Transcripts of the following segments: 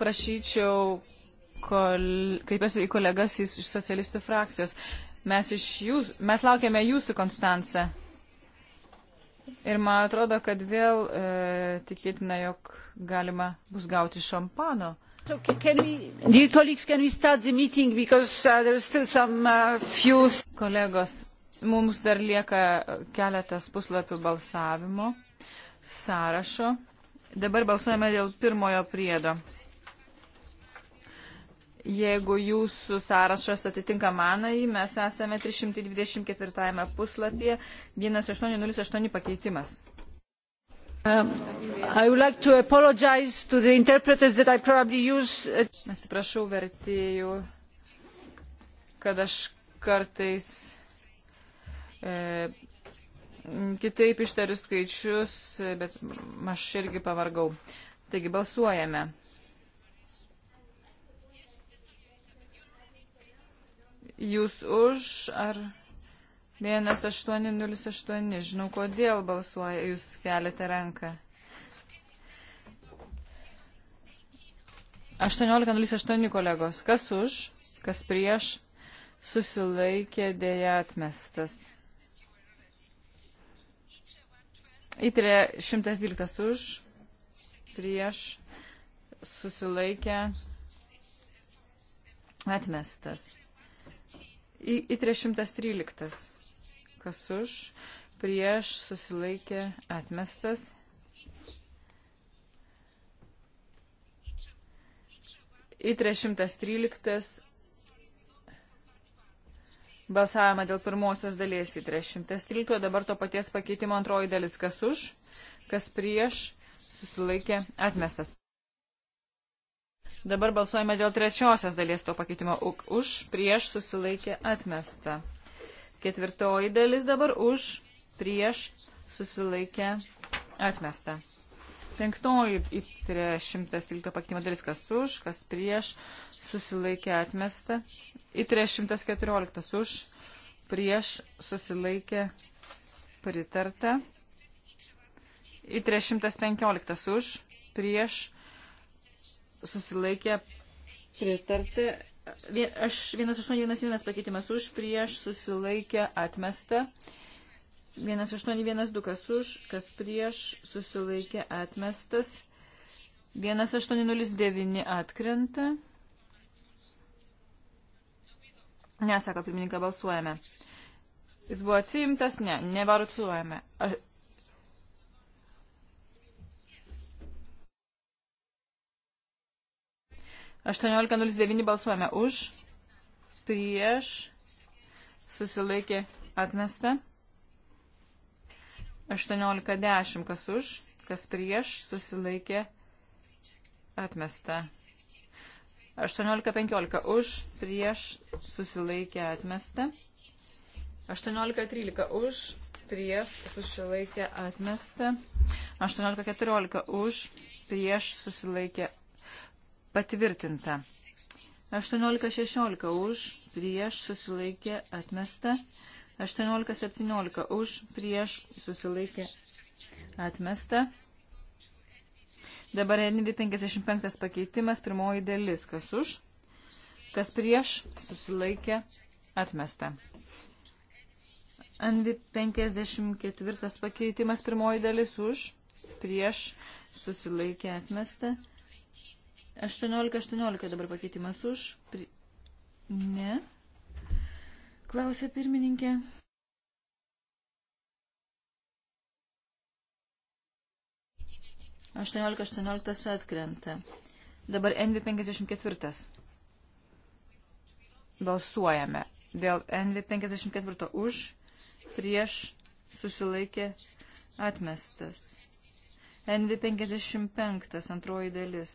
Prašyčiau, kol, kreipiuosi į kolegas iš socialistų frakcijos. Mes, iš jūs, mes laukiame jūsų, Konstance. Ir man atrodo, kad vėl e, tikėtina, jog galima bus gauti šampano. So we, dear colleagues, can we start the meeting because uh, there are still some uh, few... Kolegos, mums dar lieka keletas puslapių balsavimo sąrašo. Dabar balsuojame dėl pirmojo priedo. Jeigu jūsų sąrašas atitinka manai, mes esame 324 puslapyje, 1808 pakeitimas. Um, like to to use... Uh, Atsiprašau vertėjų, kad aš kartais e, kitaip ištariu skaičius, bet aš irgi pavargau. Taigi balsuojame. Jūs už ar 1808, žinau kodėl balsuoja, jūs keliate ranką. 1808 kolegos, kas už, kas prieš, susilaikė dėja atmestas. Įtrė 112 už, prieš, susilaikė, atmestas. Įtrė 113, kas už, prieš, susilaikė, atmestas. Įtrė 113, Balsavimą dėl pirmosios dalies į 313, dabar to paties pakeitimo antroji dalis, kas už, kas prieš, susilaikė, atmestas. Dabar balsuojame dėl trečiosios dalies to pakeitimo už, prieš, susilaikė, atmesta. Ketvirtoji dalis dabar už, prieš, susilaikė, atmesta. Penktoji įtrė 113 pakeitimo dalis, kas už, kas prieš, susilaikė atmesta. Įtrė 114 už, prieš, susilaikė pritarta. Įtrė 115 už, prieš, susilaikė pritarta. 181 pakeitimas už, prieš, susilaikė atmesta. 1812 kas už, kas prieš, susilaikė atmestas. 1809 atkrenta. Nesako pirmininką, balsuojame. Jis buvo atsiimtas, ne, nevarcuojame. Aš... Aštuoniolika nulis devyni balsuojame už, prieš, susilaikė atmestą. 18.10. Kas už, kas prieš, susilaikė, atmesta. 18.15. Už, prieš, susilaikė, atmesta. 18.13. Už, prieš, susilaikė, atmesta. 18.14. Už, prieš, susilaikė, patvirtinta. 18.16. Už, prieš, susilaikė, atmesta. 18-17 už prieš susilaikė atmesta. Dabar NV 55 pakeitimas, pirmoji dalis, kas už, kas prieš susilaikė atmesta. NV 54 pakeitimas, pirmoji dalis už, prieš susilaikė atmesta. 18-18 dabar pakeitimas už, pri... ne. Klausė pirmininkė. Aštuoniolika aštuonioliktas atkrenta. Dabar NV54. Balsuojame. Dėl NV54 už, prieš, susilaikė, atmestas. NV55 antroji dalis.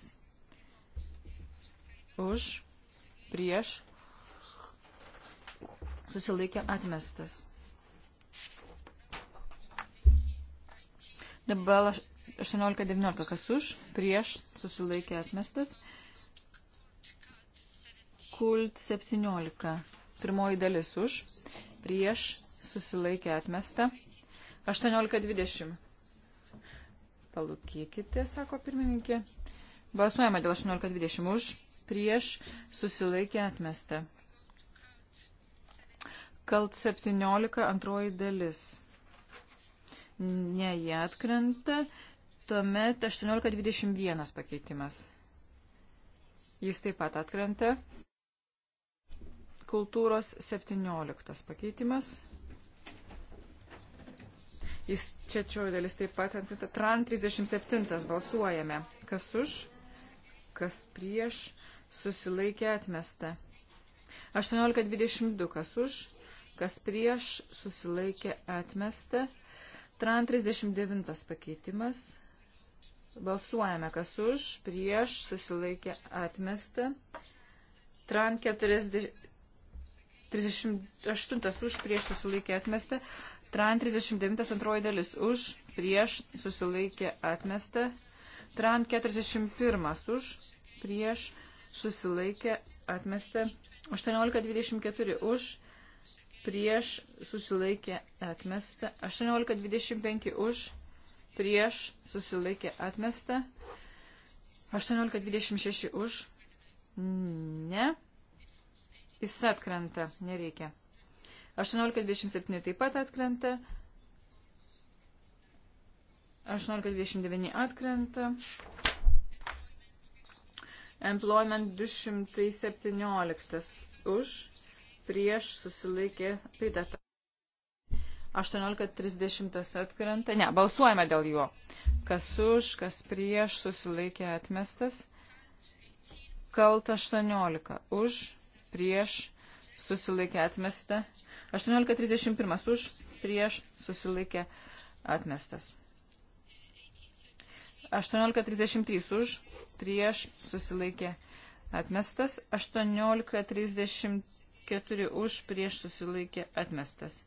Už, prieš, susilaikė atmestas. Dabar 18-19, kas už, prieš, susilaikė atmestas. Kult 17, pirmoji dalis už, prieš, susilaikė atmesta. 18-20. Palūkėkite, sako pirmininkė. Balsuojame dėl 18-20 už, prieš, susilaikė atmesta. Kalt 17 antroji dalis. Ne, jie atkrenta. Tuomet 18.21 pakeitimas. Jis taip pat atkrenta. Kultūros 17 pakeitimas. Jis čia čioji dalis taip pat atkrenta. Tran 37 balsuojame. Kas už, kas prieš, susilaikė atmesta. 18.22 kas už, kas prieš, susilaikė atmesta. Tran 39 pakeitimas. Balsuojame, kas už, prieš, susilaikė atmesta. Tran 40, 38 už, prieš, susilaikė atmesta. Tran 39 antroji dalis už, prieš, susilaikė atmesta. Tran 41 už, prieš, susilaikė atmesta. 18.24 už, prieš susilaikė atmesta, 18.25 už, prieš susilaikė atmesta, 18.26 už, ne, jis atkrenta, nereikia. 18.27 taip pat atkrenta, 18.29 atkrenta, employment 217 už, prieš susilaikė pritarta. 18.30 atkrenta. Ne, balsuojame dėl jo. Kas už, kas prieš susilaikė atmestas. Kalt 18. Už, prieš susilaikė atmestą. 18.31 už, prieš susilaikė atmestas. 18.33 už, prieš susilaikė atmestas. 18.34 4 už prieš susilaikė atmestas.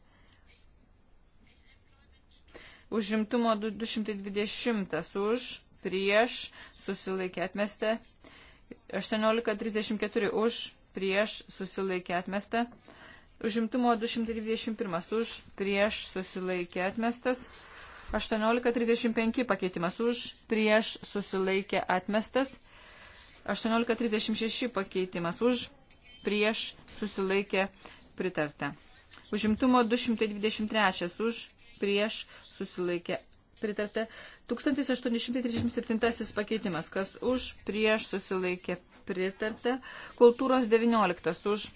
Užimtumo 220 už prieš susilaikė atmestą. 18.34 už prieš susilaikė atmestą. Užimtumo 221 už prieš susilaikė atmestas. 18.35 pakeitimas už prieš susilaikė atmestas. 18.36 pakeitimas už prieš susilaikė pritarta. Užimtumo 223 už prieš susilaikė pritarta. 1837 pakeitimas, kas už prieš susilaikė pritarta. Kultūros 19 už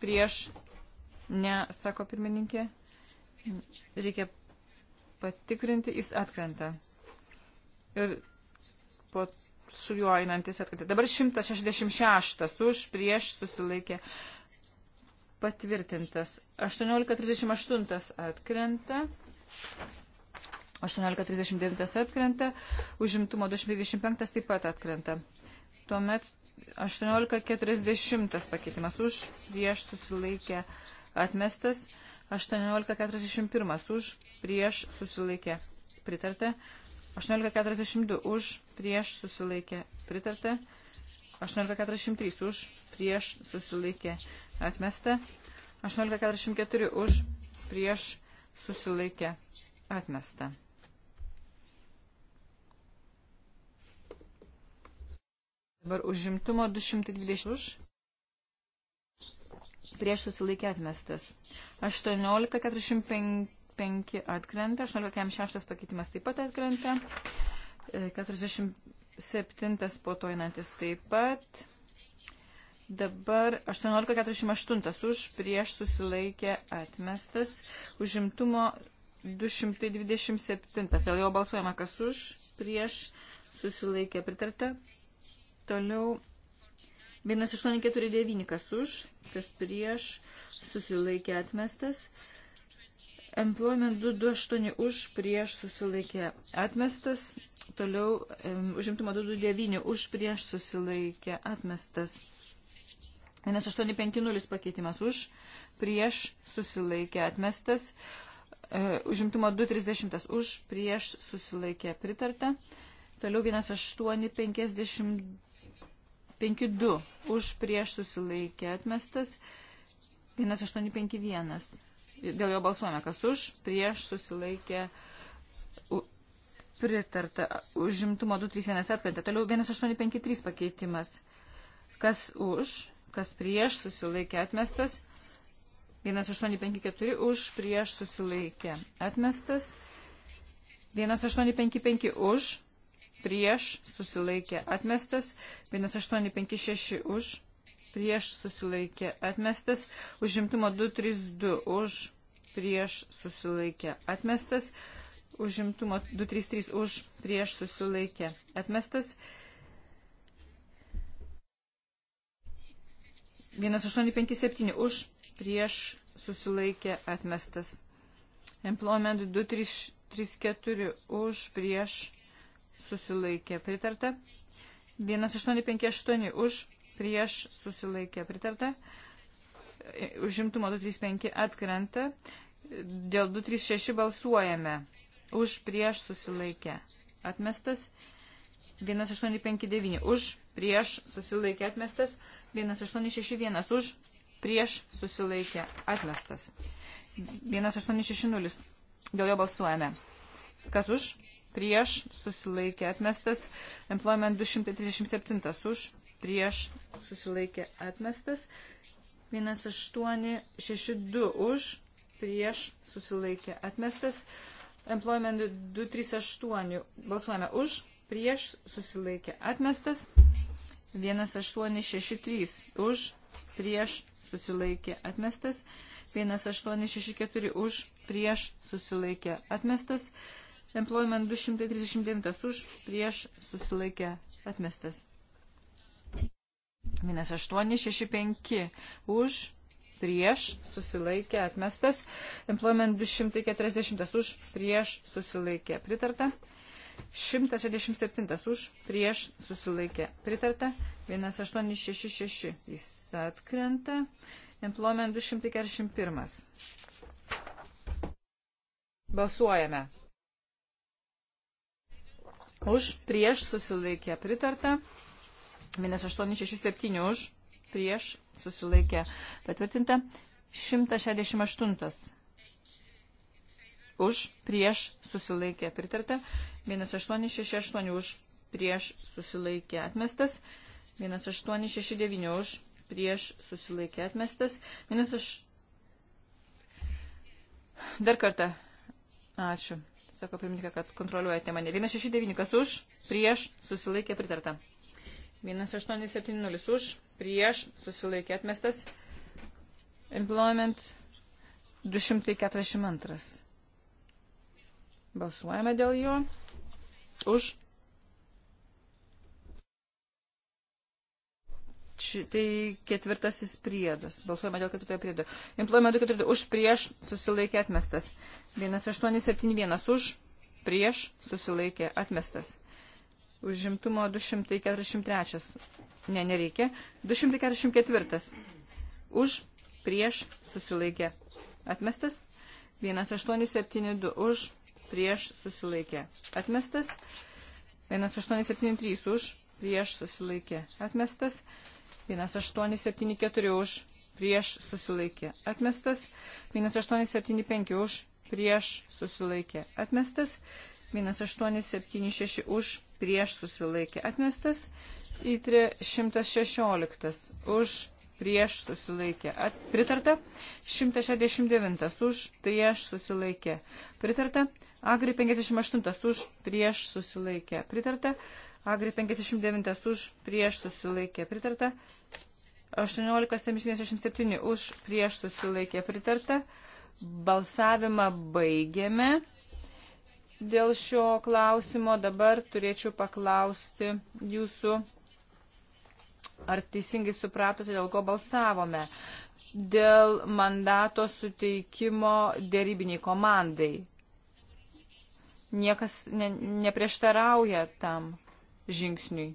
prieš, ne, sako pirmininkė, reikia patikrinti, jis atkrenta. Ir po su juo einantis atkritė. Dabar 166 už prieš susilaikė patvirtintas. 1838 atkrenta. 1839 atkrenta. Užimtumo 225 taip pat atkrenta. Tuomet 1840 pakeitimas už prieš susilaikė atmestas. 1841 už prieš susilaikė pritarta. 18.42 už, prieš susilaikė pritarta. 18.43 už, prieš susilaikė atmesta. 18.44 už, prieš susilaikė atmesta. Dabar užimtumo 220 už. Prieš susilaikė atmestas. 18.45 5 atkrenta, 18.6 pakeitimas taip pat atkrenta, 47 e, po to einantis taip pat. Dabar 18.48 už prieš susilaikė atmestas užimtumo 227. Dėl jo balsuojama kas už prieš susilaikė pritarta. Toliau 1849 kas už, kas prieš, susilaikė atmestas, Employment 228 už prieš susilaikė atmestas. Toliau um, užimtumo 229 už prieš susilaikė atmestas. 1850 pakeitimas už prieš susilaikė atmestas. Uh, užimtumo 230 už prieš susilaikė pritarta. Toliau 1852 už prieš susilaikė atmestas. 1851 dėl jo balsuojame, kas už, prieš susilaikė pritarta užimtumo 231 atkrenta. Toliau 1853 pakeitimas. Kas už, kas prieš susilaikė atmestas. 1854 už, prieš susilaikė atmestas. 1855 už, prieš susilaikė atmestas. 1856 už prieš susilaikė atmestas, užimtumo 232 už prieš susilaikė atmestas, užimtumo 233 už prieš susilaikė atmestas. 1857 už prieš susilaikė atmestas. Employment 2334 už prieš susilaikė pritarta. 1858 už prieš susilaikė pritarta, e, užimtumo 235 atkrenta, dėl 236 balsuojame, už prieš susilaikė atmestas, 1859 už prieš susilaikė atmestas, 1861 už prieš susilaikė atmestas, 1860 dėl jo balsuojame. Kas už? Prieš susilaikė atmestas. Employment 237 už prieš susilaikė atmestas, 1862 už, prieš susilaikė atmestas, employment 238 balsuojame už, prieš susilaikė atmestas, 1863 už, prieš susilaikė atmestas, 1864 už, prieš susilaikė atmestas, employment 239 už, prieš susilaikė atmestas. 1865 už, prieš, susilaikė, atmestas. Employment 240 už, prieš, susilaikė, pritarta. 167 už, prieš, susilaikė, pritarta. 1866 jis atkrenta. Employment 241. Balsuojame. Už, prieš, susilaikė, pritarta. Minus 867 už, prieš, susilaikė patvirtinta. 168 už, prieš, susilaikė pritarta. Minus 868 už, prieš, susilaikė atmestas. Minus 869 už, prieš, susilaikė atmestas. Minus 8... Dar kartą. Ačiū. Sako pirmininkė, kad kontroliuojate mane. 169 kas už, prieš, susilaikė pritarta. 1870 už, prieš, susilaikė atmestas. Employment 242. Balsuojame dėl jo. Už. Tai ketvirtasis priedas. Balsuojame dėl ketvirtojo priedo. Employment 242 už, prieš, susilaikė atmestas. 1871 už, prieš, susilaikė atmestas. Užimtumo 243. Ne, nereikia. 244. Už, prieš, susilaikė. Atmestas. 1872. Už, prieš, susilaikė. Atmestas. 1873. Už, prieš, susilaikė. Atmestas. 1874. Už, prieš, susilaikė. Atmestas. 1875. Už, prieš, susilaikė. Atmestas. 1876 už prieš susilaikė atmestas, įtrė 116 už prieš susilaikė at, pritarta, 169 už prieš susilaikė pritarta, agri 58 už prieš susilaikė pritarta, agri 59 už prieš susilaikė pritarta, 1877 už prieš susilaikė pritarta. Balsavimą baigėme dėl šio klausimo. Dabar turėčiau paklausti jūsų, ar teisingai supratote, dėl ko balsavome. Dėl mandato suteikimo dėrybiniai komandai. Niekas ne, neprieštarauja tam žingsniui.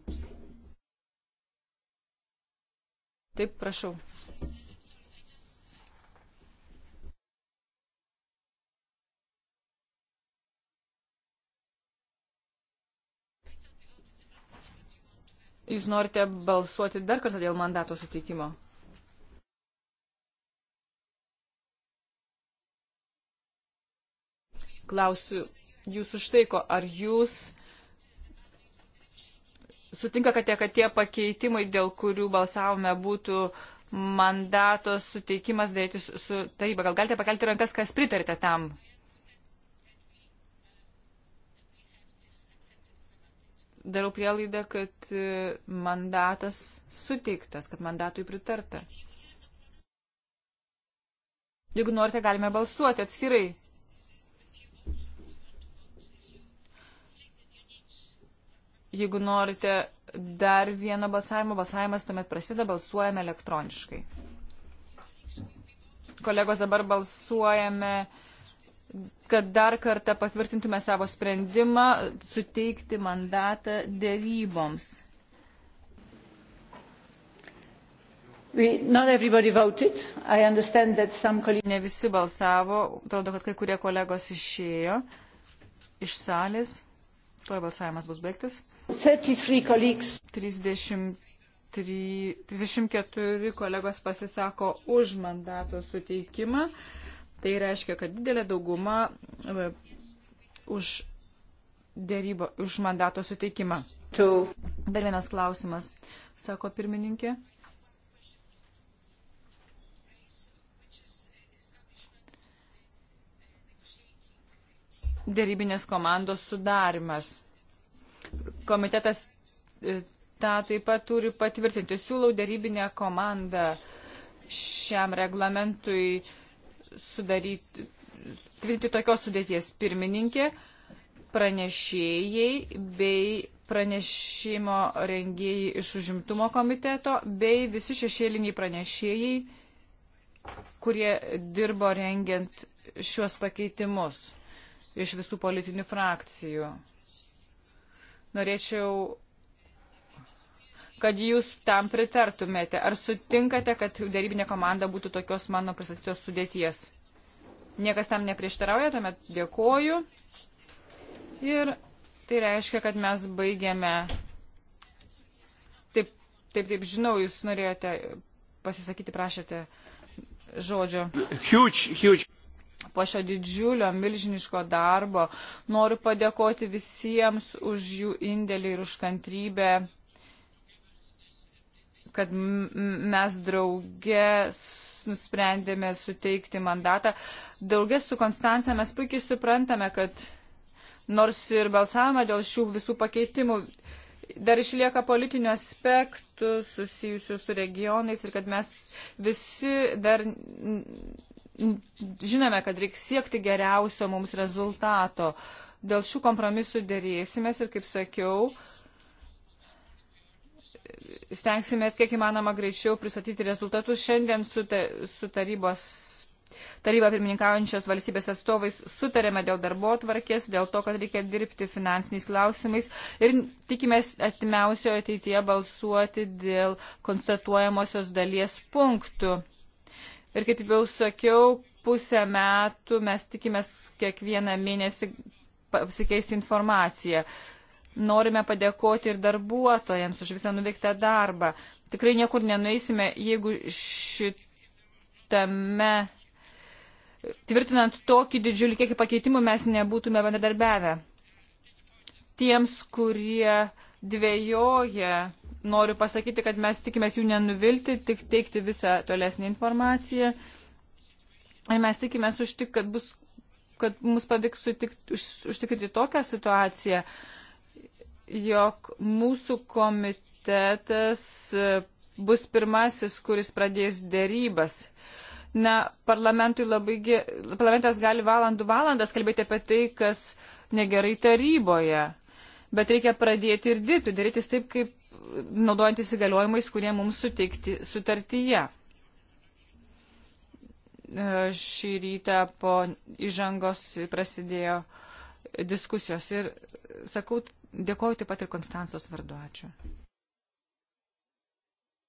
Taip, prašau. Jūs norite balsuoti dar kartą dėl mandato suteikimo? Klausiu jūsų štai ko, ar jūs sutinkate, kad tie pakeitimai, dėl kurių balsavome, būtų mandato suteikimas dėtis su taryba? Gal galite pakelti rankas, kas pritarite tam? darau prielaidą, kad e, mandatas suteiktas, kad mandatui pritarta. Jeigu norite, galime balsuoti atskirai. Jeigu norite dar vieną balsavimą, balsavimas tuomet prasideda, balsuojame elektroniškai. Kolegos, dabar balsuojame elektroniškai kad dar kartą patvirtintume savo sprendimą suteikti mandatą dėryboms. We, some... Ne visi balsavo, atrodo, kad kai kurie kolegos išėjo iš salės. Tuo balsavimas bus baigtas. 33 kolegos. 30 34 kolegos pasisako už mandato suteikimą, Tai reiškia, kad didelė dauguma e, už, dėrybo, už mandato suteikimą. Dar vienas klausimas, sako pirmininkė. Dėrybinės komandos sudarimas. Komitetas e, tą taip pat turi patvirtinti. Siūlau dėrybinę komandą šiam reglamentui uh, sudaryti, tvirti tokios sudėties pirmininkė, pranešėjai bei pranešimo rengėjai iš užimtumo komiteto bei visi šešėliniai pranešėjai, kurie dirbo rengiant šiuos pakeitimus iš visų politinių frakcijų. Norėčiau kad jūs tam pritartumėte. Ar sutinkate, kad darybinė komanda būtų tokios mano pristatytos sudėties? Niekas tam neprieštarauja, tuomet dėkoju. Ir tai reiškia, kad mes baigėme. Taip, taip, taip žinau, jūs norėjote pasisakyti, prašėte žodžio. Huge, huge. Po šio didžiulio, milžiniško darbo noriu padėkoti visiems už jų indėlį ir už kantrybę kad mes drauge nusprendėme suteikti mandatą. Draugė su Konstancija mes puikiai suprantame, kad nors ir balsavome dėl šių visų pakeitimų, dar išlieka politinių aspektų susijusių su regionais ir kad mes visi dar žinome, kad reiks siekti geriausio mums rezultato. Dėl šių kompromisų dėrėsimės ir, kaip sakiau, uh, stengsime kiek įmanoma greičiau pristatyti rezultatus. Šiandien su, ta, su tarybos taryba pirmininkaujančios valstybės atstovais sutarėme dėl darbo tvarkės, dėl to, kad reikia dirbti finansiniais klausimais ir tikimės atimiausioje ateityje balsuoti dėl konstatuojamosios dalies punktų. Ir kaip jau sakiau, pusę metų mes tikimės kiekvieną mėnesį pasikeisti informaciją. Uh, Norime padėkoti ir darbuotojams už visą nuveiktą darbą. Tikrai niekur nenueisime, jeigu šitame, tvirtinant tokį didžiulį kiekį pakeitimų, mes nebūtume bendradarbiavę. Tiems, kurie dvėjoja, noriu pasakyti, kad mes tikimės jų nenuvilti, tik teikti visą tolesnį informaciją. Ir mes tikimės užtik, kad bus kad mus pavyks sutikti, už, užtikrinti tokią situaciją, uh, jog mūsų komitetas e, bus pirmasis, kuris pradės dėrybas. Na, labai, parlamentas gali valandų valandas kalbėti apie tai, kas negerai taryboje, bet reikia pradėti ir dirbti, darytis taip, kaip naudojantis įgaliojimais, kurie mums suteikti sutartyje. E, šį rytą po įžangos prasidėjo diskusijos ir sakau Dėkoju taip pat ir Konstancijos vardu. Ačiū.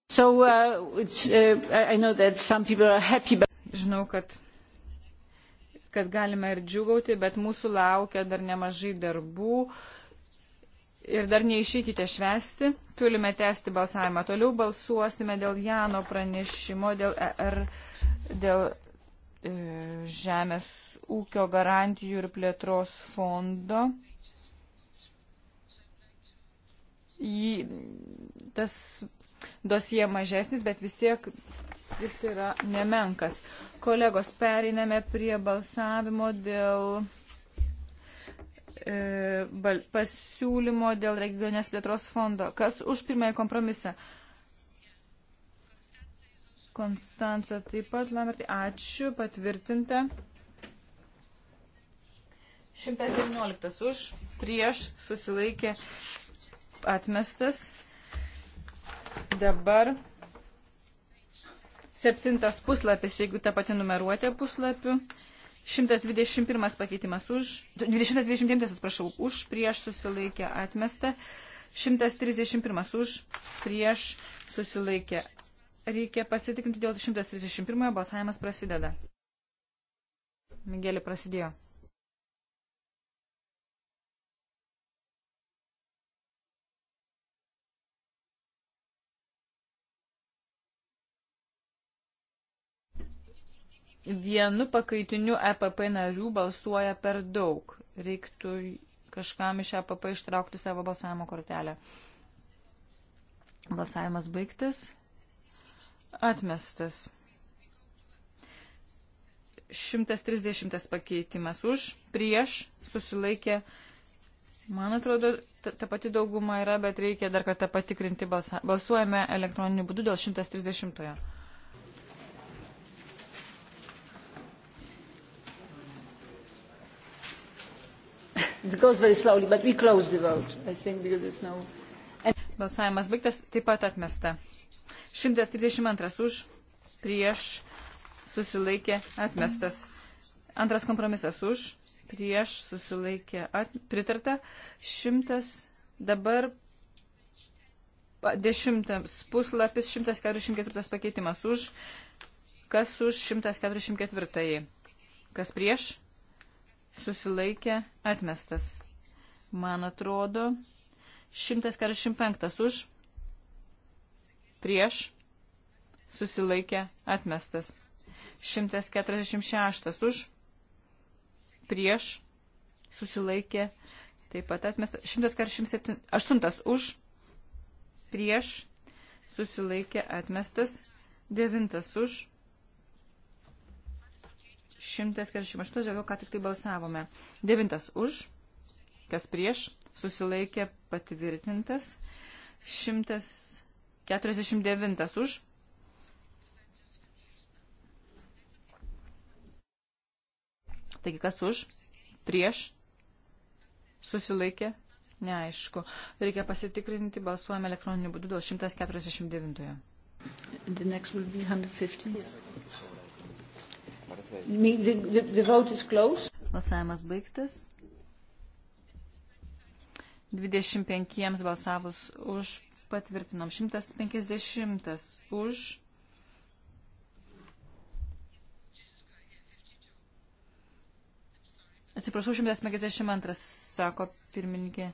So, uh, uh, happy, but... Žinau, kad, kad galime ir džiugauti, bet mūsų laukia dar nemažai darbų. Ir dar neišykite švesti, turime tęsti balsavimą. Toliau balsuosime dėl Jano pranešimo, dėl, ER, dėl e, Žemės ūkio garantijų ir plėtros fondo. jį, tas dosie mažesnis, bet vis tiek jis yra nemenkas. Kolegos, periname prie balsavimo dėl e, bal, pasiūlymo dėl regionės plėtros fondo. Kas už pirmąjį kompromisą? Konstanca taip pat, Lamertai, ačiū, patvirtinta. 119 už, prieš, susilaikė, atmestas. Dabar septintas puslapis, jeigu ta pati numeruotė puslapių. 121 pakeitimas už, 229, atsiprašau, už, prieš susilaikė atmestą. 131 už, prieš susilaikė. Reikia pasitikinti dėl 131 balsavimas prasideda. Migeli prasidėjo. vienu pakaitiniu EPP narių balsuoja per daug. Reiktų kažkam iš EPP ištraukti savo balsavimo kortelę. Balsavimas baigtas. Atmestas. 130 pakeitimas už, prieš, susilaikė. Man atrodo, ta, ta pati dauguma yra, bet reikia dar kartą patikrinti balsą. Balsuojame elektroniniu būdu dėl 130. -ojo. It goes very slowly, but we close the vote, I think, because there's no... Balsavimas baigtas, taip pat atmesta. 132 už, prieš, susilaikė, atmestas. Antras kompromisas už, prieš, susilaikė, at, pritarta. Šimtas, dabar dešimtas puslapis, 144 pakeitimas už, kas už 144, kas prieš, susilaikė, atmestas. Man atrodo, 145 už, prieš, susilaikė, atmestas. 146 už, prieš, susilaikė, taip pat atmestas. 148 už, prieš, susilaikė, atmestas. 9 už, 148 daugiau, ką tik tai balsavome. 9 už, kas prieš, susilaikė patvirtintas. 149 už. Taigi kas už, prieš, susilaikė, neaišku. Reikia pasitikrinti, balsuojame elektroniniu būdu dėl 149. The next will be 150. Yes. The, the, the vote is closed. Balsavimas baigtas. 25 balsavus už patvirtinom. 150 už. Atsiprašau, 152, sako pirmininkė.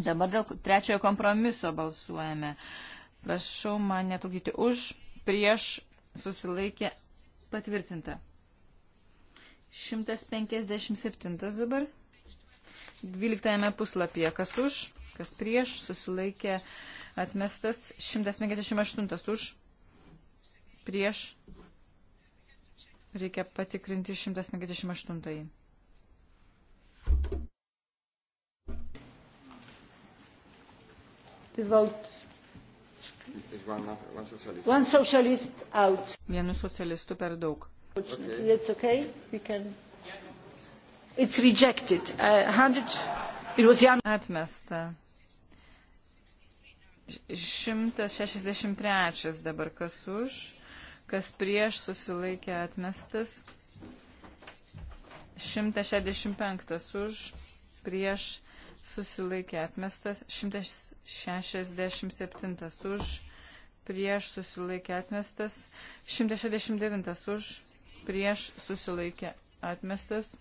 Dabar dėl trečiojo kompromiso balsuojame. Prašau man netrukdyti už, prieš susilaikė patvirtinta. 157 dabar. 12 puslapyje kas už, kas prieš, susilaikė atmestas 158 už, prieš, reikia patikrinti 158. The vote One socialist out. Vienu socialistu per daug. Okay. That's okay. We can. It's rejected. Uh, 100. It was young. Atmesta. 163 dabar kas už, kas prieš susilaikė atmestas. 165 už, prieš susilaikė atmestas. 100 167 už, prieš susilaikė atmestas, 169 už, prieš susilaikė atmestas,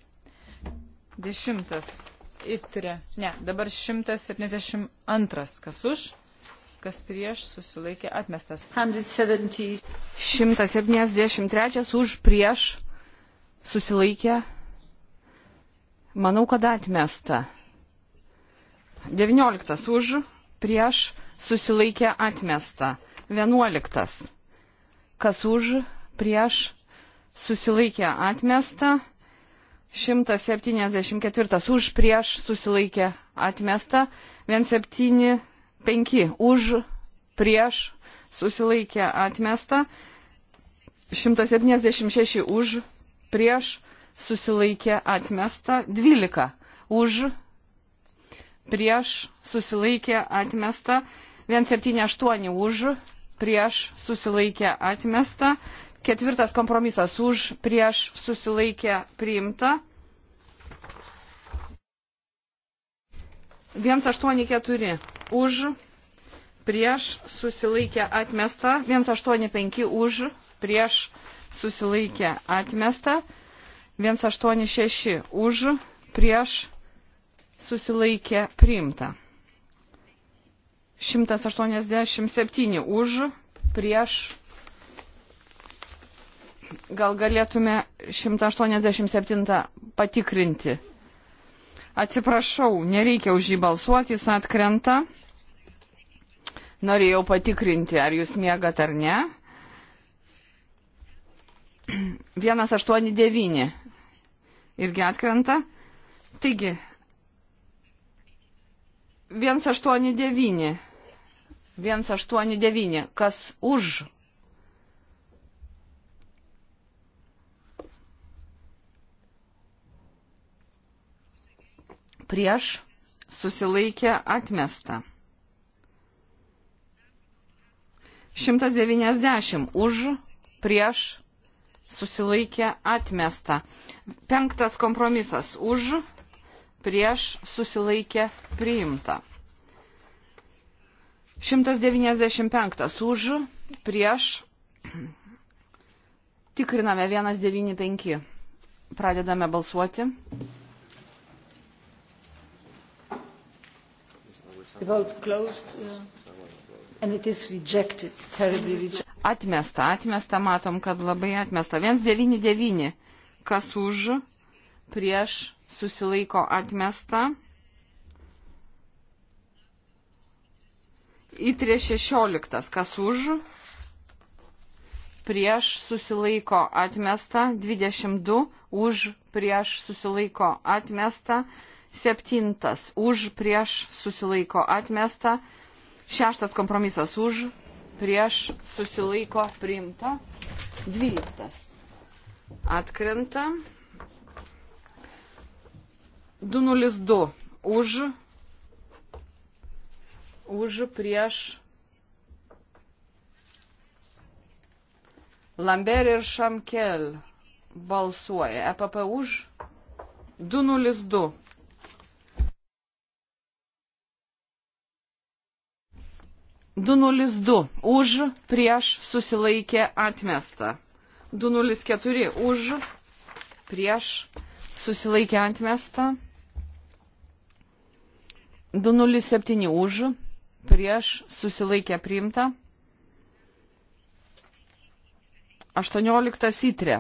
10 įtrė, ne, dabar 172, kas už, kas prieš susilaikė atmestas. 170. 173 už, prieš susilaikė, manau, kad atmesta. 19 už, prieš susilaikė atmesta. 11. Kas už, prieš susilaikė atmesta. 174 už, prieš susilaikė atmesta. 175 už, prieš susilaikė atmesta. 176 už, prieš susilaikė atmesta. 12 už, prieš susilaikė atmesta, 178 už, prieš susilaikė atmesta, ketvirtas kompromisas už, prieš susilaikė priimta. 184 už, prieš susilaikė atmesta, 185 už, prieš susilaikė atmesta, 186 už, prieš susilaikė priimta. 187 už, prieš. Gal galėtume 187 patikrinti. Atsiprašau, nereikia už jį balsuoti, jis atkrenta. Norėjau patikrinti, ar jūs miegat ar ne. 189 irgi atkrenta. Taigi, 189. 189. Kas už? Prieš susilaikė atmesta. 190 už, prieš susilaikė atmesta. Penktas kompromisas už, prieš susilaikė priimta. 195 už prieš tikriname 195. Pradedame balsuoti. Uh, atmesta, atmesta, matom, kad labai atmesta. 199. Kas už prieš susilaiko atmesta. Įtrė 16, kas už, prieš susilaiko atmesta, 22, už, prieš susilaiko atmesta, 7, už, prieš susilaiko atmesta, 6 kompromisas už, prieš susilaiko priimta, 12 atkrenta. 202 už, už prieš Lambert ir Šamkel balsuoja. EPP už 202. Du nulis du už prieš susilaikė atmestą. Du nulis keturi už prieš susilaikė atmestą. 207 už, prieš susilaikė priimta. 18 įtrė.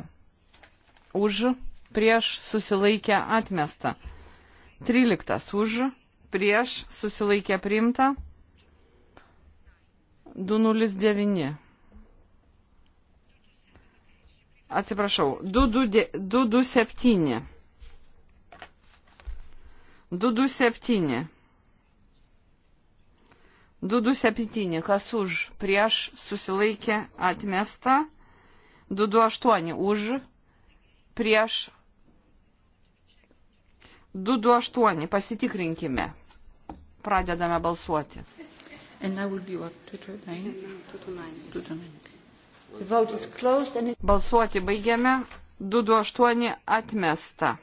Už, prieš susilaikė atmesta. 13 už, prieš susilaikė priimta. 209. Atsiprašau, 227. 227 227, kas už, prieš, susilaikė, atmesta. 228, už, prieš. 228, pasitikrinkime. Pradedame balsuoti. Balsuoti baigiame. 228 atmesta.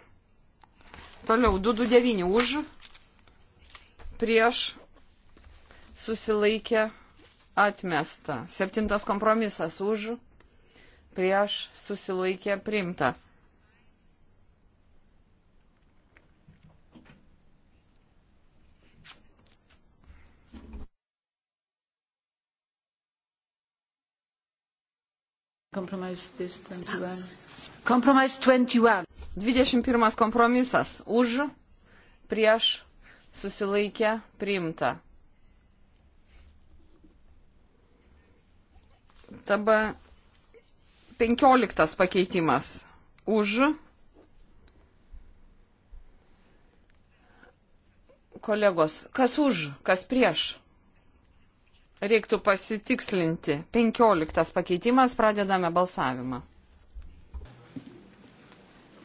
Toliau 229 už, prieš susilaikė atmesta. Septintas kompromisas už, prieš susilaikė priimta. Compromise 21. Compromise 21. 21 kompromisas už, prieš susilaikė priimta. Taba 15 pakeitimas. Už. Kolegos, kas už, kas prieš? Reiktų pasitikslinti. 15 pakeitimas, pradedame balsavimą.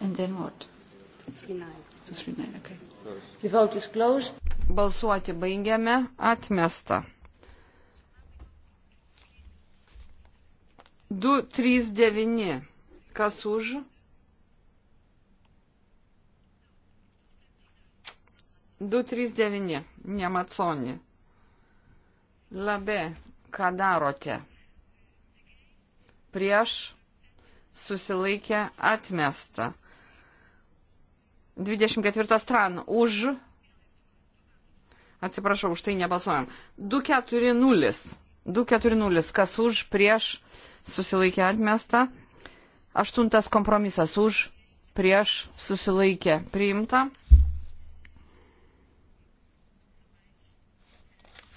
And then what? 239. 239, okay. The vote is closed. Balsuoti baigiame. Atmesta. 239. Kas už? 239. Nematsoni. Labe, ką darote? Prieš susilaikė atmesta. 24 stran už. Atsiprašau, už tai nebalsuojam. 240. 240. Kas už prieš susilaikė atmesta. Aštuntas kompromisas už, prieš, susilaikė priimta.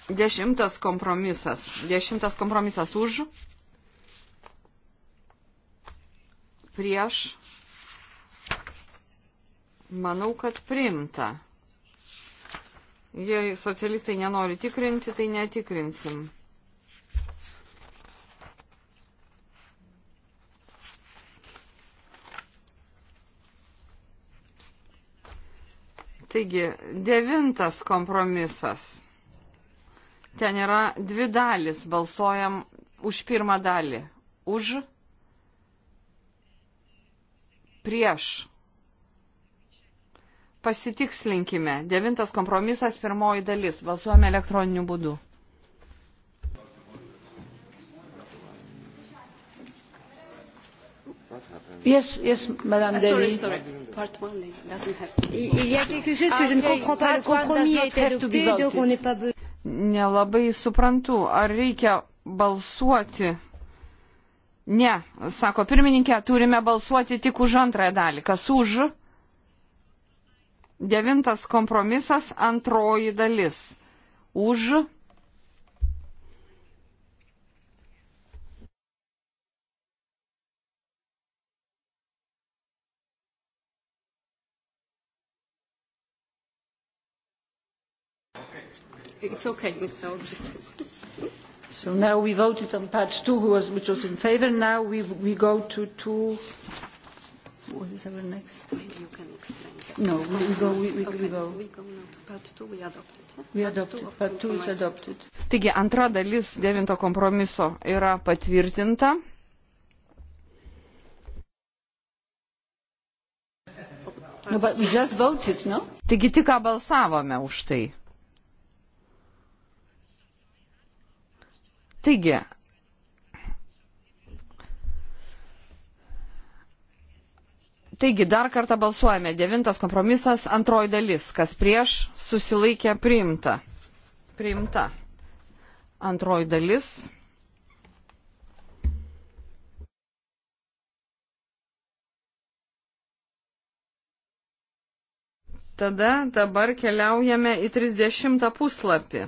Dešimtas kompromisas. Dešimtas kompromisas už, prieš. Manau, kad priimta. Jei socialistai nenori tikrinti, tai netikrinsim. Taigi, devintas kompromisas. Ten yra dvi dalis. Balsuojam už pirmą dalį. Už. Prieš. Pasitikslinkime. Devintas kompromisas, pirmoji dalis. Balsuojame elektroniniu būdu. Yes, yes, Madame ah, sorry, sorry. Part one doesn't have to be. Il y a quelque chose que okay, je ne ah, comprends pas. Le compromis a été adopté, donc on n'est pas besoin. Nelabai suprantu, ar reikia balsuoti. Ne, sako pirmininkė, turime balsuoti tik už antrąją dalį. Kas už? Devintas kompromisas, antroji dalis. Už It's okay, Mr. Albrecht. So now we voted on part two, who was, which was in favor. Now we, we go to two. What is our next? Maybe you can explain. That. No, we, we go. We, we, okay. we go. We go now to part two. We adopted. Huh? We adopted. Part two, part two is adopted. Taigi antra dalis devinto kompromiso yra patvirtinta. No, but we just voted, no? Taigi tik ką balsavome už tai. Taigi, Taigi, dar kartą balsuojame. Devintas kompromisas, antroji dalis. Kas prieš, susilaikė priimta. Priimta. Antroji dalis. Tada dabar keliaujame į 30 puslapį.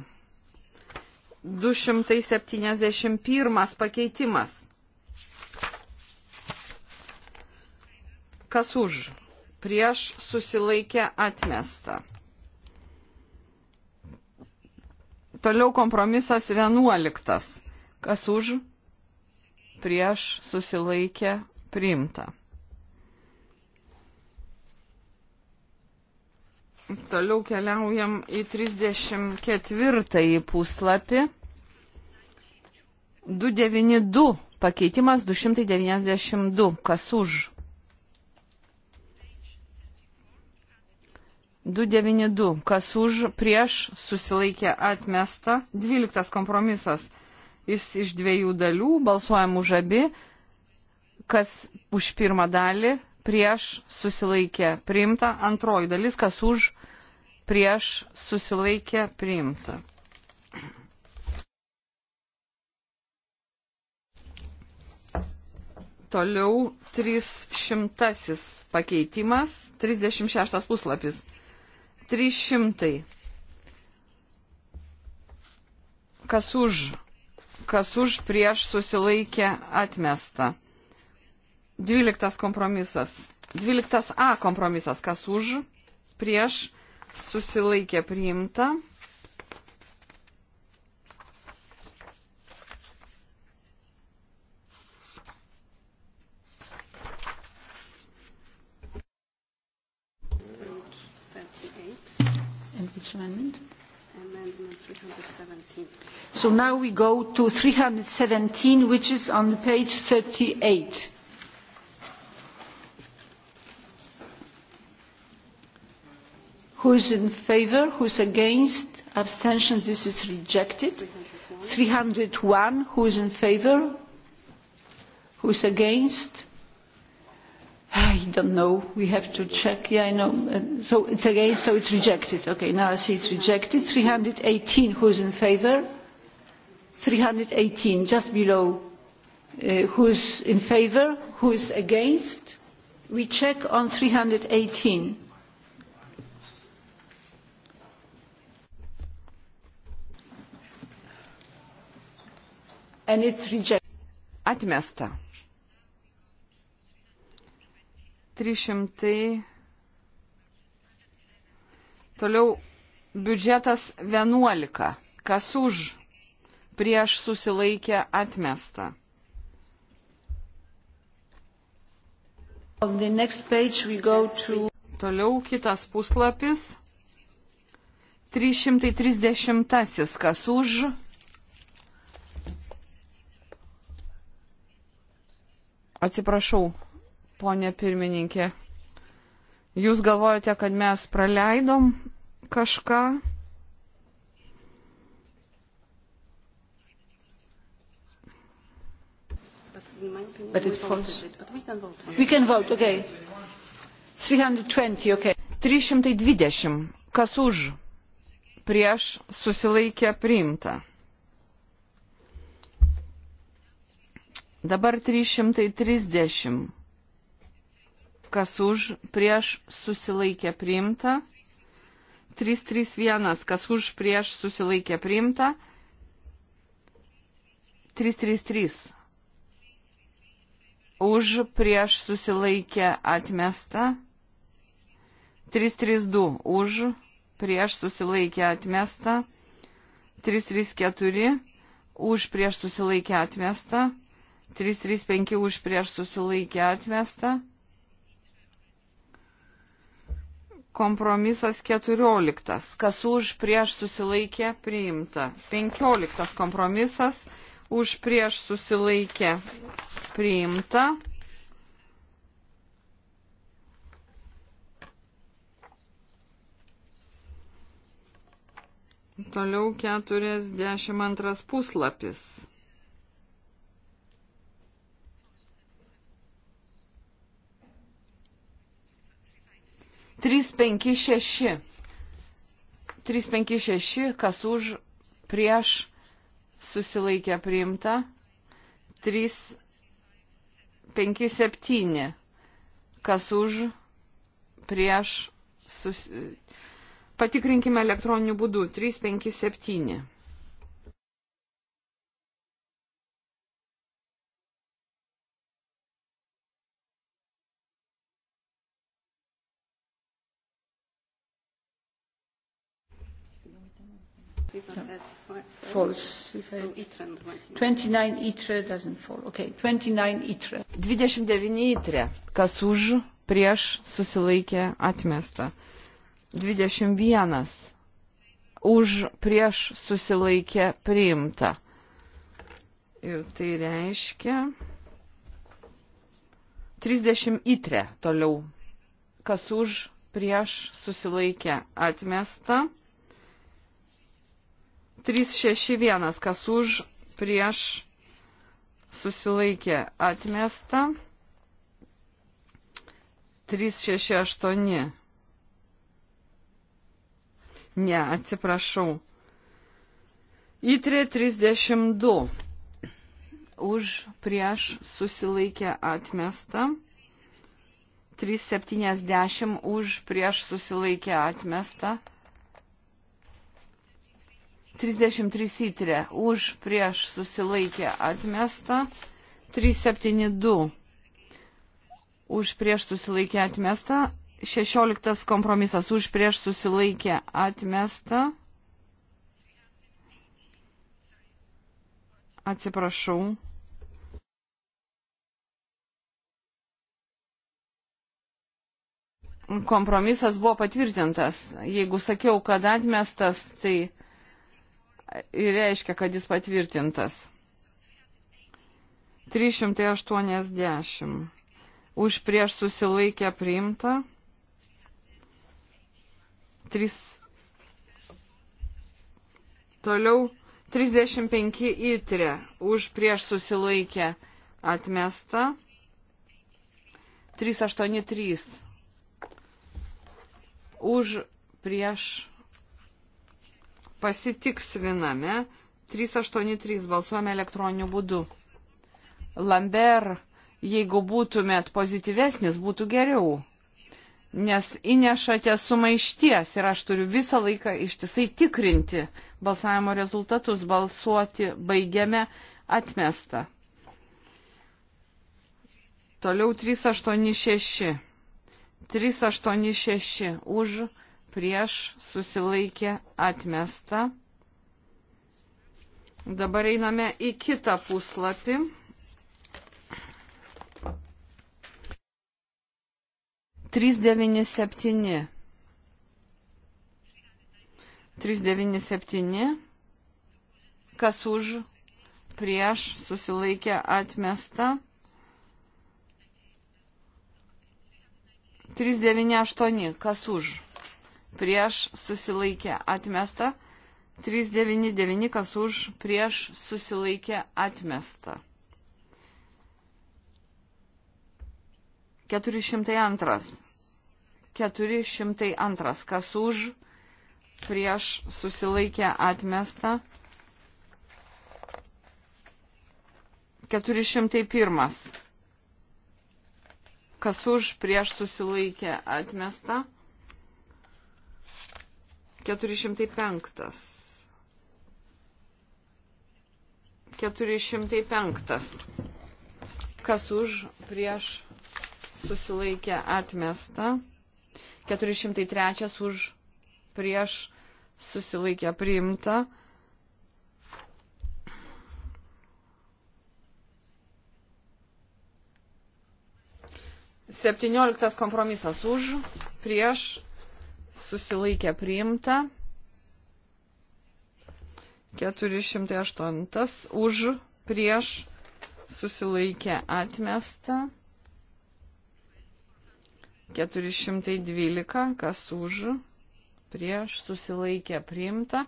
271 pakeitimas. Kas už? Prieš susilaikę atmestą. Toliau kompromisas 11. Kas už? Prieš susilaikę priimta. Toliau keliaujam į 34 puslapį. 292 pakeitimas 292. Kas už? 292. Kas už prieš susilaikė atmesta. 12 kompromisas. Jis iš dviejų dalių. Balsuojam už abi. Kas už pirmą dalį prieš susilaikė priimta. Antroji dalis. Kas už prieš susilaikė priimta. Toliau 300 pakeitimas, 36 puslapis. 300. Kas už, kas už prieš susilaikė atmesta. 12 kompromisas. 12a kompromisas. Kas už prieš susilaikė priimta. So now we go to 317, which is on page 38. Who is in favor? Who is against? Abstention. This is rejected. 301. Who is in favor? Who is against? I don't know. We have to check. Yeah, I know. Uh, so it's against, so it's rejected. Okay, now I see it's rejected. 318. Who is in favor? 318, just below. Uh, who is in favor? Who is against? We check on 318. Atmesta. 300. Toliau biudžetas 11. Kas už? Prieš susilaikę atmestą. To... Toliau kitas puslapis. 330. Kas už? Atsiprašau, ponė pirmininkė. Jūs galvojate, kad mes praleidom kažką? But it falls. We can vote, okay. 320, okay. 320. Kas už? Prieš susilaikė priimta. Dabar 330. Kas už, prieš susilaikė priimta. 331. Kas už, prieš susilaikė priimta. 333 už prieš susilaikę atmesta. 332 už prieš susilaikę atmesta. 334 už prieš susilaikę atmesta. 335 už prieš susilaikė atmesta. Kompromisas 14. Kas už prieš susilaikė priimta. 15. Kompromisas už prieš susilaikė priimta. Toliau 42 puslapis. 356. 356, kas už, prieš, susilaikė priimta. 357, kas už, prieš, susilaikė. Patikrinkime elektroniniu būdu. 357. does not have five falls. falls. So ITRE and my 29 ITRE doesn't fall. Okay, 29 ITRE. 29 ITRE. Kas už, prieš, susilaikė, atmesta. 21. Už, prieš, susilaikė, priimta. Ir tai reiškia 30 ITRE toliau. Kas už, prieš, susilaikė, atmesta. 361, kas už, prieš, susilaikė atmesta. 368. Ne, atsiprašau. Įtrė 32. Už prieš susilaikė atmesta. 370 už prieš susilaikė atmesta. 33 įtrė už prieš susilaikė atmesta. 372 už prieš susilaikė atmesta. 16 kompromisas už prieš susilaikė atmesta. Atsiprašau. Kompromisas buvo patvirtintas. Jeigu sakiau, kad atmestas, tai ir reiškia, kad jis patvirtintas. 380. Už prieš susilaikę priimta. 3. Toliau 35 įtrė. Už prieš susilaikę atmesta. 383. Už prieš pasitiksliname. 383 balsuojame elektroniniu būdu. Lambert, jeigu būtumėt pozityvesnis, būtų geriau. Nes įnešate sumaišties ir aš turiu visą laiką ištisai tikrinti balsavimo rezultatus, balsuoti baigiame atmestą. Toliau 386. 386 už prieš susilaikė atmesta. Dabar einame į kitą puslapį. Trys devyni septyni. Trys devyni septyni. Kas už, prieš, susilaikė atmesta. 398, kas už? prieš susilaikė atmesta. 399 kas už prieš susilaikė atmesta. 402. 402 kas už prieš susilaikė atmesta. 401. Kas už prieš susilaikė atmesta. 405. 405. Kas už prieš susilaikė atmesta. 403 už prieš susilaikė priimta. Septynioliktas kompromisas už, prieš susilaikė priimta. 408 už prieš susilaikė atmesta. 412 kas už prieš susilaikė priimta.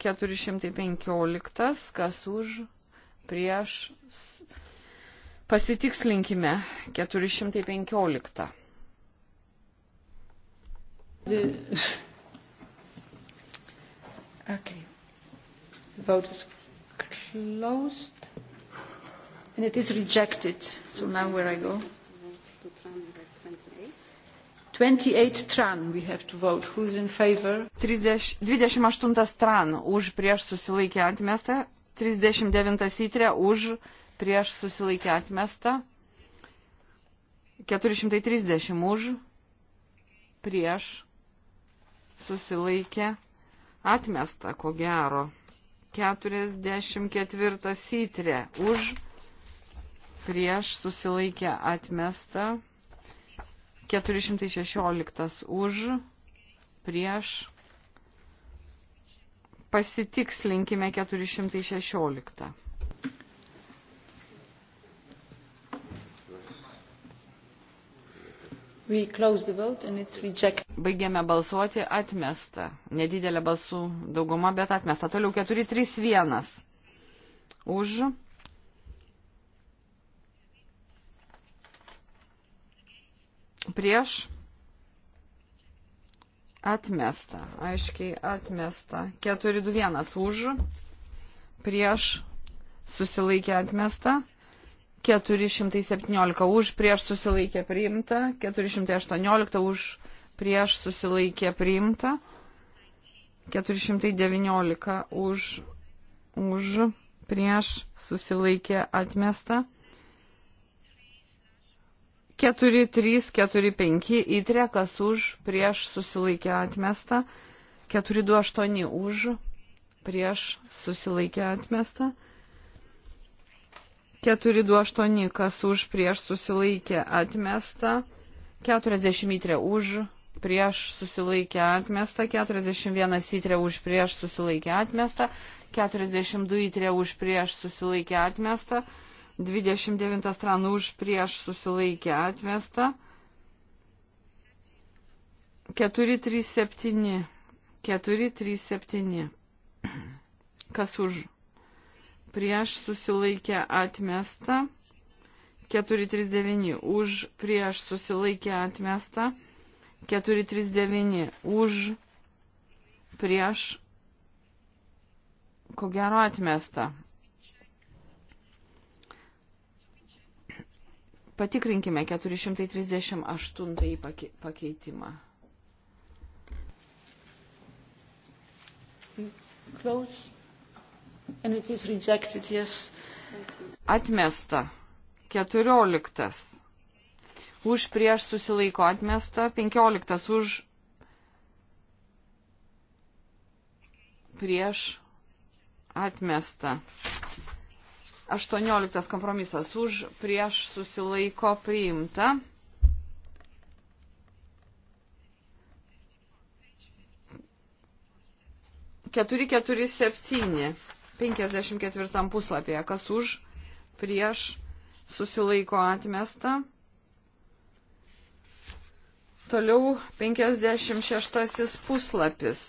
415 kas už prieš pasitikslinkime 415. The... Okay. The vote is closed. And it is rejected. So now where I go? 28 tran we have to vote. Who's in favor? 30, 28 tran už prieš susilaikė atmestą. 39 sitrė už prieš susilaikė atmestą. 430 už prieš susilaikė, atmesta, ko gero. 44 sitrė už, prieš susilaikė, atmesta. 416 už, prieš. Pasitikslinkime 416. Baigėme balsuoti, atmesta. Nedidelė balsų dauguma, bet atmesta. Toliau 431. Už. Prieš. Atmesta. Aiškiai atmesta. 421. Už. Prieš. Susilaikė atmesta. 417 už prieš susilaikė priimta, 418 už prieš susilaikė priimta, 419 už, už prieš susilaikė atmesta, 4345 įtrekas už prieš susilaikė atmesta, 428 už prieš susilaikė atmesta. 428, kas už prieš susilaikė atmesta, 40 įtrė už prieš susilaikė atmesta, 41 įtrė už prieš susilaikė atmesta, 42 įtrė už prieš susilaikė atmesta, 29 stran už prieš susilaikė atmesta, 437, 437, kas už prieš susilaikę atmestą, 439 už prieš susilaikę atmestą, 439 už prieš ko gero atmestą. Patikrinkime 438 pakeitimą. Close. Yes. Atmesta. 14. Už prieš susilaiko atmesta. 15. Už prieš atmesta. 18 kompromisas už prieš susilaiko priimta. 447. 54 puslapyje, kas už, prieš, susilaiko atmesta. Toliau 56 puslapis.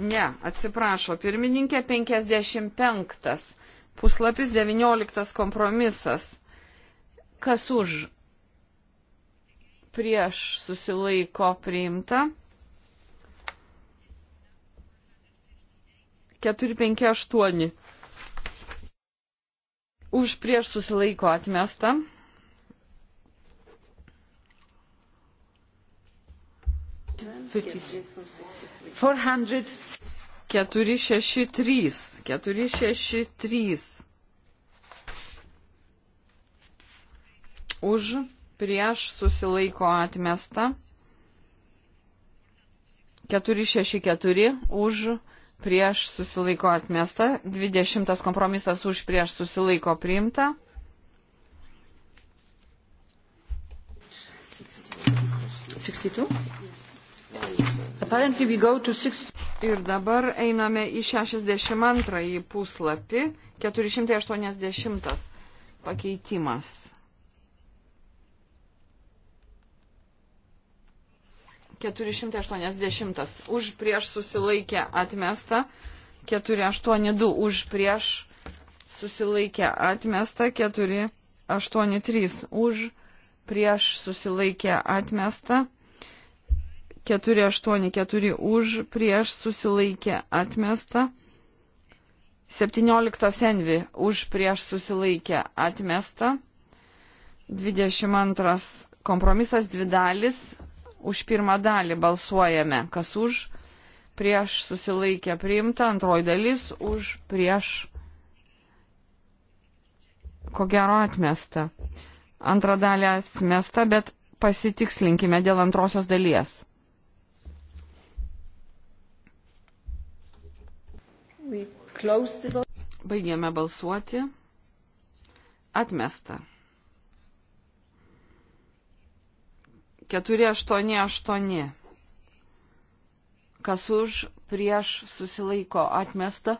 Ne, atsiprašo, pirmininkė 55 puslapis 19 kompromisas. Kas už, prieš, susilaiko priimta. 458. Už prieš susilaiko atmesta. Keturi šeši trys. Keturi šeši trys. Už prieš susilaiko atmesta. 464 už prieš susilaiko atmesta, 20 kompromisas už prieš susilaiko priimta. Ir dabar einame į 62 puslapį, 480 pakeitimas. 480 už prieš susilaikę atmesta, 482 už prieš susilaikę atmesta, 483 už prieš susilaikę atmesta, 484 už prieš susilaikę atmesta, 17 envi už prieš susilaikę atmesta, 22 kompromisas dvi dalis Už pirmą dalį balsuojame, kas už, prieš susilaikė priimta, antroji dalis už, prieš, ko gero atmesta. Antra dalė atmesta, bet pasitikslinkime dėl antrosios dalies. Baigėme balsuoti. Atmesta. 488. Kas už, prieš susilaiko atmesta.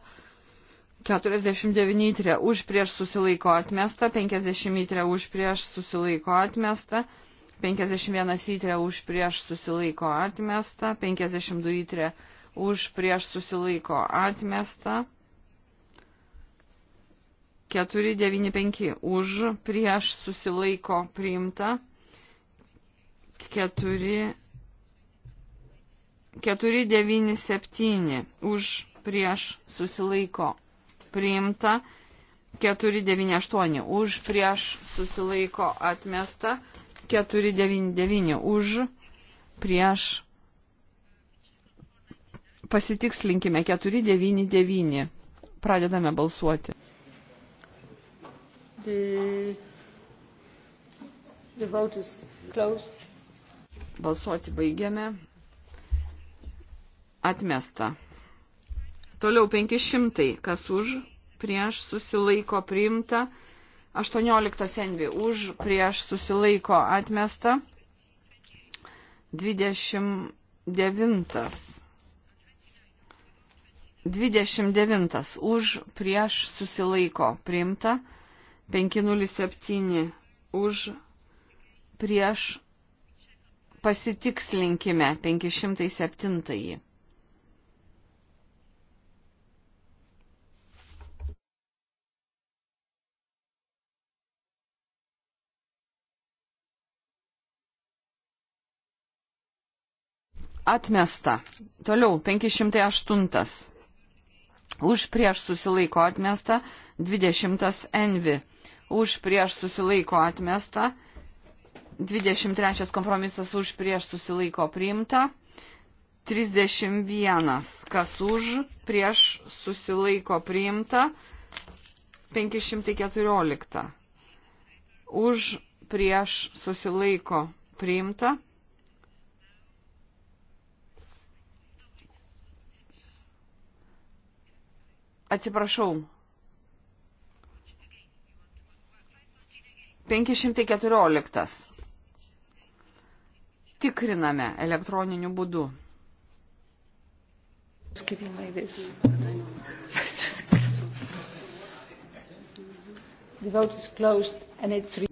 49 litrė už prieš susilaiko atmesta, 50 litrė už prieš susilaiko atmesta, 51 litrė už prieš susilaiko atmesta, 52 litrė už prieš susilaiko atmesta, 495 už prieš susilaiko priimta. 4, 4, 9, 7 už prieš susilaiko priimta, 4, 9, 8 už prieš susilaiko atmesta, 4, 9, 9 už prieš pasitikslinkime 4, 9, 9. Pradedame balsuoti. The, the vote is closed. Balsuoti baigiame. Atmesta. Toliau 500, kas už, prieš susilaiko priimta. 18 envi už, prieš susilaiko atmesta. 29. 29 už, prieš susilaiko priimta. 507 už, prieš pasitikslinkime 507. Atmesta. Toliau 508. Už prieš susilaiko atmesta 20 envi. Už prieš susilaiko atmesta 20. 23 kompromisas už prieš susilaiko priimta. 31 kas už prieš susilaiko priimta. 514 už prieš susilaiko priimta. Atsiprašau, 514 tikriname elektroniniu būdu.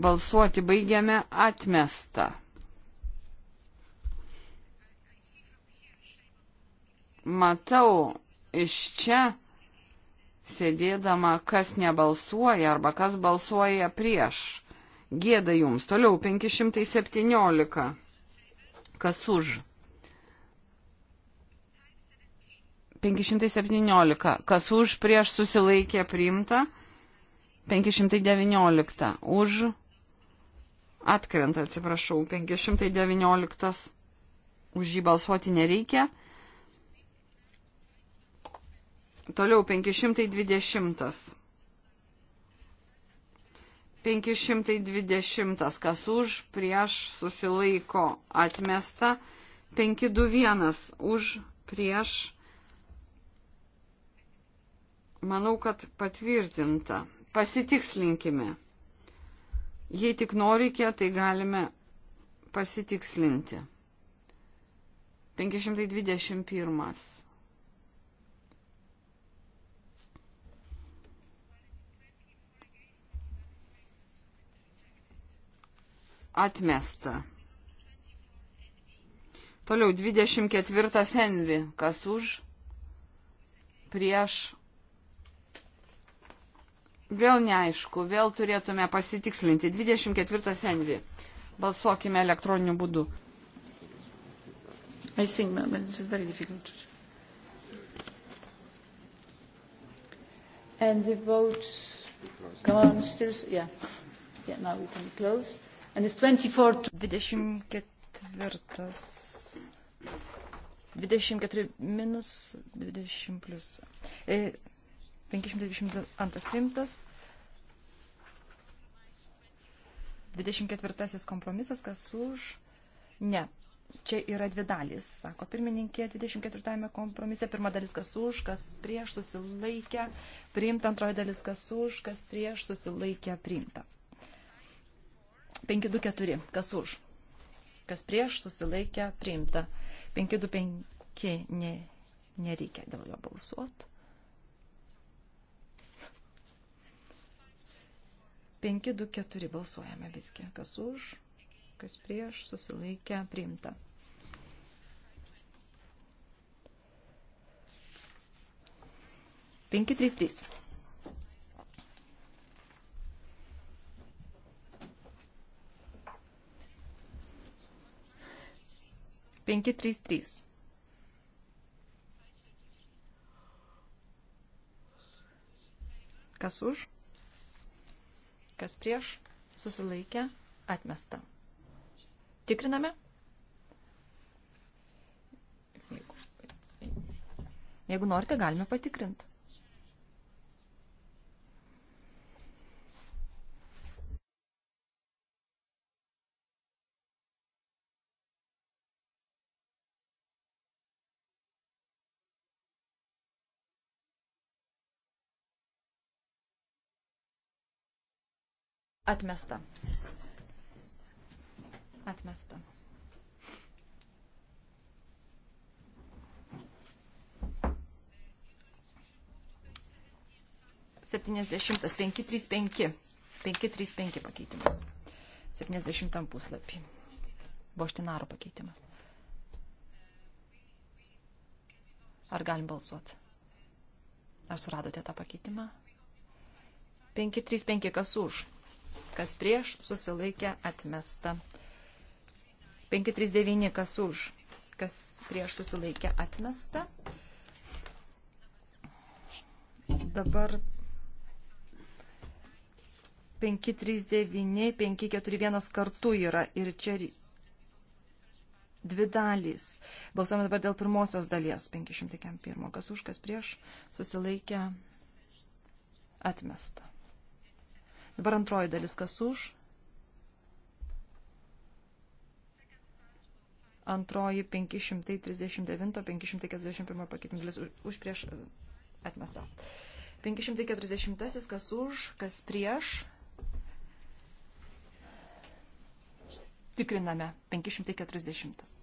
Balsuoti baigiame atmestą. Matau iš čia sėdėdama, kas nebalsuoja arba kas balsuoja prieš. Gėda jums. Toliau 517. Kas už? 517. Kas už prieš susilaikė priimta? 519. Už atkrenta, atsiprašau, 519. Už jį balsuoti nereikia. Toliau 520. 520, kas už, prieš, susilaiko, atmesta. 521, už, prieš. Manau, kad patvirtinta. Pasitikslinkime. Jei tik norite, tai galime pasitikslinti. 521. Atmesta. Toliau 24 envi. Kas už? Prieš. Vėl neaišku, vėl turėtume pasitikslinti. 24 envi. Balsuokime elektroniniu būdu. I think it's very difficult. And the vote, come on, still, yeah, yeah, now we can close 24. 24 minus 20 plus. 522 e, priimtas. 24 kompromisas, kas už. Ne. Čia yra dvi dalys, sako pirmininkė 24 kompromise. Pirma dalis, kas už, kas prieš susilaikę, priimta. Antroji dalis, kas už, kas prieš susilaikę, priimta. 524. Kas už? Kas prieš susilaikė priimta. 525. Ne, nereikia dėl jo balsuoti. 524 balsuojame visgi. Kas už, kas prieš susilaikė priimta. Penki, trys, trys. 533. Kas už? Kas prieš? Susilaikė. Atmesta. Tikriname. Jeigu norite, galime patikrinti. Atmesta. Atmesta. Septyniasdešimtas penki trys penki. Penki trys penki pakeitimas. Septyniasdešimtam puslapį. Boštinaro pakeitimą. Ar galim balsuoti? Ar suradote tą pakeitimą? 535 kas už? kas prieš, susilaikė, atmesta. 539, kas už, kas prieš, susilaikė, atmesta. Dabar 539, 541 kartu yra ir čia dvi dalys. Balsuojame dabar dėl pirmosios dalies, 501, kas už, kas prieš, susilaikė, atmesta. Dabar antroji dalis kas už. Antroji 539-541 pakeitimų dalis už prieš atmestą. 540 kas už, kas prieš. Tikriname 540.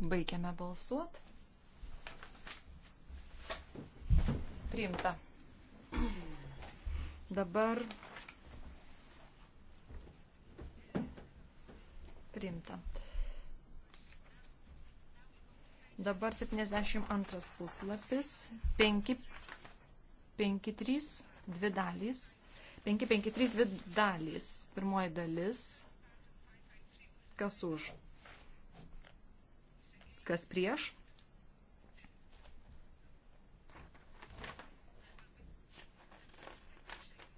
Baigiame balsuot. Priimta. Dabar priimta. Dabar 72 puslapis, 5, 5, 3, 2 dalys, 5, 5, 3, 2 dalys, pirmoji dalis, kas už, kas prieš.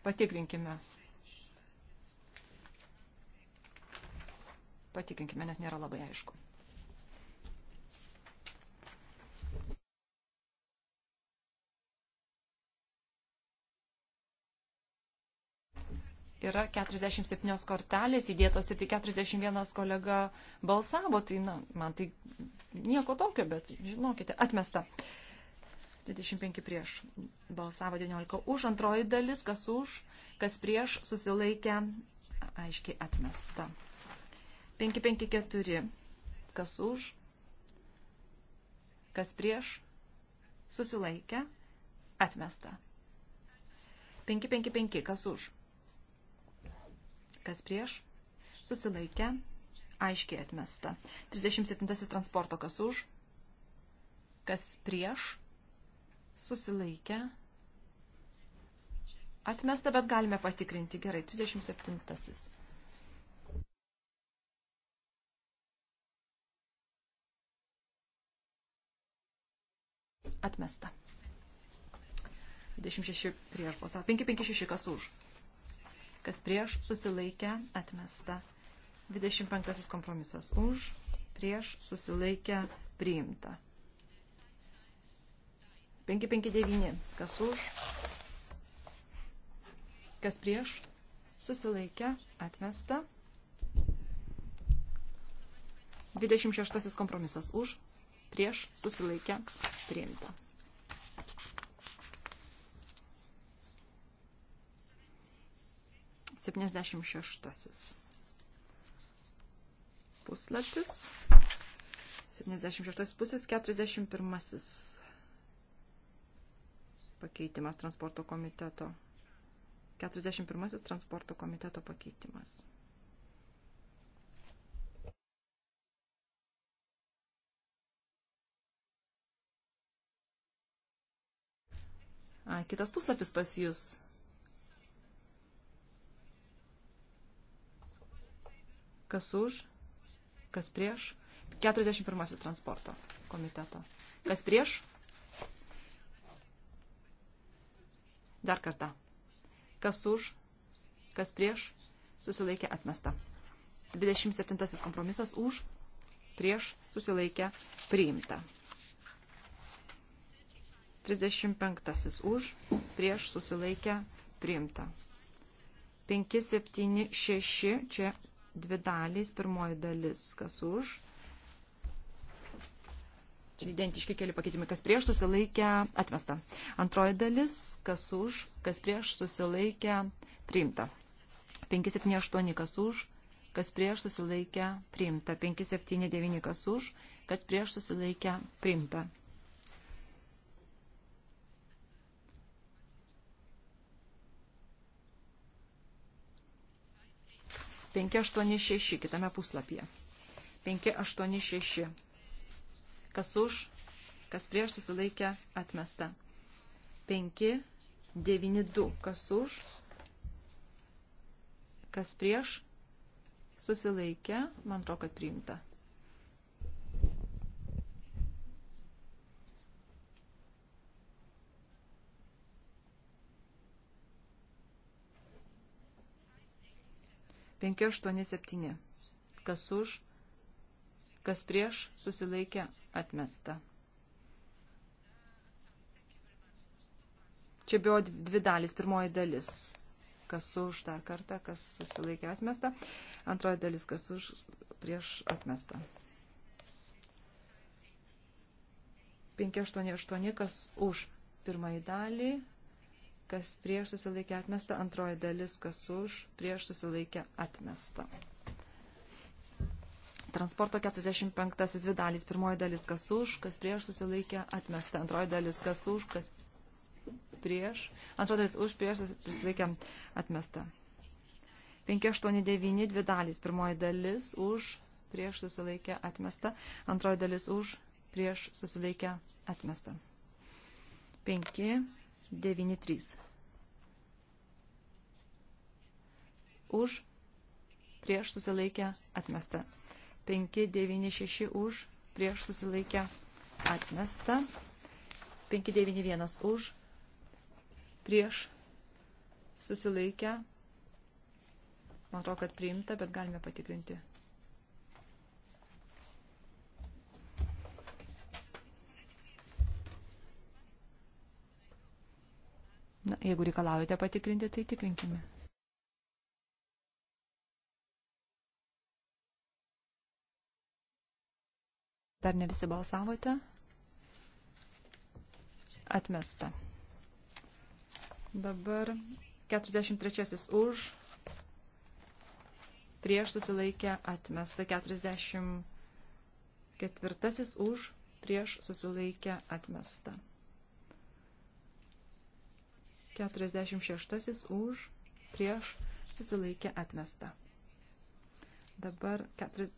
Patikrinkime. Patikrinkime, nes nėra labai aišku. yra 47 kortelės įdėtos ir tik 41 kolega balsavo, tai na, man tai nieko tokio, bet žinokite, atmesta. 25 prieš balsavo 19 už, antroji dalis, kas už, kas prieš, susilaikė, aiškiai atmesta. 554, kas už, kas prieš, susilaikė, atmesta. 555, kas už kas prieš, susilaikę, aiškiai atmesta. 37 transporto, kas už, kas prieš, susilaikę, atmesta, bet galime patikrinti gerai. 37. Atmesta. 26 prieš balsą. 556 kas už kas prieš susilaikę atmesta. 25 kompromisas už, prieš susilaikę priimta. 559 kas už, kas prieš susilaikę atmesta. 26 kompromisas už, prieš susilaikę priimta. 76 puslapis. 76 pusės 41 pakeitimas transporto komiteto. 41 transporto komiteto pakeitimas. A, kitas puslapis pas jūs. Kas už, kas prieš. 41 transporto komiteto. Kas prieš? Dar kartą. Kas už, kas prieš, susilaikė atmesta. 27 kompromisas už, prieš, susilaikė priimta. 35 už, prieš, susilaikė priimta. 5, 7, 6, čia dvi dalys. Pirmoji dalis, kas už. Čia identiški keli pakeitimai, kas prieš susilaikę, atmesta. Antroji dalis, kas už, kas prieš susilaikę, priimta. 578, kas už, kas prieš susilaikę, priimta. 579, kas už, kas prieš susilaikę, priimta. 586 kitame puslapyje. 586. Kas už, kas prieš susilaikė atmesta. 592. Kas už, kas prieš susilaikė, man atrodo, kad priimta. 587. Kas už, kas prieš, susilaikė atmesta. Čia buvo dvi dalys. Pirmoji dalis, kas už dar kartą, kas susilaikė atmesta. Antroji dalis, kas už, prieš atmesta. 588, kas už pirmąjį dalį, kas prieš susilaikė atmesta, antroji dalis, kas už, prieš susilaikė atmesta. Transporto 45 dvi dalys, pirmoji dalis, kas už, kas prieš susilaikė atmesta, antroji dalis, kas už, kas prieš, antroji dalis už, prieš susilaikė atmesta. 589 dvi dalys, pirmoji dalis už, prieš susilaikė atmesta, antroji dalis už, prieš susilaikė atmesta. 5, 93. Už, prieš susilaikę atmesta. 596 už, prieš susilaikę atmesta. 591 už, prieš susilaikę. Man atrodo, kad priimta, bet galime patikrinti. Jeigu reikalaujate patikrinti, tai tikrinkime. Dar ne visi balsavote? Atmesta. Dabar 43 už, prieš susilaikę atmesta, 44 už, prieš susilaikę atmesta. 46 už, prieš, susilaikė atmesta. Dabar 4.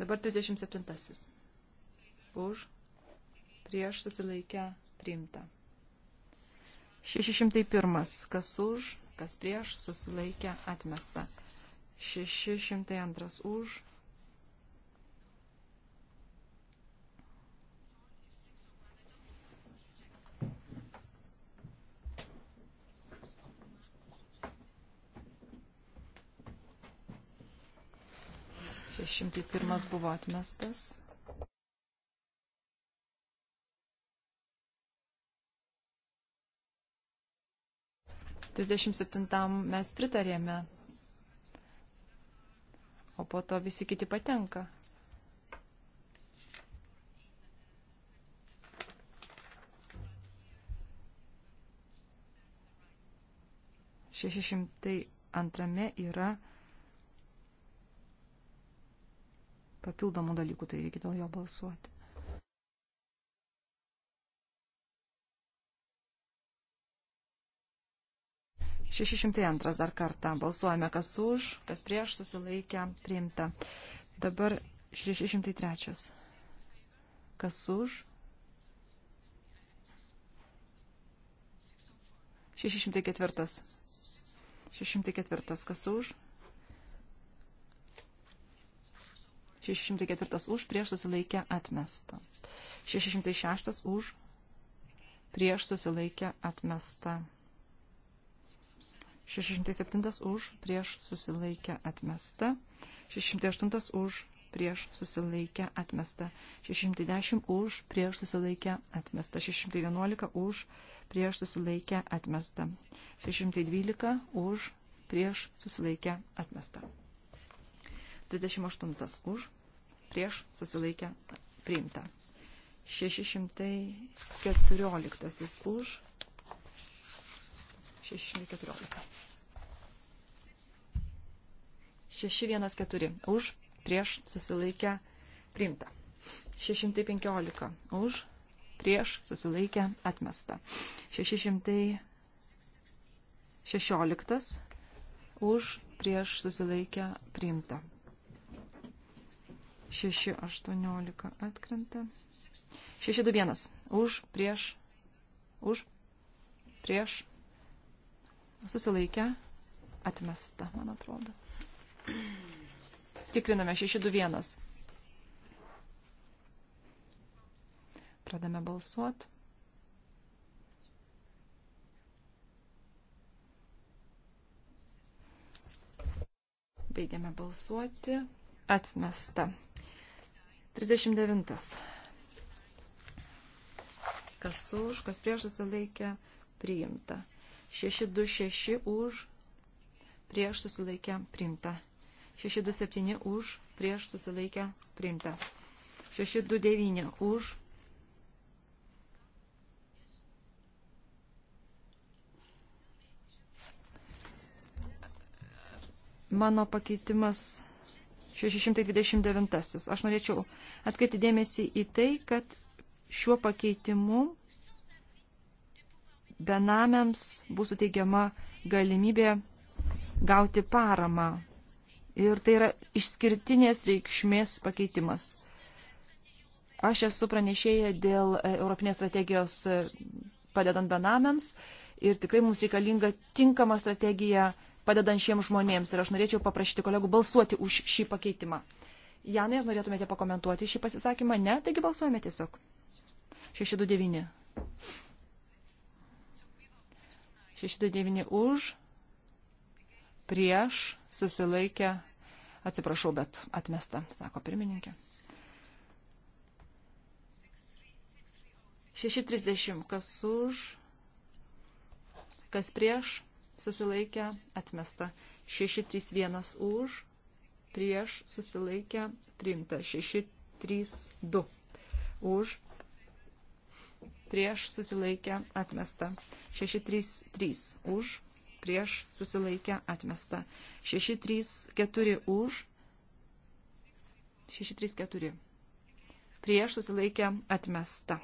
Dabar 37. Už, prieš, susilaikę, priimta. 601. Kas už, kas prieš, susilaikę, atmesta. 602 už, 101 buvo atmestas. Trisdešimt septintam mes pritarėme, o po to visi kiti patenka. Šešišimtai antrame yra papildomų dalykų, tai reikia dėl jo balsuoti. Šešišimtai antras dar kartą. Balsuojame, kas už, kas prieš, susilaikę, priimta. Dabar šešišimtai trečias. Kas už? 604. 604. Kas už? 604 už, prieš susilaikę atmesta. 606 už, prieš susilaikę atmesta. 607 už, prieš susilaikę atmesta. 608 už, prieš susilaikę atmesta. 610 už, prieš susilaikę atmesta. 611 už, prieš susilaikę atmesta. 612 už, prieš susilaikę atmesta. 38 už, prieš susilaikę priimta. 614 už 614. 614 už prieš susilaikę priimta. 615 už prieš susilaikę atmesta. 616 už prieš susilaikę priimta. 618 atkrenta. 621. Už, prieš, už, prieš. Susilaikę. Atmesta, man atrodo. Tikriname 621. Pradame balsuoti. Baigiame balsuoti. Atmesta. 39. Kas už, kas prieš susilaikė, priimta. 626 už, prieš susilaikę, priimta. 627 už, prieš susilaikę, priimta. 629 už. Mano pakeitimas 629. Aš norėčiau atkreipti dėmesį į tai, kad šiuo pakeitimu benamiams bus suteikiama galimybė gauti paramą. Ir tai yra išskirtinės reikšmės pakeitimas. Aš esu pranešėję dėl e, Europinės strategijos e, padedant benamiams ir tikrai mums reikalinga tinkama strategija padedant šiems žmonėms. Ir aš norėčiau paprašyti kolegų balsuoti už šį pakeitimą. Janai, ar norėtumėte pakomentuoti šį pasisakymą? Ne, taigi balsuojame tiesiog. 629. 629 už, prieš, susilaikę, atsiprašau, bet atmesta, sako pirmininkė. 6.30. Kas už, kas prieš, susilaikę, atmesta. 631 už, prieš, susilaikę, priimta. 632 už, prieš, susilaikę, atmesta. 633 už, prieš, susilaikę, atmesta. 634 už, 634 prieš, susilaikę, atmesta.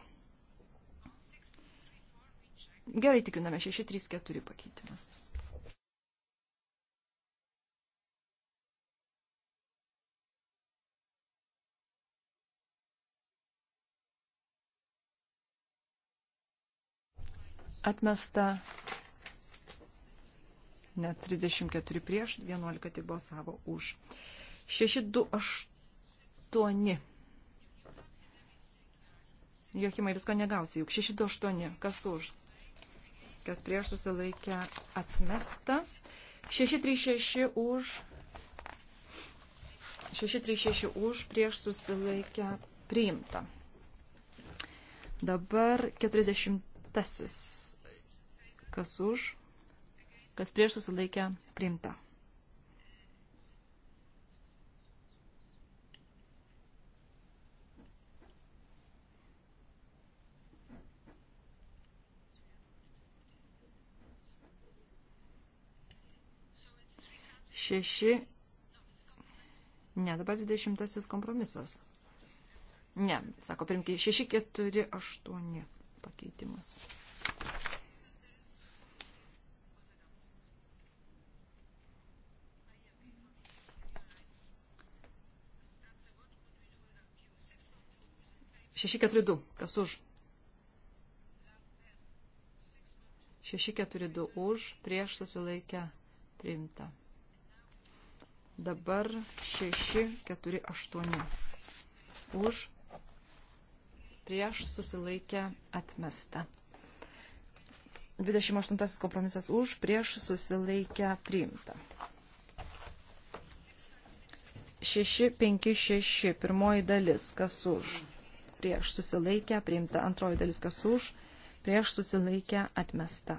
Gerai tikriname 634 pakeitimas. atmesta. Net 34 prieš, 11 tik balsavo už. 628. Jochimai visko negausi, juk 628. Kas už? Kas prieš susilaikė atmesta. 636 už. 636 už prieš susilaikę priimta. Dabar 40. -tasis kas už, kas prieš susilaikę priimta. Šeši, ne, dabar dvidešimtasis kompromisas. Ne, sako, primkiai, šeši, keturi, aštuoni pakeitimas. 642. Kas už? 642 už, prieš susilaikę priimta. Dabar 648 už, prieš susilaikę atmesta. 28 kompromisas už, prieš susilaikę priimta. 656, pirmoji dalis, kas už prieš susilaikę, priimta antroji dalis kas už, prieš susilaikę, atmesta.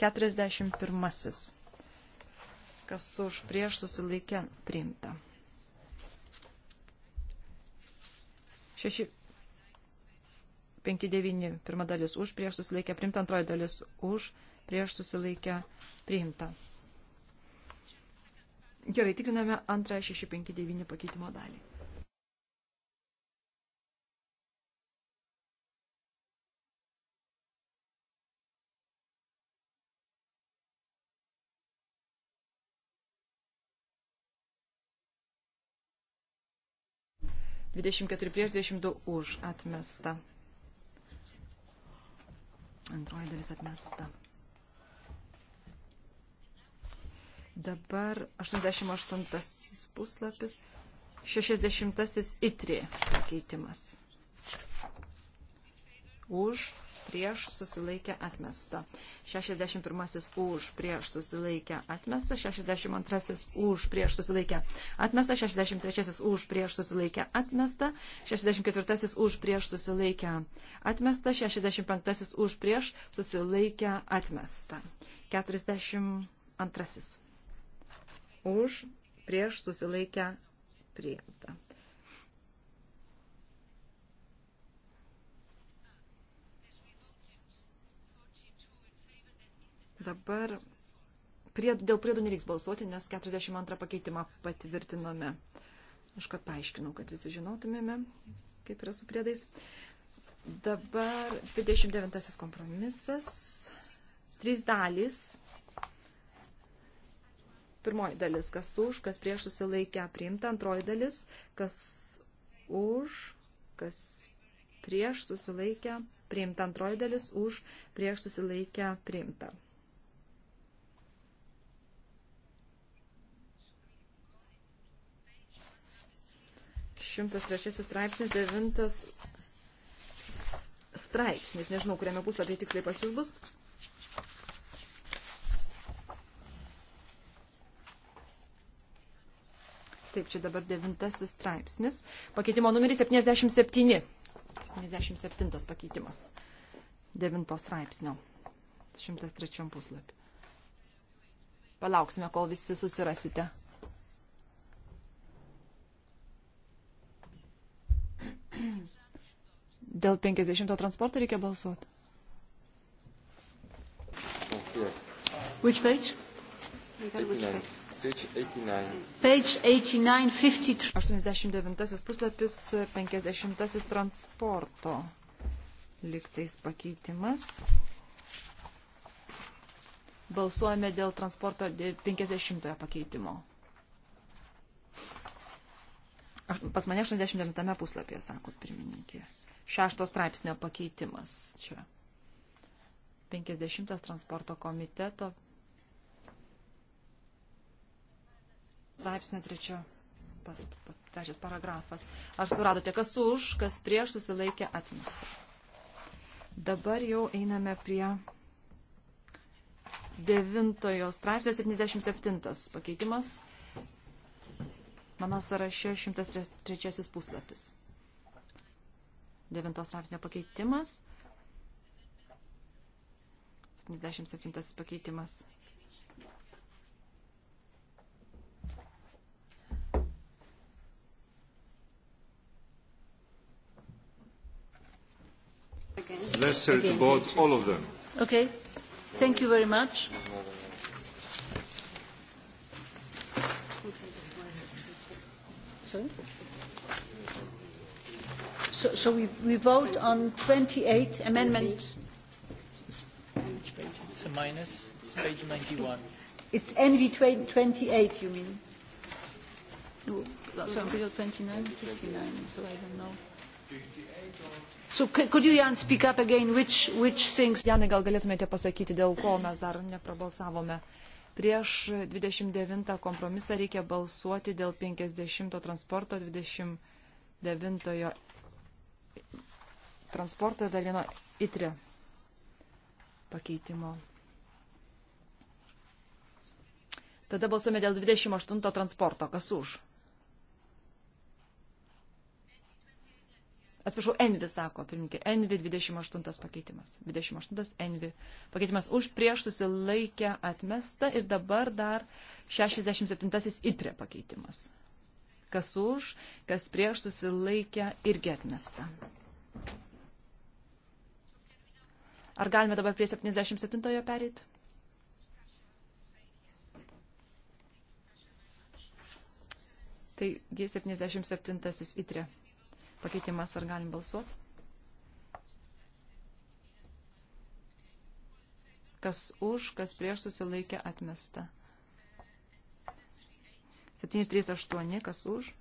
Keturiasdešimt pirmasis, kas už prieš susilaikę, priimta. Šeši, 5-9, pirma dalis už, prieš susilaikę primta, antroji dalis už, prieš susilaikę priimta. Gerai, tikriname antrą 659 pakeitimo dalį. Dvidešimt keturi prieš, dvidešimt du už atmesta. Antroji dalis atmesta. Dabar 88 puslapis, 60 itri pakeitimas. Už, prieš, susilaikę, atmesta. 61 už, prieš, susilaikę, atmesta. 62 už, prieš, susilaikę, atmesta. 63 už, prieš, susilaikę, atmesta. 64 už, prieš, susilaikę, atmesta. 65 už, prieš, susilaikę, atmesta. 42 už, prieš susilaikę priimta. Dabar prie, dėl priedų nereiks balsuoti, nes 42 pakeitimą patvirtinome. Aš kad paaiškinau, kad visi žinotumėme, kaip yra su priedais. Dabar 29 kompromisas. Trys dalys. Pirmoji dalis, kas už, kas prieš susilaikę priimta. Antroji dalis, kas už, kas prieš susilaikę priimta. Antroji dalis už, prieš susilaikę priimta. Šimtas trečiasis straipsnis, devintas straipsnis, nežinau, kuriame puslapyje tiksliai pas jūs bus. Taip, čia dabar devintasis straipsnis. Pakeitimo numeris 77. 77 pakeitimas. Devinto straipsnio. 103 puslapį. Palauksime, kol visi susirasite. Dėl 50 transporto reikia balsuoti. Which page? 59. Page 89, 53. 89 puslapis, 50 transporto liktais pakeitimas. Balsuojame dėl transporto 50 pakeitimo. Aš, pas mane 89 puslapyje, sako pirmininkė. Šešto straipsnio pakeitimas čia. 50 transporto komiteto straipsnio trečio pas, trečias paragrafas. Ar suradote, kas už, kas prieš susilaikė atmestą. Dabar jau einame prie devintojo straipsnio 77 pakeitimas. Mano sąraše 103 puslapis. Devintos straipsnio pakeitimas. 77 pakeitimas. necessary again, to vote please. all of them. Okay. Thank you very much. Sorry? So, so we, we vote on 28 amendment. It's a minus. It's page 91. It's NV 28, you mean? No, so 29, 69, so I don't know. So, could you, Jan, speak up again, which, which things... Janai, gal galėtumėte pasakyti, dėl ko mes dar neprabalsavome. Prieš 29 kompromisą reikia balsuoti dėl 50 transporto, 29 transporto ir dar vieno itre pakeitimo. Tada balsuome dėl 28 transporto. Kas už? Atsiprašau, Envi sako, pirmininkė, Envi 28 pakeitimas. 28 Envi pakeitimas už prieš susilaikę atmesta ir dabar dar 67 itre pakeitimas. Kas už, kas prieš susilaikę irgi atmesta. Ar galime dabar prie 77 pereiti? Taigi 77 įtrė pakeitimas, ar galim balsuoti? Kas už, kas prieš susilaikė atmesta. 738, kas už,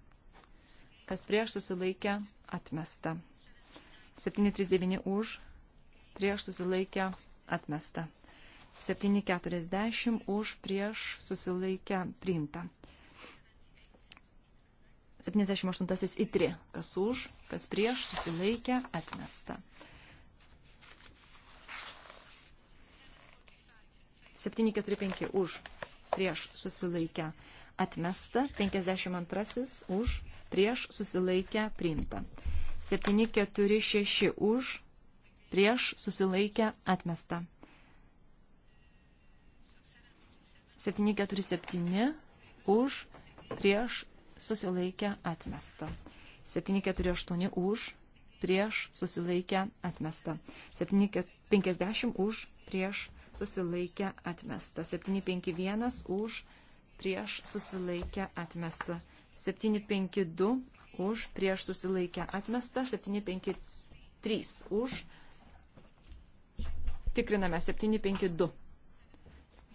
kas prieš susilaikė atmesta. 739 už, prieš susilaikė atmesta. 740 už, prieš susilaikė priimta. 78 į 3. Kas už, kas prieš, susilaikė, atmesta. 745 už, prieš, susilaikė, atmesta. 52 už, prieš, susilaikė, priimta. 746 už, prieš, susilaikė, atmesta. 747 už, prieš, susilaikė atmesta. 748 už, prieš susilaikė atmesta. 750 už, prieš susilaikė atmesta. 751 už, prieš susilaikė atmesta. 752 už, prieš susilaikė atmesta. 753 už. Tikriname 752.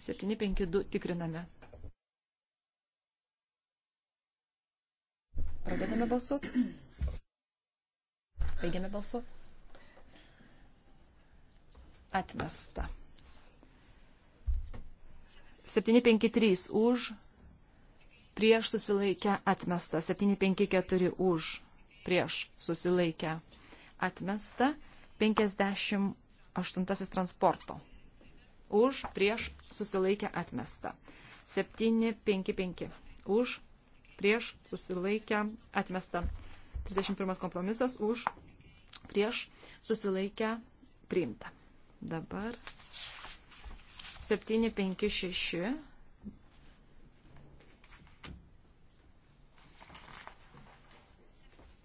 752 tikriname. Pradedame balsuoti. Baigiame balsuoti. Atmesta. 753 už, prieš susilaikę atmesta. 754 už, prieš susilaikę atmesta. 58 transporto. Už, prieš susilaikę atmesta. 755 už, prieš, susilaikę, atmesta. 31 kompromisas už, prieš, susilaikę, priimta. Dabar 756.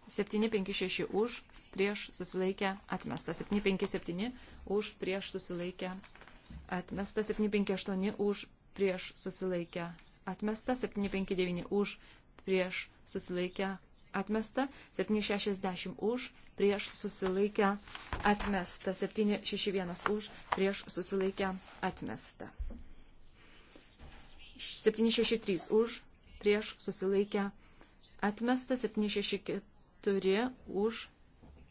Septyni, penki, šeši už, prieš susilaikę atmesta. 757 už prieš susilaikę atmesta. 758 už prieš susilaikę atmesta. 759 už prieš susilaikę atmesta, 760 už, prieš susilaikę atmesta, 761 už, prieš susilaikę atmesta. 763 už, prieš susilaikę atmesta, 764 už,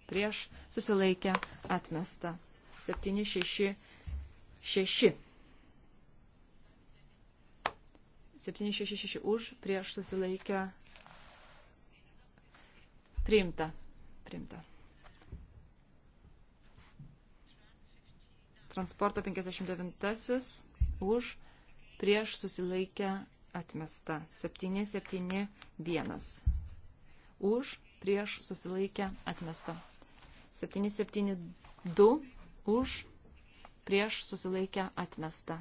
prieš susilaikę atmesta, 766 766 už, prieš susilaikę priimta. priimta. Transporto 59 už, prieš susilaikę atmesta. 771 už, prieš susilaikę atmesta. 772 už, prieš susilaikę atmesta.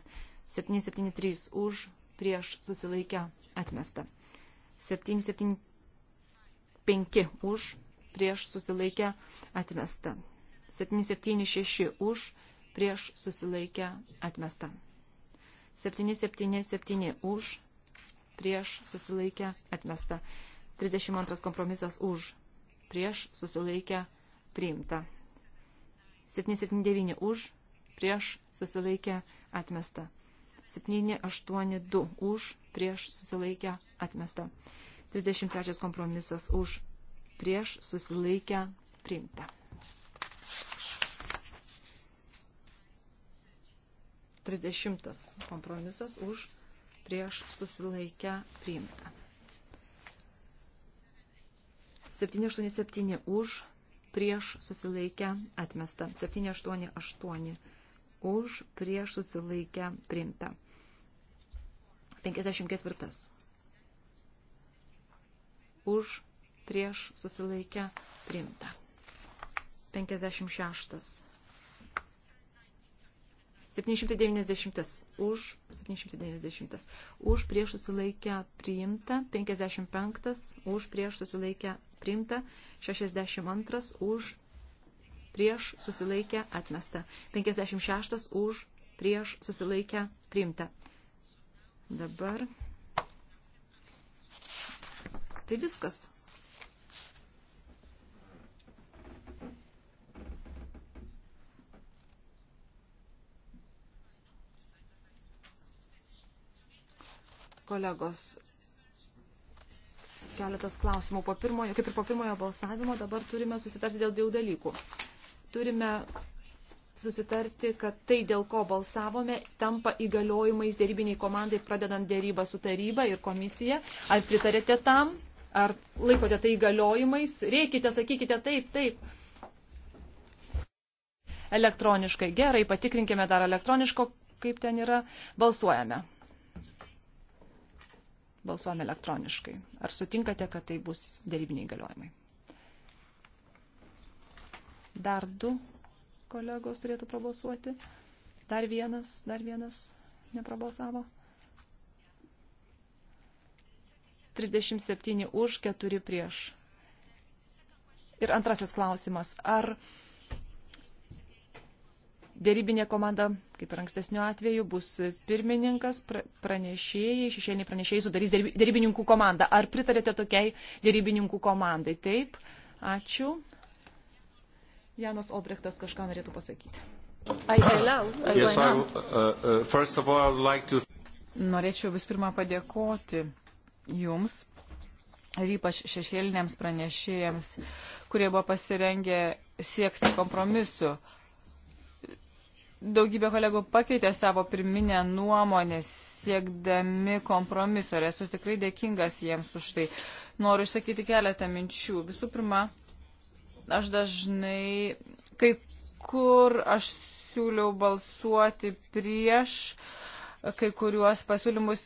773 už, prieš susilaikę atmesta. 775 už prieš susilaikę atmesta. 776 už prieš susilaikę atmesta. 777 už prieš susilaikę atmesta. 32 kompromisas už prieš susilaikę priimta. 779 už prieš susilaikę atmesta. 782 už, prieš susilaikę atmesta. 33 kompromisas už, prieš susilaikę priimta. 30 kompromisas už, prieš susilaikę priimta. 787 už, prieš susilaikę atmesta. 788 už prieš susilaikę priimta. 54. Už prieš susilaikę priimta. 56. 790 už 790 už prieš susilaikę priimta 55 už prieš susilaikę priimta 62 už prieš susilaikę atmesta. 56 už prieš susilaikę priimta. Dabar. Tai viskas. Kolegos, keletas klausimų. Po pirmojo, kaip ir po pirmojo balsavimo dabar turime susitarti dėl dviejų dalykų turime susitarti, kad tai, dėl ko balsavome, tampa įgaliojimais dėrybiniai komandai, pradedant dėrybą su taryba ir komisija. Ar pritarėte tam? Ar laikote tai įgaliojimais? Reikite, sakykite taip, taip elektroniškai. Gerai, patikrinkime dar elektroniško, kaip ten yra. Balsuojame. Balsuojame elektroniškai. Ar sutinkate, kad tai bus dėrybiniai galiojimai? Dar du kolegos turėtų prabalsuoti. Dar vienas, dar vienas neprabalsavo. 37 už, 4 prieš. Ir antrasis klausimas. Ar dėrybinė komanda, kaip ir ankstesniu atveju, bus pirmininkas, pranešėjai, šešėliniai pranešėjai sudarys dėrybininkų komandą. Ar pritarėte tokiai dėrybininkų komandai? Taip. Ačiū. Janas Olbrechtas kažką norėtų pasakyti. I allow, I yes, I, uh, uh, all, like to... Norėčiau vis pirma padėkoti Jums ir ypač šešėlinėms pranešėjams, kurie buvo pasirengę siekti kompromisu. Daugybė kolegų pakeitė savo pirminę nuomonę siekdami kompromiso ir esu tikrai dėkingas jiems už tai. Noriu išsakyti keletą minčių. Visų pirma, Aš dažnai, kai kur aš siūliau balsuoti prieš kai kuriuos pasiūlymus,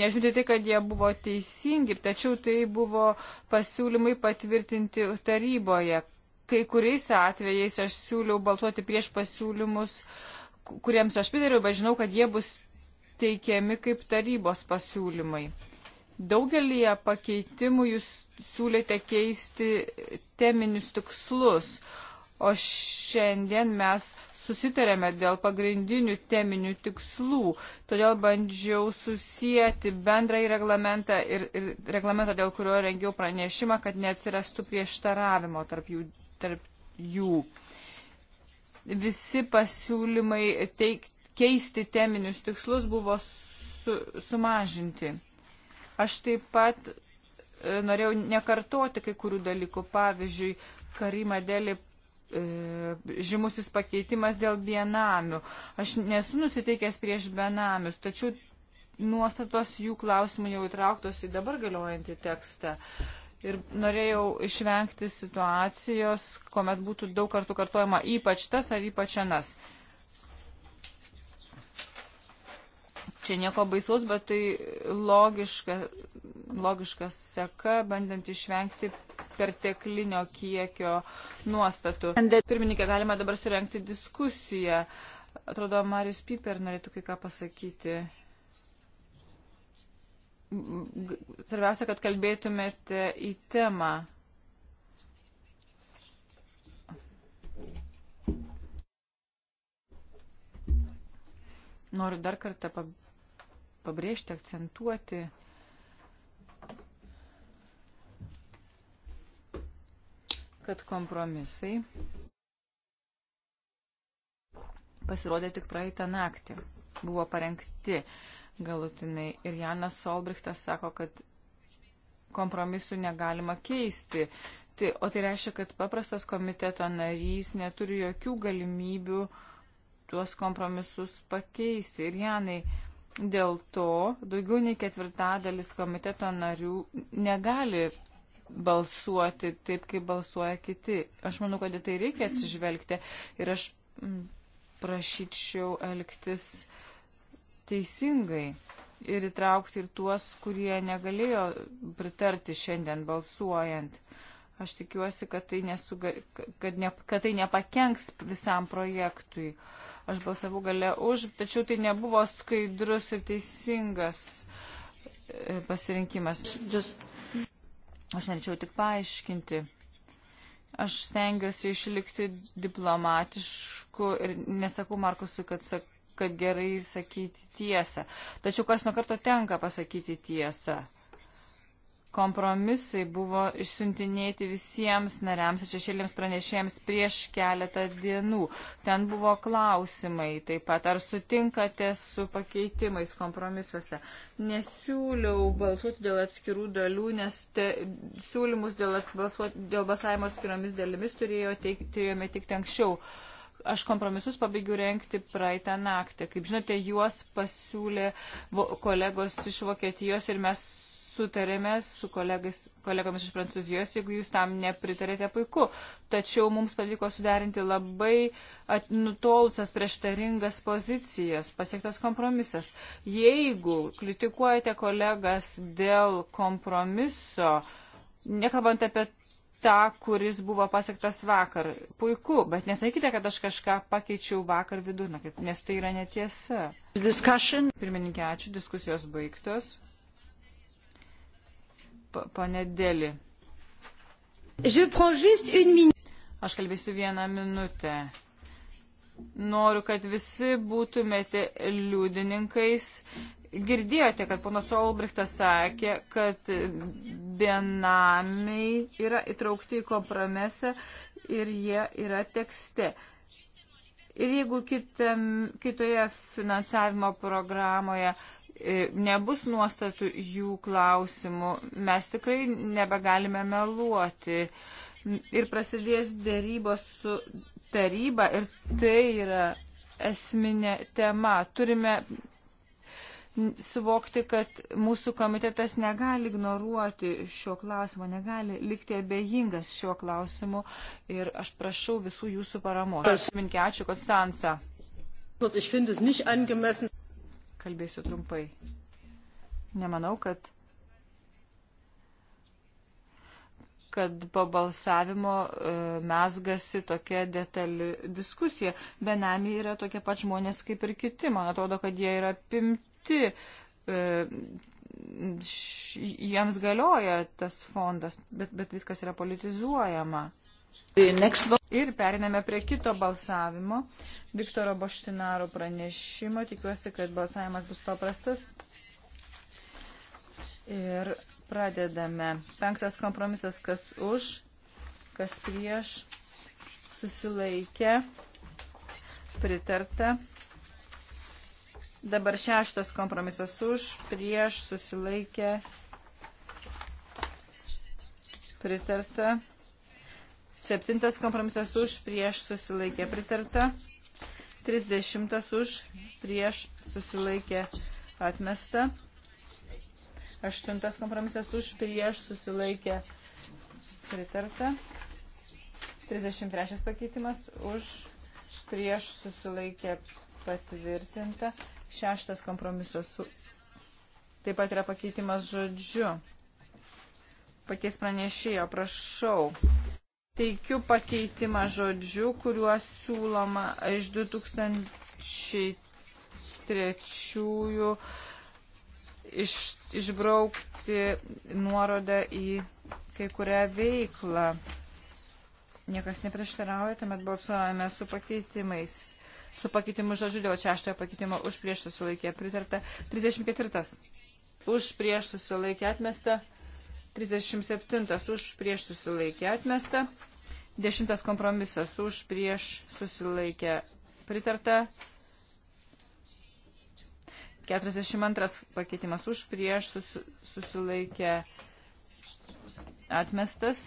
nežiūrėti tai, kad jie buvo teisingi, tačiau tai buvo pasiūlymai patvirtinti taryboje. Kai kuriais atvejais aš siūliau balsuoti prieš pasiūlymus, kuriems aš pritariu, bet žinau, kad jie bus teikiami kaip tarybos pasiūlymai. Daugelį pakeitimų jūs siūlėte keisti teminius tikslus, o šiandien mes susitarėme dėl pagrindinių teminių tikslų. Todėl bandžiau susijęti bendrąjį reglamentą ir, ir reglamentą, dėl kurio rengiau pranešimą, kad neatsirastų prieštaravimo tarp jų. Tarp jų. Visi pasiūlymai teik, keisti teminius tikslus buvo su, sumažinti. Aš taip pat e, norėjau nekartoti kai kurių dalykų. Pavyzdžiui, Karima Deli e, žymusis pakeitimas dėl benamių. Aš nesu nusiteikęs prieš benamius, tačiau nuostatos jų klausimų jau įtrauktos į dabar galiojantį tekstą. Ir norėjau išvengti situacijos, kuomet būtų daug kartų kartojama ypač tas ar ypač anas. Čia nieko baisaus, bet tai logiška, logiška seka, bandant išvengti perteklinio kiekio nuostatų. Pirmininkė, galime dabar surenkti diskusiją. Atrodo, Marius Piper norėtų kai ką pasakyti. Svarbiausia, kad kalbėtumėte į temą. Noriu dar kartą pabrėžti, akcentuoti. kad kompromisai pasirodė tik praeitą naktį, buvo parengti galutinai. Ir Janas Solbrichtas sako, kad kompromisų negalima keisti. Tai, o tai reiškia, kad paprastas komiteto narys neturi jokių galimybių tuos kompromisus pakeisti. Ir Janai, Dėl to daugiau nei ketvirtadalis komiteto narių negali balsuoti taip, kaip balsuoja kiti. Aš manau, kad į tai reikia atsižvelgti ir aš mm, prašyčiau elgtis teisingai ir įtraukti ir tuos, kurie negalėjo pritarti šiandien balsuojant. Aš tikiuosi, kad tai, nesuga, kad ne, kad tai nepakenks visam projektui. Uh, Aš balsavau gale už, tačiau tai nebuvo skaidrus ir teisingas e, pasirinkimas. Aš norėčiau tik paaiškinti. Aš stengiuosi išlikti diplomatišku ir nesakau Markusui, kad sakau kad gerai sakyti tiesą. Tačiau kas nuo karto tenka pasakyti tiesą kompromisai buvo išsiuntinėti visiems nariams ir šešėlėms pranešėjams prieš keletą dienų. Ten buvo klausimai taip pat, ar sutinkate su pakeitimais kompromisuose. Nesiūliau balsuoti dėl atskirų dalių, nes te, siūlymus dėl, balsuoti, dėl balsavimo atskiromis dalimis turėjo teik, turėjome tik anksčiau. Aš kompromisus pabaigiu renkti praeitą naktį. Kaip žinote, juos pasiūlė kolegos iš Vokietijos ir mes sutarėme su kolegais, kolegomis iš Prancūzijos, jeigu jūs tam nepritarėte, puiku. Tačiau mums pavyko suderinti labai at, nutolusias prieštaringas pozicijas, pasiektas kompromisas. Jeigu kritikuojate kolegas dėl kompromiso, nekalbant apie tą, kuris buvo pasiektas vakar. Puiku, bet nesakykite, kad aš kažką pakeičiau vakar vidurnakį, nes tai yra netiesa. Discussion. Pirmininkė, ačiū, diskusijos baigtos panedėlį. Aš kalbėsiu vieną minutę. Noriu, kad visi būtumėte liudininkais. Girdėjote, kad ponas Olbrichtas sakė, kad benamiai yra įtraukti į kompromisą ir jie yra tekste. Ir jeigu kitam, kitoje finansavimo programoje E, nebus nuostatų jų klausimų. Mes tikrai nebegalime meluoti. Ir prasidės dėrybos su taryba ir tai yra esminė tema. Turime suvokti, kad mūsų komitetas negali ignoruoti šio klausimo, negali likti abejingas šio klausimu ir aš prašau visų jūsų paramos. Pirmininkė, ačiū Konstanca. Kalbėsiu trumpai. Nemanau, kad kad po balsavimo e, mesgasi tokia detali diskusija. Benamiai yra tokie pat žmonės kaip ir kiti. Man atrodo, kad jie yra pimti. E, jiems galioja tas fondas, bet, bet viskas yra politizuojama. Ir periname prie kito balsavimo. Viktoro Boštinaro pranešimo. Tikiuosi, kad balsavimas bus paprastas. Ir pradedame. Penktas kompromisas, kas už, kas prieš, susilaikė, pritarta. Dabar šeštas kompromisas už, prieš, susilaikė, pritarta. Septintas kompromisas už prieš susilaikė pritarta. Trisdešimtas už prieš susilaikė atmesta. Aštuntas kompromisas už prieš susilaikė pritarta. 33 pakeitimas už prieš susilaikė patvirtinta. Šeštas kompromisas su... taip pat yra pakeitimas žodžiu. Pakeis pranešėjo, prašau teikiu pakeitimą žodžių, kuriuos siūloma iš 2003 iš, išbraukti nuorodą į kai kurią veiklą. Niekas neprieštarauja, tuomet balsuojame su pakeitimais. Su pakeitimu žodžiu dėl šeštojo pakeitimo už prieš susilaikė pritarta. 34. Už prieš susilaikė atmesta. 37 už prieš susilaikė atmesta. 10 kompromisas už prieš susilaikė pritarta. 42 pakeitimas už prieš susilaikė atmestas.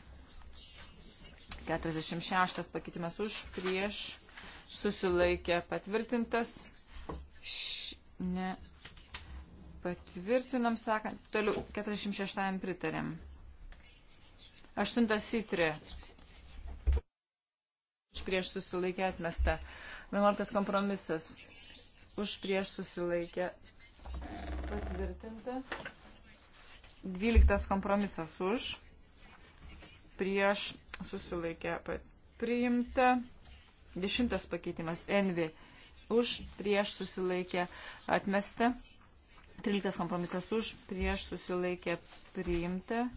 46 pakeitimas už prieš susilaikė patvirtintas. Š, ne, patvirtinam, sakant, toliau 46 pritarėm. 8 sitrė. Už prieš susilaikė atmesta. 11 kompromisas. Už prieš susilaikė patvirtinta. 12 kompromisas už. Prieš susilaikė priimta. 10 pakeitimas. Envi. Už prieš susilaikė atmesta. 13 kompromisas už, prieš susilaikė priimta.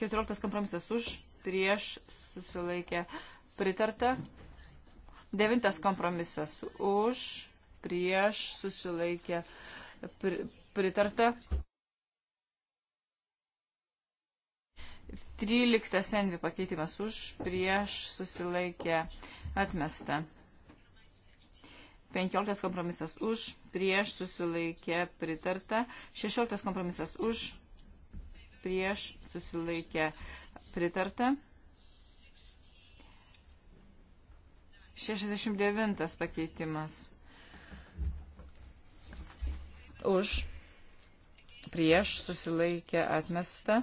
14 kompromisas už, prieš susilaikė pritarta. 9 kompromisas už, prieš susilaikė pritarta. 13 envi pakeitimas už, prieš susilaikė atmesta. 15 kompromisas už, prieš susilaikė pritarta, 16 kompromisas už, prieš susilaikė pritarta. 69 pakeitimas. Už, prieš susilaikė atmesta.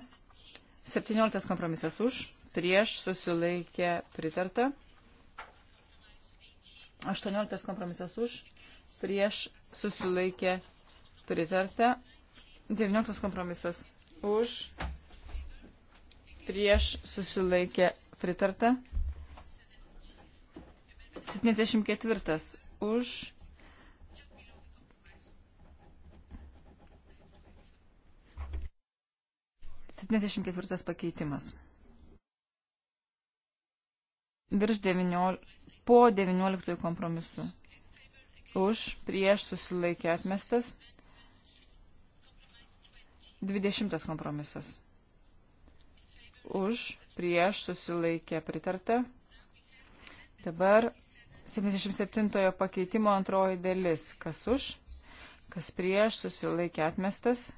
17 kompromisas už, prieš susilaikė pritarta. 18 kompromisas už, prieš susilaikė pritarta. 19 kompromisas už, prieš susilaikė pritarta. 74 už. Septyniasdešimt ketvirtas pakeitimas. Virš 19, po 19 kompromisu. Už, prieš susilaikė atmestas. 20 kompromisas. Už, prieš susilaikė pritarta. Dabar 77 pakeitimo antroji dalis. Kas už, kas prieš susilaikė atmestas.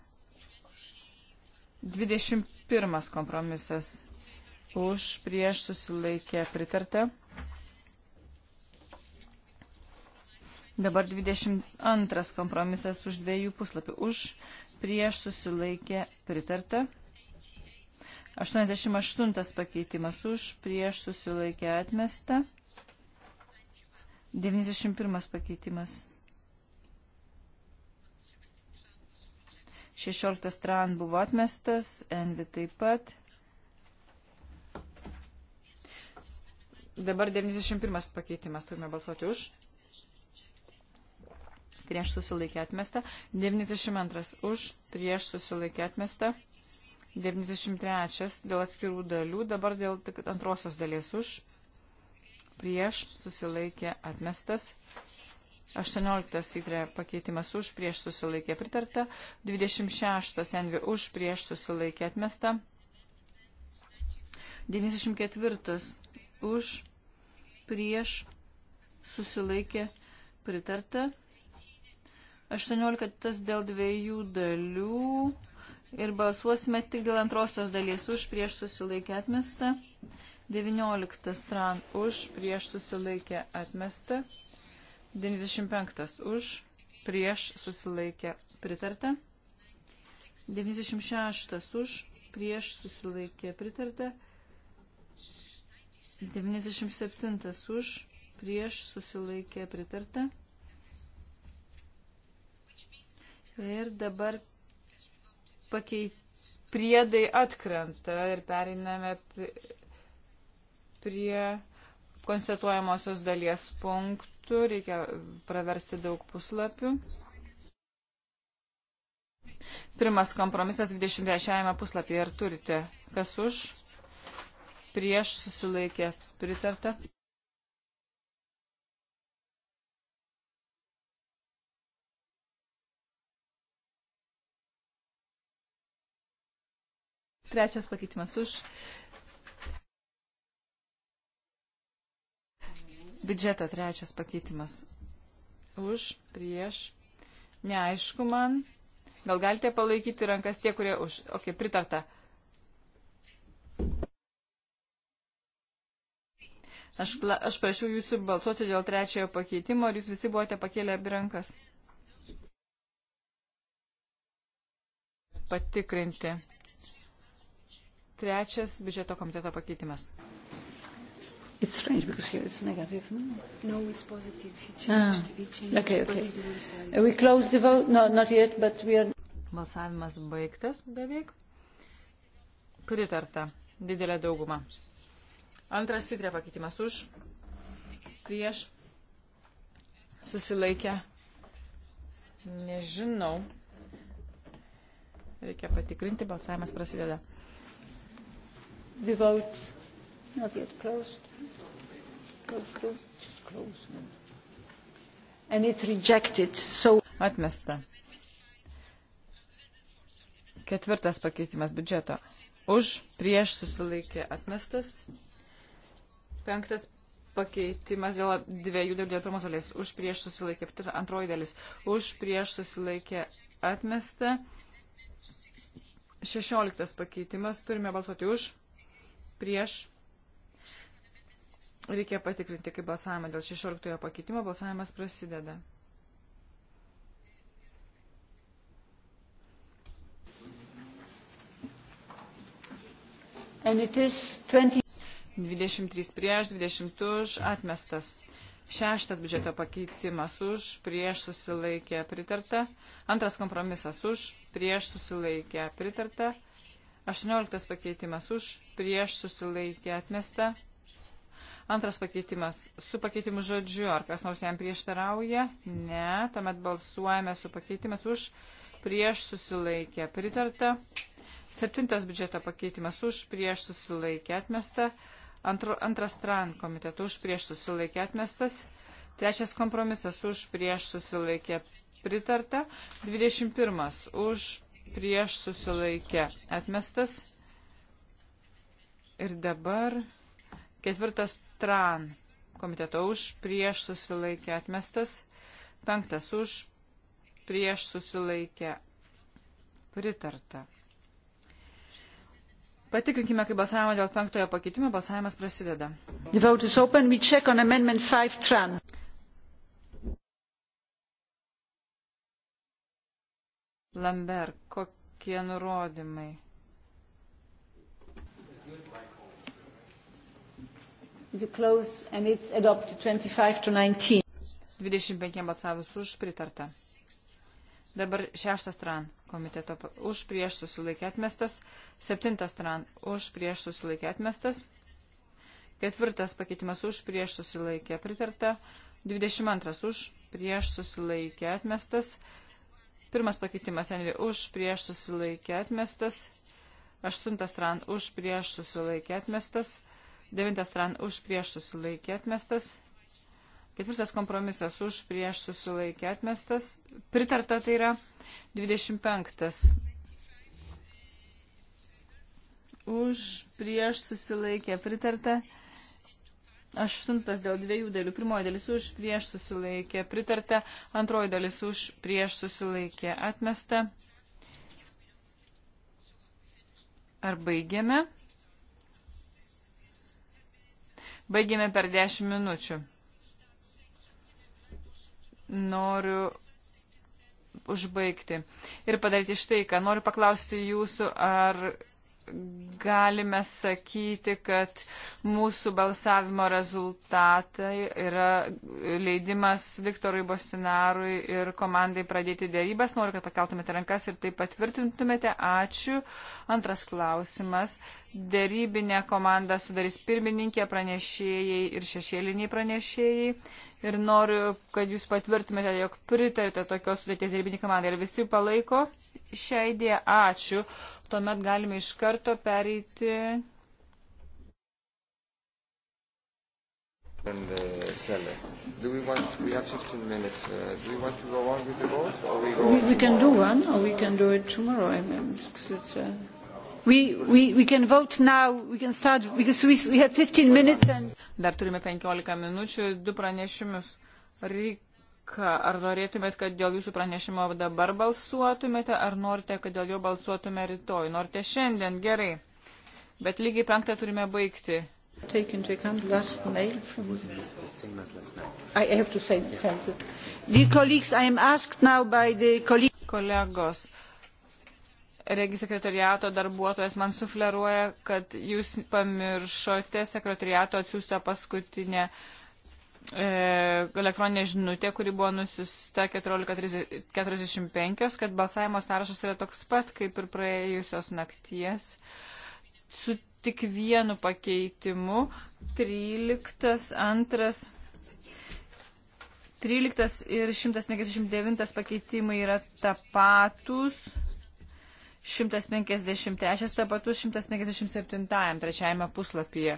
21 kompromisas. Už, prieš susilaikė pritarta. Dabar 22 kompromisas už dviejų puslapių. Už prieš susilaikė pritarta. 88 pakeitimas už prieš susilaikė atmesta. 91 pakeitimas. 16 stran buvo atmestas, Envi taip pat. Dabar 91 pakeitimas turime balsuoti už, prieš susilaikė atmesta, 92 už, prieš susilaikė atmesta, 93 dėl atskirų dalių, dabar dėl antrosios dalies už, prieš susilaikė atmestas, 18 įtrė pakeitimas už, prieš susilaikė pritarta, 26 envi už, prieš susilaikė atmesta, 94 už, prieš susilaikė pritarta, 18 tas dėl dviejų dalių ir balsuosime tik dėl antrosios dalies už prieš susilaikę atmestą. 19 stran už prieš susilaikę atmestą. 95 už prieš susilaikę pritartą. 96 už prieš susilaikė pritartą. 97 už prieš susilaikė pritartą. Ir dabar pakeit, priedai atkrenta ir periname prie konstatuojamosios dalies punktų. Reikia praversti daug puslapių. Pirmas kompromisas 23 puslapyje ir turite. Kas už? Prieš susilaikė pritarta. Trečias pakeitimas už. Biudžeto trečias pakeitimas už, prieš. Neaišku man. Gal galite palaikyti rankas tie, kurie už. Ok, pritarta. Aš, aš prašiau jūsų balsuoti dėl trečiojo pakeitimo ir jūs visi buvote pakėlę abi rankas. Patikrinti. Trečias biudžeto komiteto pakeitimas. It's strange because here it's negative, no? No, it's positive. He changed. Ah. He changed okay, okay. We close the vote. No, not yet, but we are... Balsavimas baigtas beveik. Pritarta. Didelė dauguma. Antras sitrė pakeitimas už. Prieš. Susilaikę. Nežinau. Reikia patikrinti. Balsavimas prasideda. The vote not yet closed. Close to. It's closed now. And it's rejected. So. Atmesta. Ketvirtas pakeitimas biudžeto. Už, prieš susilaikė atmestas. Penktas pakeitimas dėl dviejų dėl pirmos dalies. Už, prieš susilaikė antroji dalis. Už, prieš susilaikė atmesta. Šešioliktas pakeitimas. Turime balsuoti už, prieš. Reikia patikrinti, kaip balsavimą dėl 16 pakeitimo balsavimas prasideda. And it is 20... 23 prieš, 20 už, atmestas. Šeštas biudžeto pakeitimas už, prieš susilaikė pritarta. Antras kompromisas už, prieš susilaikė pritarta. 18 pakeitimas už, prieš susilaikė atmesta. Antras pakeitimas su pakeitimu žodžiu. Ar kas nors jam prieštarauja? Ne. Tuomet balsuojame su pakeitimas už, prieš susilaikė pritarta. Septintas biudžeto pakeitimas už, prieš susilaikė atmesta. Antru, antras tran komitetų už, prieš susilaikė atmestas. Trečias kompromisas už, prieš susilaikė pritarta. 21. Už, prieš susilaikė atmestas. Ir dabar ketvirtas tran komiteto už prieš susilaikė atmestas. Penktas už prieš susilaikė pritarta. Patikrinkime, kaip balsavome dėl penktojo pakeitimo. Balsavimas prasideda. The vote is open. We check on amendment 5 tran. Lambert, kokie nurodymai? You close and it's adopted 25 to 19. 25 balsavus už pritarta. Dabar šeštas stran komiteto už prieš susilaikė atmestas, septintas stran už prieš susilaikė atmestas, ketvirtas pakeitimas už prieš susilaikė pritarta, 22 už prieš susilaikė atmestas, Pirmas pakeitimas, Enri, už prieš susilaikė atmestas. Aštuntas tran už prieš susilaikė atmestas. Devintas tran už prieš susilaikė atmestas. Ketvirtas kompromisas už prieš susilaikė atmestas. Pritarta tai yra 25. Už prieš susilaikė pritarta. Aštuntas dėl dviejų dalių. Pirmoji dalis už prieš susilaikė pritarta, antroji dalis už prieš susilaikė atmesta. Ar baigėme? Baigėme per 10 minučių. Noriu užbaigti ir padaryti štai ką. Noriu paklausti jūsų, ar galime sakyti, kad mūsų balsavimo rezultatai yra leidimas Viktorui Bostinarui ir komandai pradėti dėrybas. Noriu, kad pakeltumėte rankas ir tai patvirtintumėte. Ačiū. Antras klausimas. Dėrybinę komandą sudarys pirmininkė, pranešėjai ir šešėliniai pranešėjai. Ir noriu, kad jūs patvirtumėte, jog pritarite tokios sudėties dėrybinį komandą. Ir visi palaiko šią idėją. Ačiū. Tuomet galime iš karto pereiti. And the uh, seller. Do we want, we have 15 minutes. Uh, do we want to go on with the votes or we go? We, we can do one or we can do it tomorrow. I mean, it's, it's, uh... We, we, we can vote now, we can start, because we, we have 15 minutes and... Dar turime 15 minučių, du pranešimus. Rika, ar norėtumėt, kad dėl jūsų pranešimo dabar balsuotumėte, ar norite, kad dėl jo balsuotume rytoj? Norite šiandien, gerai. Bet lygiai penktą turime baigti. Take into account last mail from... I have to say yeah. thank you. Dear colleagues, I am asked now by the colleagues... Kolegos, Regi sekretariato darbuotojas man sufleruoja, kad jūs pamiršote sekretariato atsiųstą paskutinę e, elektroninė žinutė, kuri buvo nusiusta 14.45, kad balsavimo sąrašas yra toks pat kaip ir praėjusios nakties, su tik vienu pakeitimu 13, 2, 13 ir 159 pakeitimai yra tapatus. 153 tapatus 157 trečiajame puslapyje.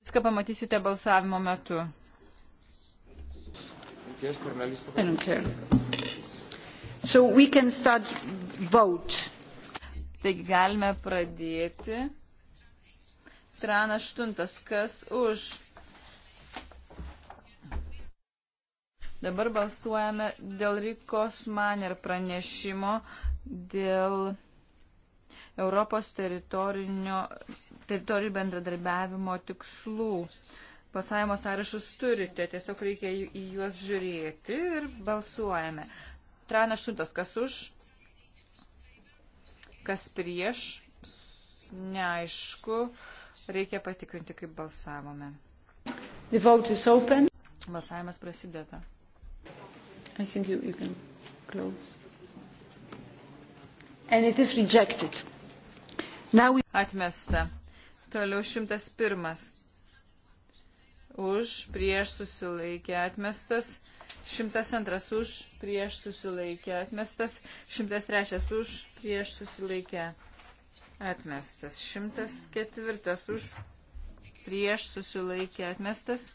Viską pamatysite balsavimo metu. So Taigi galime pradėti. Tran aštuntas, kas už Dabar balsuojame dėl Rikos Maner pranešimo dėl Europos teritorijų bendradarbiavimo tikslų. Balsavimo sąrašus turite, tiesiog reikia į juos žiūrėti ir balsuojame. Trana aštuntas, kas už, kas prieš, neaišku, reikia patikrinti, kaip balsavome. Balsavimas prasideda. I think you, you can close. And it is rejected. Now we... Atmesta. Toliau 101. Už, prieš susilaikė atmestas. 102 už, prieš susilaikė atmestas. 103 už, prieš susilaikė atmestas. 104 už, prieš susilaikė atmestas.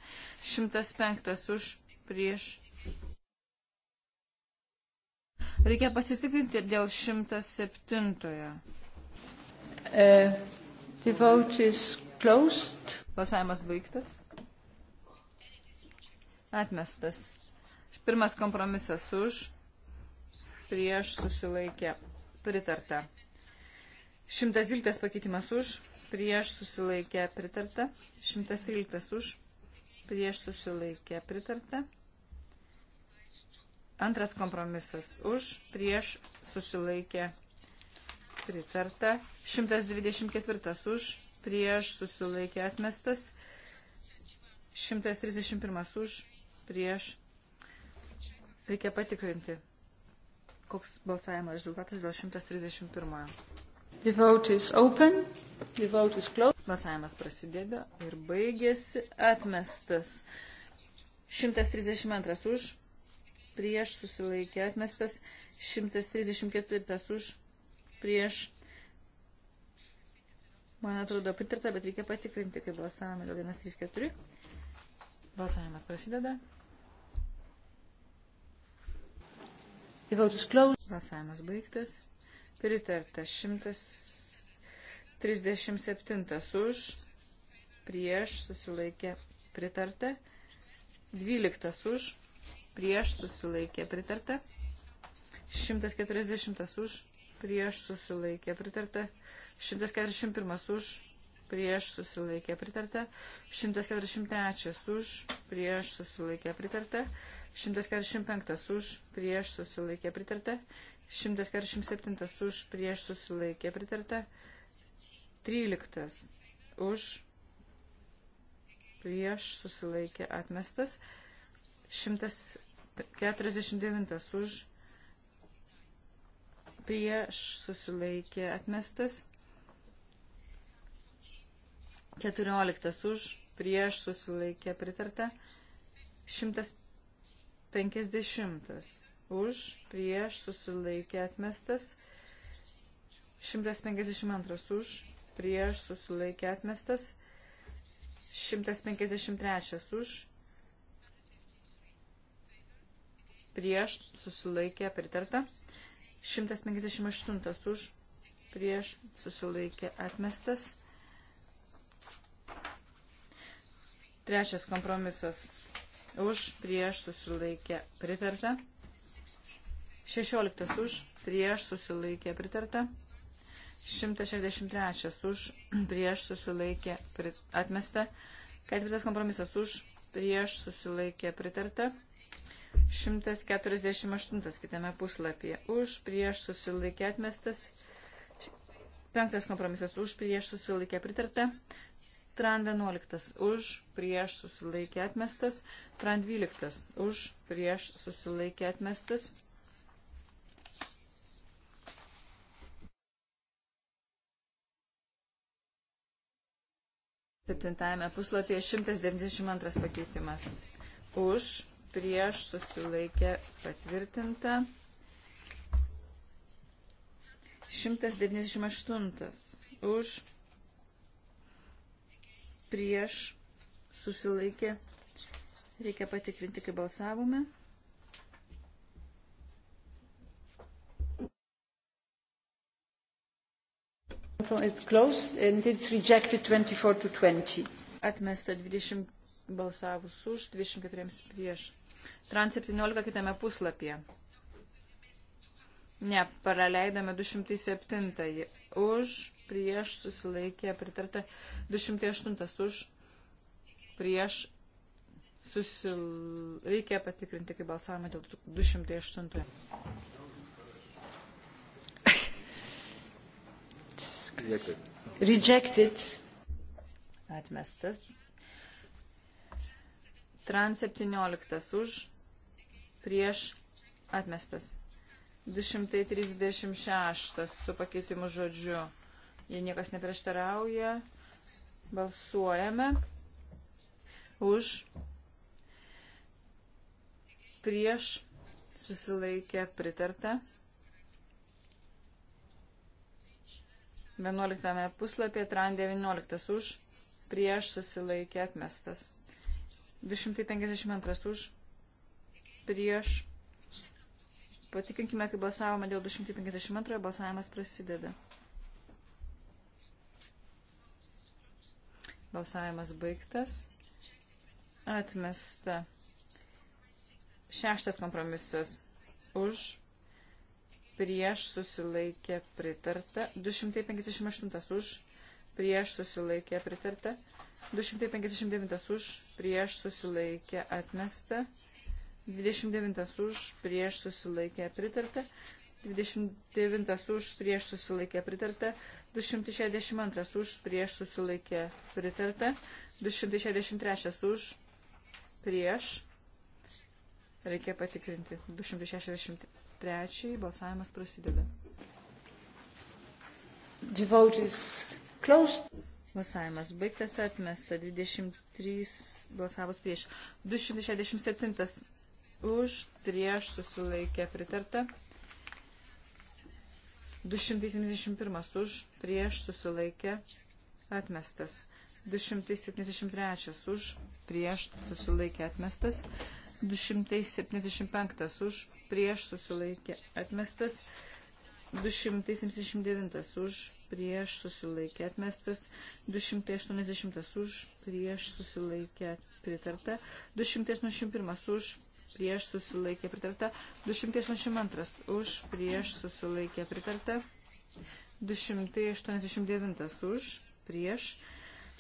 105 už, prieš Reikia pasitikrinti dėl 107-ojo. Uh, Balsavimas baigtas. Atmestas. Pirmas kompromisas už, prieš susilaikė pritarta. 112 pakeitimas už, prieš susilaikė pritarta. 113 už, prieš susilaikė pritarta. Antras kompromisas už, prieš, susilaikė, pritarta. 124 už, prieš, susilaikė, atmestas. 131 už, prieš. Reikia patikrinti, koks balsavimo rezultatas dėl 131. The vote is open. The vote is closed. Balsavimas prasidėjo ir baigėsi atmestas. 132 už, prieš susilaikė atmestas, 134 už prieš. Man atrodo pritarta, bet reikia patikrinti, kaip balsavome dėl 134. Balsavimas prasideda. Balsavimas baigtas. Pritarta 137 už, prieš susilaikė pritarta, 12 už, prieš susilaikė pritarta. 140 už, prieš susilaikė pritarta. 141 už, prieš susilaikė pritarta. 143 už, prieš susilaikė pritarta. 145 už, prieš susilaikė pritarta. 147 už, prieš susilaikė pritarta. 13 už, prieš susilaikė atmestas. 100 49 už prieš susilaikė atmestas. 14 už prieš susilaikė pritarta. 150 už prieš susilaikė atmestas. 152 už prieš susilaikė atmestas. 153 už prieš, susilaikė, pritarta. 158 už, prieš, susilaikė, atmestas. Trečias kompromisas už, prieš, susilaikė, pritarta. 16 už, prieš, susilaikė, pritarta. 163 už, prieš, susilaikė, atmesta. Ketvirtas kompromisas už, prieš, susilaikė, pritarta. 148 kitame puslapyje. Už prieš susilaikė atmestas. Penktas kompromisas už prieš susilaikė pritarta. Tran 11 už prieš susilaikė atmestas. Tran 12 už prieš susilaikė atmestas. Septintame puslapyje 192 pakeitimas. Už prieš susilaikė patvirtinta. 198 už prieš susilaikė. Reikia patikrinti, kai balsavome. Atmesta 24 balsavus už, 24 prieš. Trans 17 kitame puslapyje. Ne, praleidome 207. Už, prieš, susilaikė, pritarta. 208 už, prieš, susilaikė, patikrinti, kaip balsavome dėl 208. Rejected. Atmestas. Trans 17 už, prieš atmestas. 236 su pakeitimu žodžiu. Jei niekas neprieštarauja, balsuojame už, prieš, susilaikę, pritarta. 11 puslapė, tran 19 už, prieš, susilaikę, atmestas. 252 už, prieš. Patikinkime, kai balsavome dėl 252, balsavimas prasideda. Balsavimas baigtas. Atmesta. Šeštas kompromisas. Už, prieš susilaikė pritarta. 258 už, prieš susilaikė pritarta. 259 už, prieš susilaikė atmesta, 29 už, prieš susilaikė pritarta, 29 už, prieš susilaikė pritarta, 262 už, prieš susilaikė pritarta, 263 už, prieš, reikia patikrinti, 263 balsavimas prasideda. The vote is closed. Balsavimas baigtas atmesta. 23 balsavus prieš. 267 už prieš susilaikė pritarta. 271 už prieš susilaikė atmestas. 273 už prieš susilaikė atmestas. 275 už prieš susilaikė atmestas. 279 už, prieš susilaikė atmestas, 280 už, prieš susilaikė pritarta, 281 už, prieš susilaikė pritarta, 282 už, prieš susilaikė pritarta, 289 už, prieš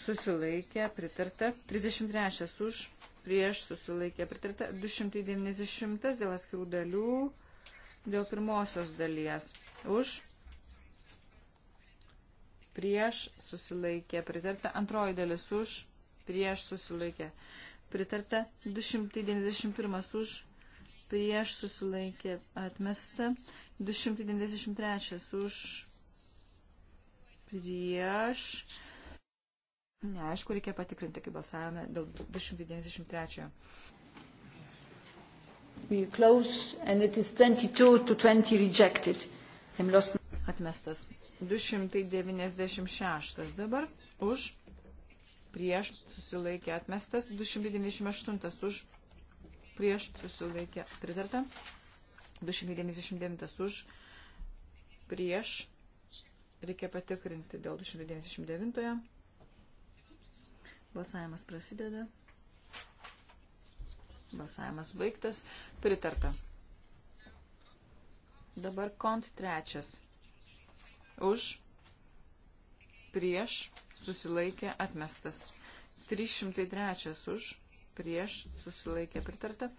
susilaikė pritarta, 33 už, prieš susilaikė pritarta, 290 dėl atskirų dalių dėl pirmosios dalies. Už, prieš, susilaikė, pritarta. Antroji dalis už, prieš, susilaikė, pritarta. 291 už, prieš, susilaikė, atmesta. 293 už, prieš. Neaišku, reikia patikrinti, kaip balsavome dėl 293. We close and it is 22 to 20 rejected. I'm lost. Atmestas. 296 dabar už, prieš susilaikė atmestas. 298 už, prieš susilaikė pritarta. 299 už, prieš. Reikia patikrinti dėl 299. Balsavimas prasideda. Balsavimas baigtas. Pritarta. Dabar kont trečias. Už. Prieš. Susilaikė atmestas. 303 už. Prieš. Susilaikė pritarta.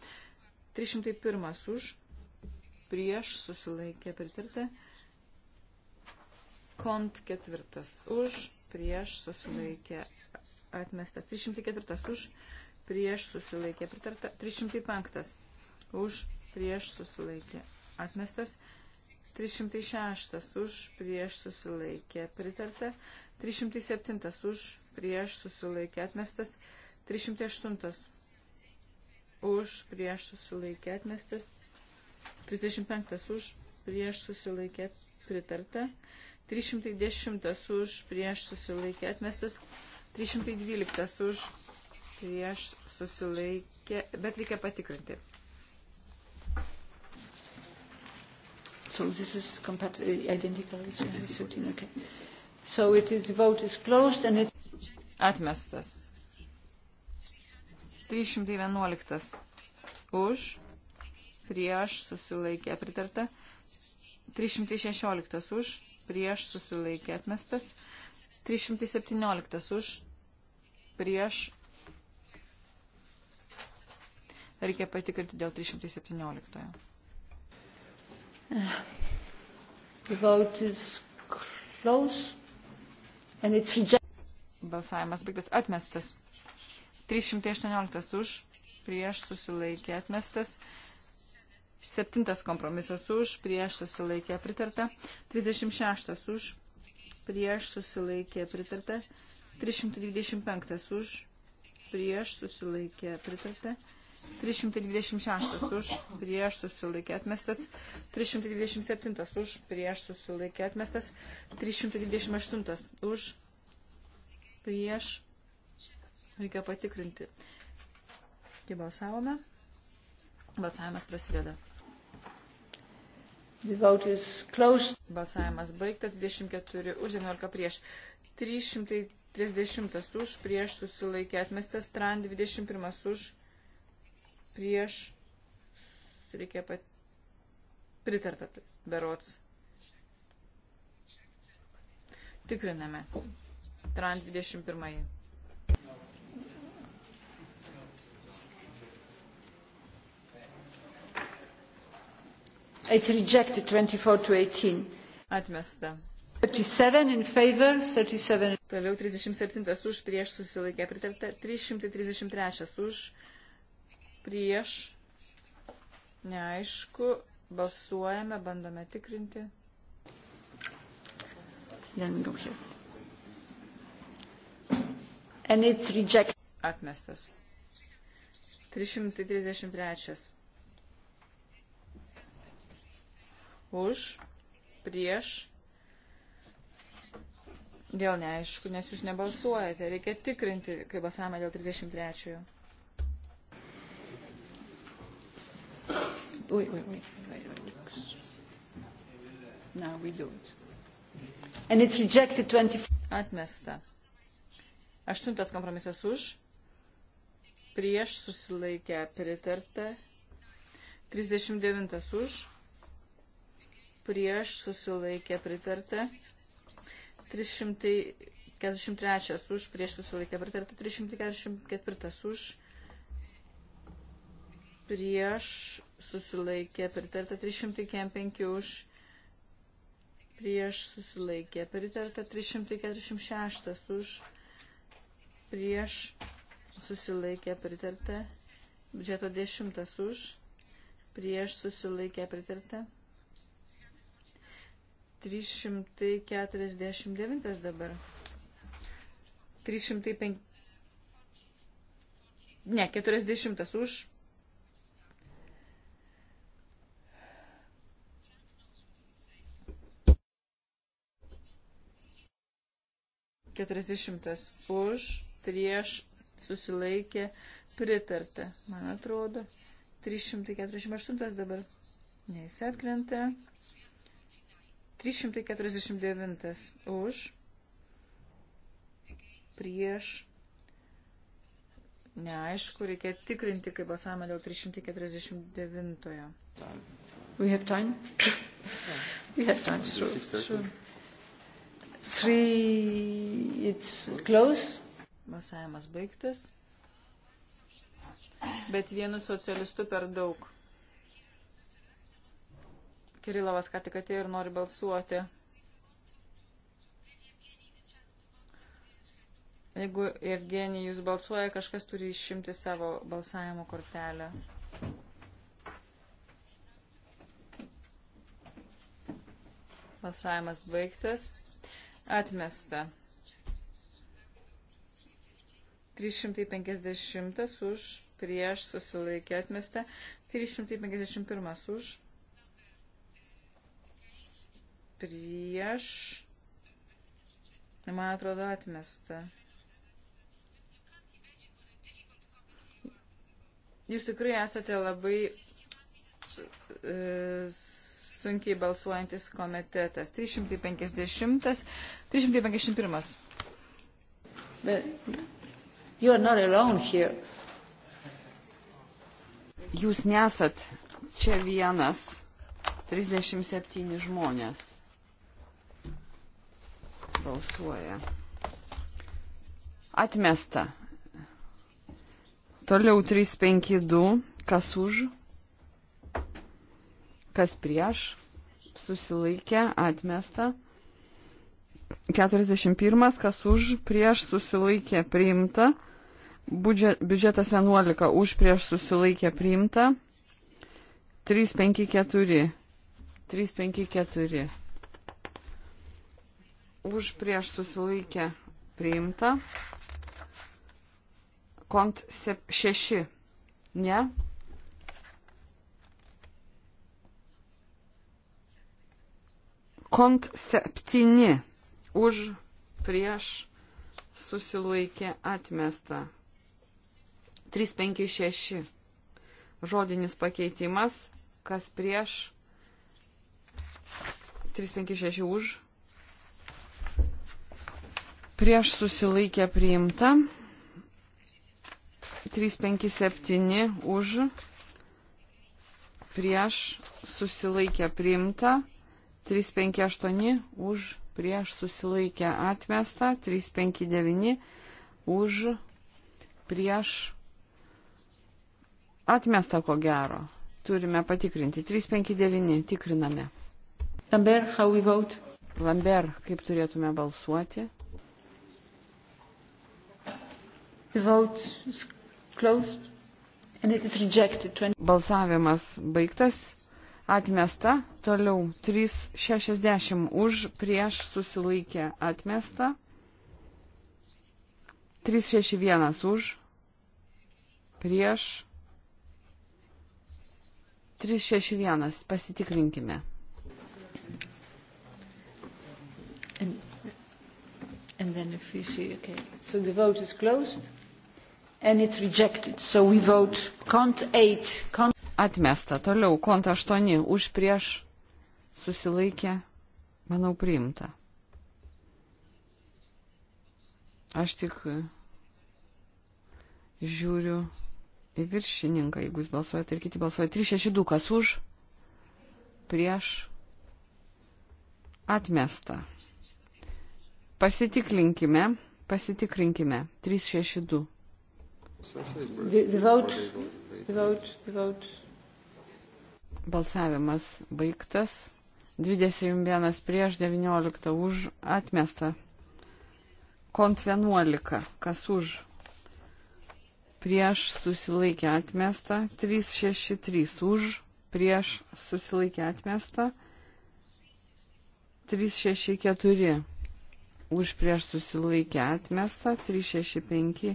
301 už. Prieš. Susilaikė pritarta. Kont ketvirtas už. Prieš. Susilaikė atmestas. 304 už prieš susilaikė pritarta, 305 už prieš susilaikė atmestas, 306 už prieš susilaikė pritarta, 307 už prieš susilaikė atmestas, 308 už prieš susilaikė atmestas, 35 už prieš susilaikė pritarta, 310 už prieš susilaikė atmestas, 312 už prieš susilaikė, bet reikia patikrinti. So this is identical to 13, okay. So it is, the vote is closed and it... Atmestas. 311. Už, prieš susilaikė pritarta. 316 už, prieš susilaikė atmestas. 317 už, prieš reikia patikrinti dėl 317. Balsavimas baigtas atmestas. 318 už, prieš susilaikė atmestas. Septintas kompromisas už, prieš susilaikė pritarta. 36 už, prieš susilaikė pritarta. 325 už, prieš susilaikė pritarta. 326 už, prieš susilaikė atmestas, 327 už, prieš susilaikė atmestas, 328 už, prieš, reikia patikrinti. Kai balsavome, balsavimas prasideda. Balsavimas baigtas, 24 už, 19 prieš, 330 už, prieš susilaikė atmestas, tran 21 už, prieš reikia pat pritarta berots. Tikriname. Tran 21. It's rejected 24 to 18. Atmesta. 37 in favor, 37. Toliau 37 už prieš susilaikė pritarta, 333 už prieš, neaišku, balsuojame, bandome tikrinti. Atmestas. 333. Už, prieš, Dėl neaišku, nes jūs nebalsuojate. Reikia tikrinti, kaip balsavome dėl 33-ojo. Oui, oui, oui. No, we don't. And it's rejected 24. Atmesta. Aštuntas kompromisas už. Prieš susilaikę pritarta. 39 už. Prieš susilaikę pritarta. 343 už. Prieš susilaikę pritarta. 344 už prieš susilaikė pritarta 305 už, prieš susilaikė pritarta 346 už, prieš susilaikė pritarta biudžeto 10 už, prieš susilaikė pritarta 349 dabar. 305. Ne, 40 už, 40 už, prieš, susilaikė, pritarta. Man atrodo, 348 dabar neįsiatkrenta. 349 už, prieš, neaišku, reikia tikrinti, kaip balsavome dėl 349. We have time? We have time, so, so. Three, it's close. Balsavimas baigtas. Bet vienu socialistu per daug. Kirilovas ką tik atėjo ir nori balsuoti. Jeigu Evgenijus balsuoja, kažkas turi išimti savo balsavimo kortelę. Balsavimas baigtas. Atmesta. 350 už, prieš susilaikė atmesta. 351 už, prieš, man atrodo, atmesta. Jūs tikrai esate labai e, sunkiai balsuojantis komitetas. 350, 351. But you are not alone here. Jūs nesat čia vienas, 37 žmonės balsuoja. Atmesta. Toliau 352, kas už? kas prieš, susilaikė, atmesta. 41, kas už, prieš, susilaikė, priimta. Biudžetas 11, už, prieš, susilaikė, priimta. 354. 354. Už, prieš, susilaikė, priimta. Kont 6. Ne. Kont 7 už prieš susilaikė atmesta. 356 žodinis pakeitimas, kas prieš 356 už. Prieš susilaikė priimta. 357 už. Prieš susilaikė priimta. 358 už prieš susilaikę atmestą, 359 už prieš atmestą ko gero. Turime patikrinti. 359 tikriname. Lambert, how we vote? Lambert, kaip turėtume balsuoti? The vote is closed and it is rejected. 20... Balsavimas baigtas atmesta, toliau 360 už, prieš susilaikė atmesta, 361 už, prieš 361, pasitikrinkime. And, and then if we see, okay, so the vote is closed and it's rejected. So we vote count 8, count atmesta. Toliau, kont 8 už prieš susilaikė, manau, priimta. Aš tik žiūriu į viršininką, jeigu jūs balsuojate ir kiti balsuoja. 362 kas už, prieš, atmesta. Pasitiklinkime, pasitikrinkime. 362. The, the vote, the vote, the vote. Balsavimas baigtas. 21 prieš 19 už atmesta. Kont 11. Kas už? Prieš susilaikė atmesta. 363 už. Prieš susilaikė atmesta. 364 už prieš susilaikę atmestą, 365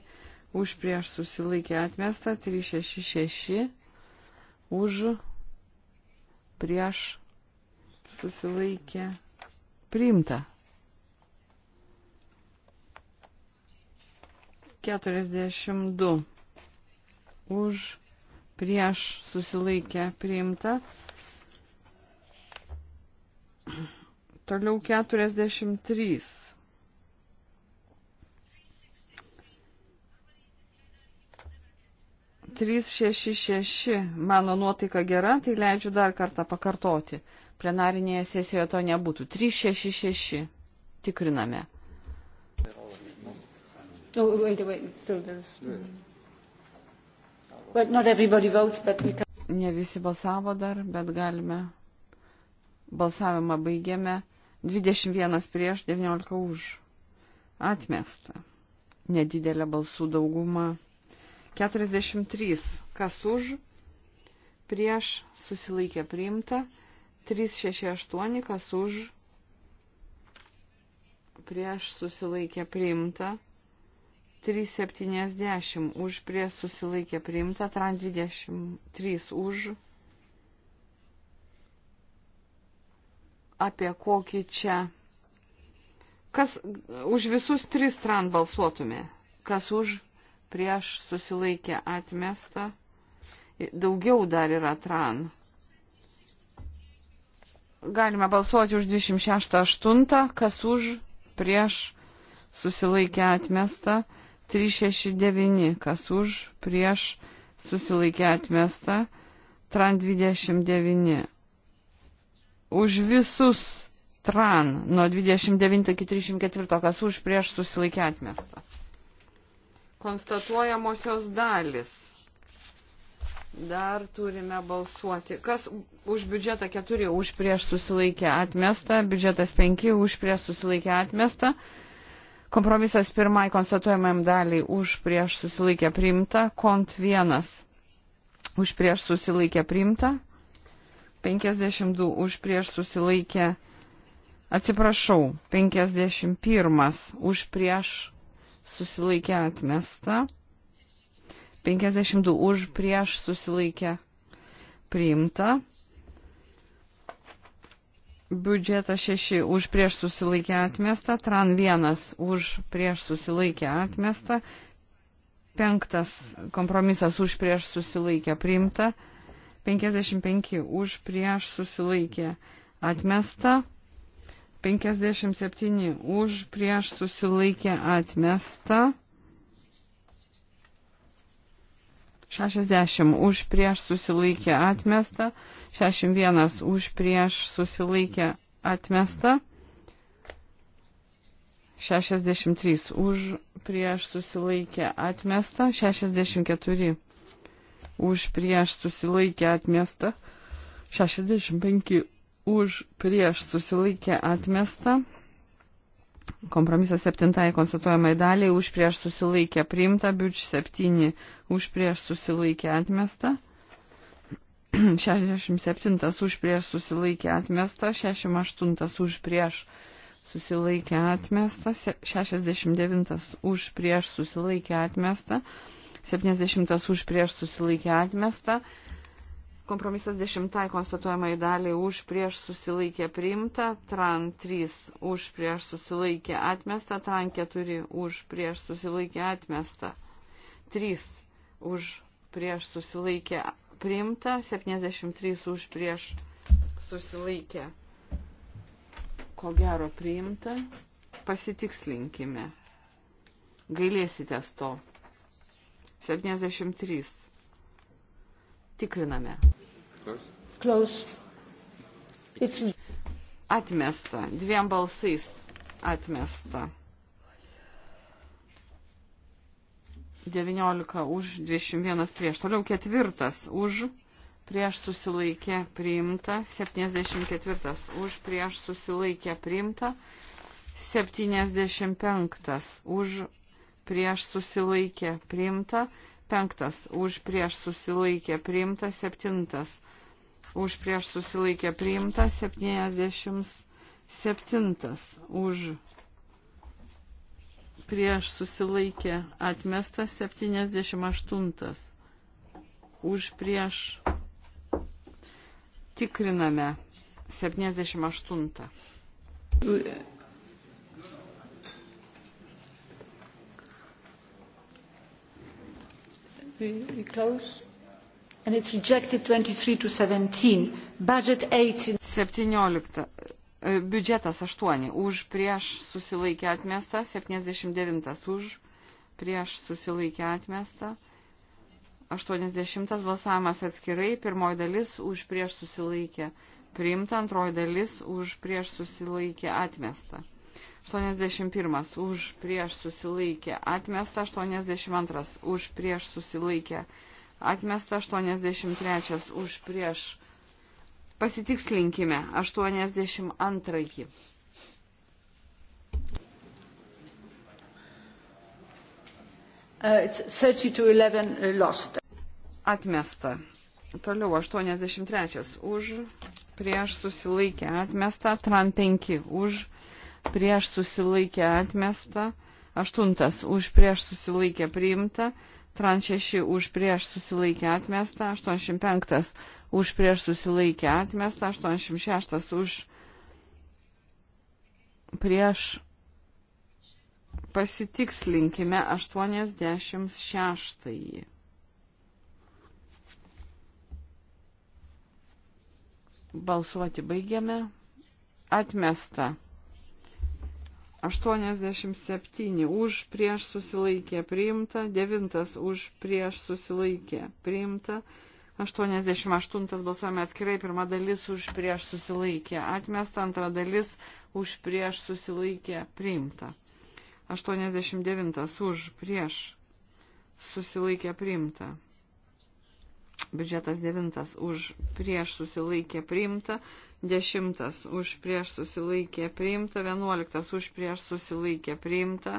už prieš susilaikę atmestą, 366 už prieš susilaikė priimta. 42 už prieš susilaikė priimta. Toliau 43 366 mano nuotaika gera, tai leidžiu dar kartą pakartoti. Plenarinėje sesijoje to nebūtų. 366. Tikriname. Oh, wait, wait. Still there's... Well, not everybody votes, but we can... Ne visi balsavo dar, bet galime. Balsavimą baigėme. 21 prieš, 19 už. Atmesta. Nedidelė balsų dauguma. 43. Kas už? Prieš susilaikė priimta. 368. Kas už? Prieš susilaikė priimta. 370. Už prieš susilaikė priimta. 323. Už. Apie kokį čia? Kas už visus tris tran balsuotume? Kas už? prieš susilaikė atmesta. Daugiau dar yra tran. Galime balsuoti už 26.8, kas už, prieš susilaikė atmesta. 369, kas už, prieš susilaikė atmesta. Tran 29. Už visus tran nuo 29 iki 34, kas už, prieš susilaikė atmesta. Konstatuojamosios dalis. Dar turime balsuoti. Kas už biudžetą 4, už prieš susilaikę atmestą, biudžetas 5, už prieš susilaikę atmestą. Kompromisas pirmai konstatuojamam daliai už prieš susilaikę priimta, kont vienas už prieš susilaikę priimta, 52 už prieš susilaikę, atsiprašau, 51 už prieš susilaikė atmesta. 52 už prieš susilaikė priimta. Biudžetas 6 už prieš susilaikė atmesta. Tran 1 už prieš susilaikė atmesta. Penktas kompromisas už prieš susilaikė priimta. 55 už prieš susilaikė atmesta. 57 už, prieš susilaikė atmesta. 60 už, prieš susilaikė atmesta. 61 už, prieš susilaikė atmesta. 63 už, prieš susilaikė atmesta. 64 už, prieš susilaikė atmesta. 65 už prieš susilaikė atmesta. Kompromisas septintai konstatuojamai daliai už prieš susilaikė priimta, biudž septyni už prieš susilaikė atmesta. 67 už prieš susilaikė atmesta, 68 už prieš susilaikė atmesta, 69 už prieš susilaikė atmesta, 70 už prieš susilaikė atmesta, Kompromisas dešimtai konstatuojamai daliai už prieš susilaikė priimta, tran 3 už prieš susilaikė atmesta, tran 4 už prieš susilaikė atmesta, 3 už prieš susilaikė priimta, 73 už prieš susilaikė ko gero priimta, pasitikslinkime. Gailėsitės to. 73 Tikriname. Close. Atmesta. Dviem balsais atmesta. 19 už, 21 prieš. Toliau ketvirtas už, prieš susilaikė priimta. 74 už, prieš susilaikė priimta. 75 už, prieš susilaikė priimta penktas už prieš susilaikė priimta, septintas už prieš susilaikė priimta, septyniasdešimt septintas už prieš susilaikė atmestas, septyniasdešimt aštuntas už prieš tikriname septyniasdešimt aštuntą. we, we close. And it's rejected 23 to 17. Budget 18. 17. E, biudžetas 8. Už prieš susilaikė atmesta. 79. Už prieš susilaikė atmesta. 80. Balsavimas atskirai. Pirmoji dalis už prieš susilaikė priimta. Antroji dalis už prieš susilaikė atmesta. 81 už prieš susilaikę atmesta, 82 už prieš susilaikę atmesta, 83 už prieš. Pasitikslinkime 82. Uh, 32 uh, lost. Atmesta. Toliau 83 už prieš susilaikę atmesta, tran 5 už prieš prieš susilaikę atmestą, aštuntas už prieš susilaikę priimtą, trans šeši už prieš susilaikę atmestą, aštuoniasdešimt penktas už prieš susilaikę atmestą, aštuoniasdešimt šeštas už prieš pasitikslinkime 86. Balsuoti baigiame. Atmesta. 87 už prieš susilaikė priimta, 9 už prieš susilaikė priimta, 88 balsuojame atskirai, pirma dalis už prieš susilaikė atmesta, antra dalis už prieš susilaikė priimta, 89 už prieš susilaikė priimta, Biudžetas devintas už prieš susilaikė priimta, dešimtas už prieš susilaikė priimta, vienuoliktas už prieš susilaikė priimta,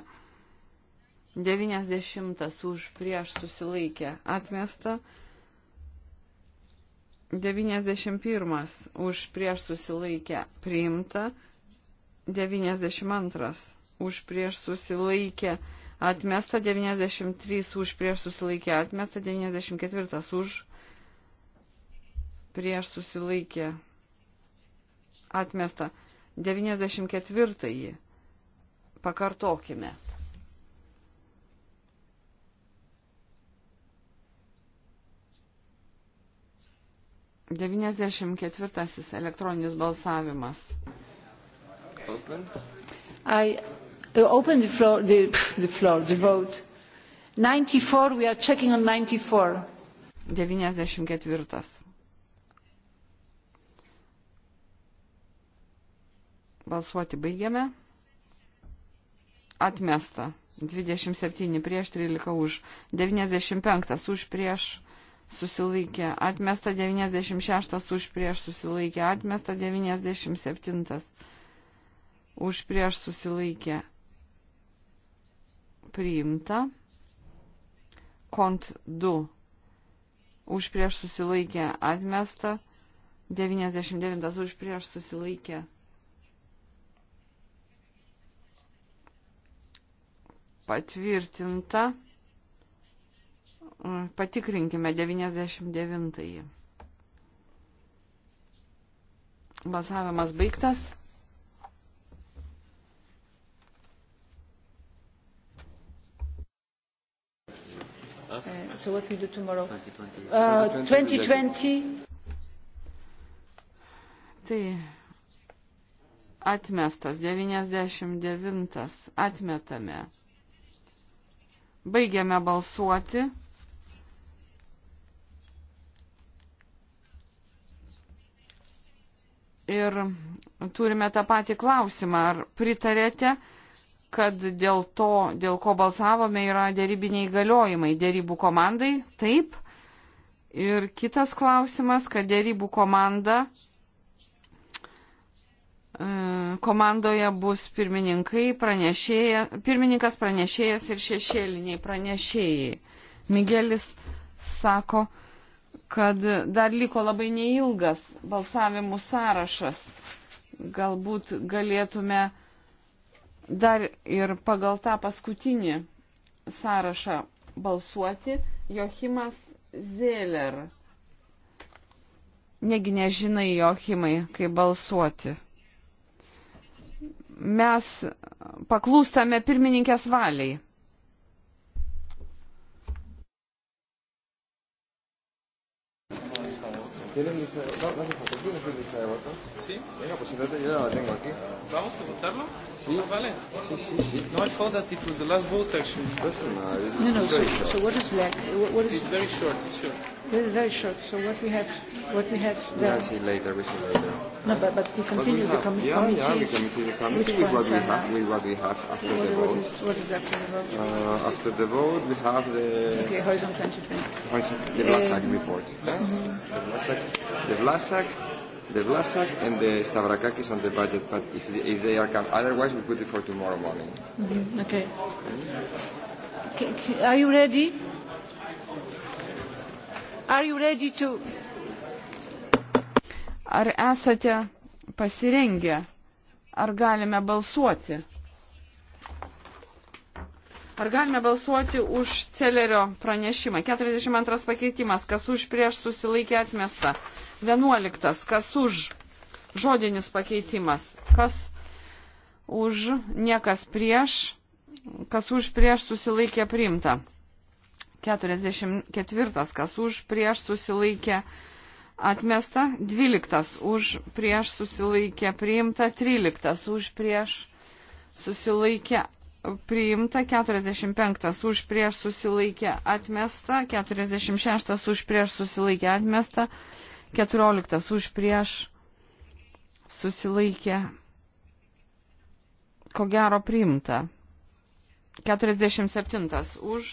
devyniasdešimtas už prieš susilaikė atmesta, devyniasdešimt pirmas už prieš susilaikė priimta, devyniasdešimt antras už prieš susilaikė priimta atmesta 93 už prieš susilaikė, atmesta 94 už prieš susilaikė, atmesta 94. Pakartokime. Devyniasdešimt ketvirtasis elektroninis balsavimas. Open. I Uh, open the floor, the, the floor, the vote. 94, we are checking on 94. 94. Balsuoti baigiame. Atmesta. 27 prieš 13 už. 95 už prieš susilaikė. Atmesta 96 už prieš susilaikė. Atmesta 97 už prieš susilaikė priimta. Kont 2 už prieš susilaikė atmesta. 99 už prieš susilaikė. Patvirtinta. Mm, patikrinkime 99. Balsavimas baigtas. Uh, so what we do tomorrow? 2020. Uh, 2020. Tai atmestas 99. Atmetame. Baigiame balsuoti. Ir turime tą patį klausimą, ar pritarėte kad dėl to, dėl ko balsavome, yra dėrybiniai galiojimai dėrybų komandai. Taip. Ir kitas klausimas, kad dėrybų komanda, e, komandoje bus pirmininkai, pranešėja, pirmininkas pranešėjas ir šešėliniai pranešėjai. Migelis sako, kad dar liko labai neilgas balsavimų sąrašas. Galbūt galėtume uh, dar ir pagal tą paskutinį sąrašą balsuoti Jochimas Zeller. Negi nežinai, Jochimai, kaip balsuoti. Mes paklūstame pirmininkės valiai. Gelin bir şey, bak nasıl fotoğrafı, bir şey var. ¿Sí? Bueno, pues entonces yo no la tengo aquí. ¿Vamos a votarlo? Sí. Ah, vale. Sí, sí, sí. No, I thought that it was the last vote, actually. Listen, uh, it's, no, no, it's so, very short. so what is left? What, what is it's very short, it's short. Very, very short. So what we have, what we have there. We'll see later, we see later. No, but, but we continue but we have, the com yeah, committees. Yeah, we continue the committee with what we, have, with what we have after what, the vote. What is, what is after the vote? Uh, after the vote, we have the... Okay, Horizon 2020. Horizon, the Vlasak uh, report. Yeah? Mm -hmm. The Vlasak, the Vlasak the Vlasak and the Stavrakakis on the budget, but if, the, if they are come, otherwise we put it for tomorrow morning. Mm-hmm. Okay. C- c- are you ready? Are you ready to? Ar esate pasirengę? Ar galime balsuoti? Ar galime balsuoti už Celerio pranešimą? 42 pakeitimas, kas už prieš susilaikė atmesta. 11, kas už žodinis pakeitimas, kas už niekas prieš, kas už prieš susilaikė priimta. 44, kas už prieš susilaikė atmesta. 12, už prieš susilaikė priimta. 13, už prieš susilaikė priimta, 45 už prieš susilaikė atmesta, 46 už prieš susilaikė atmesta, 14 už prieš susilaikė, ko gero priimta, 47 už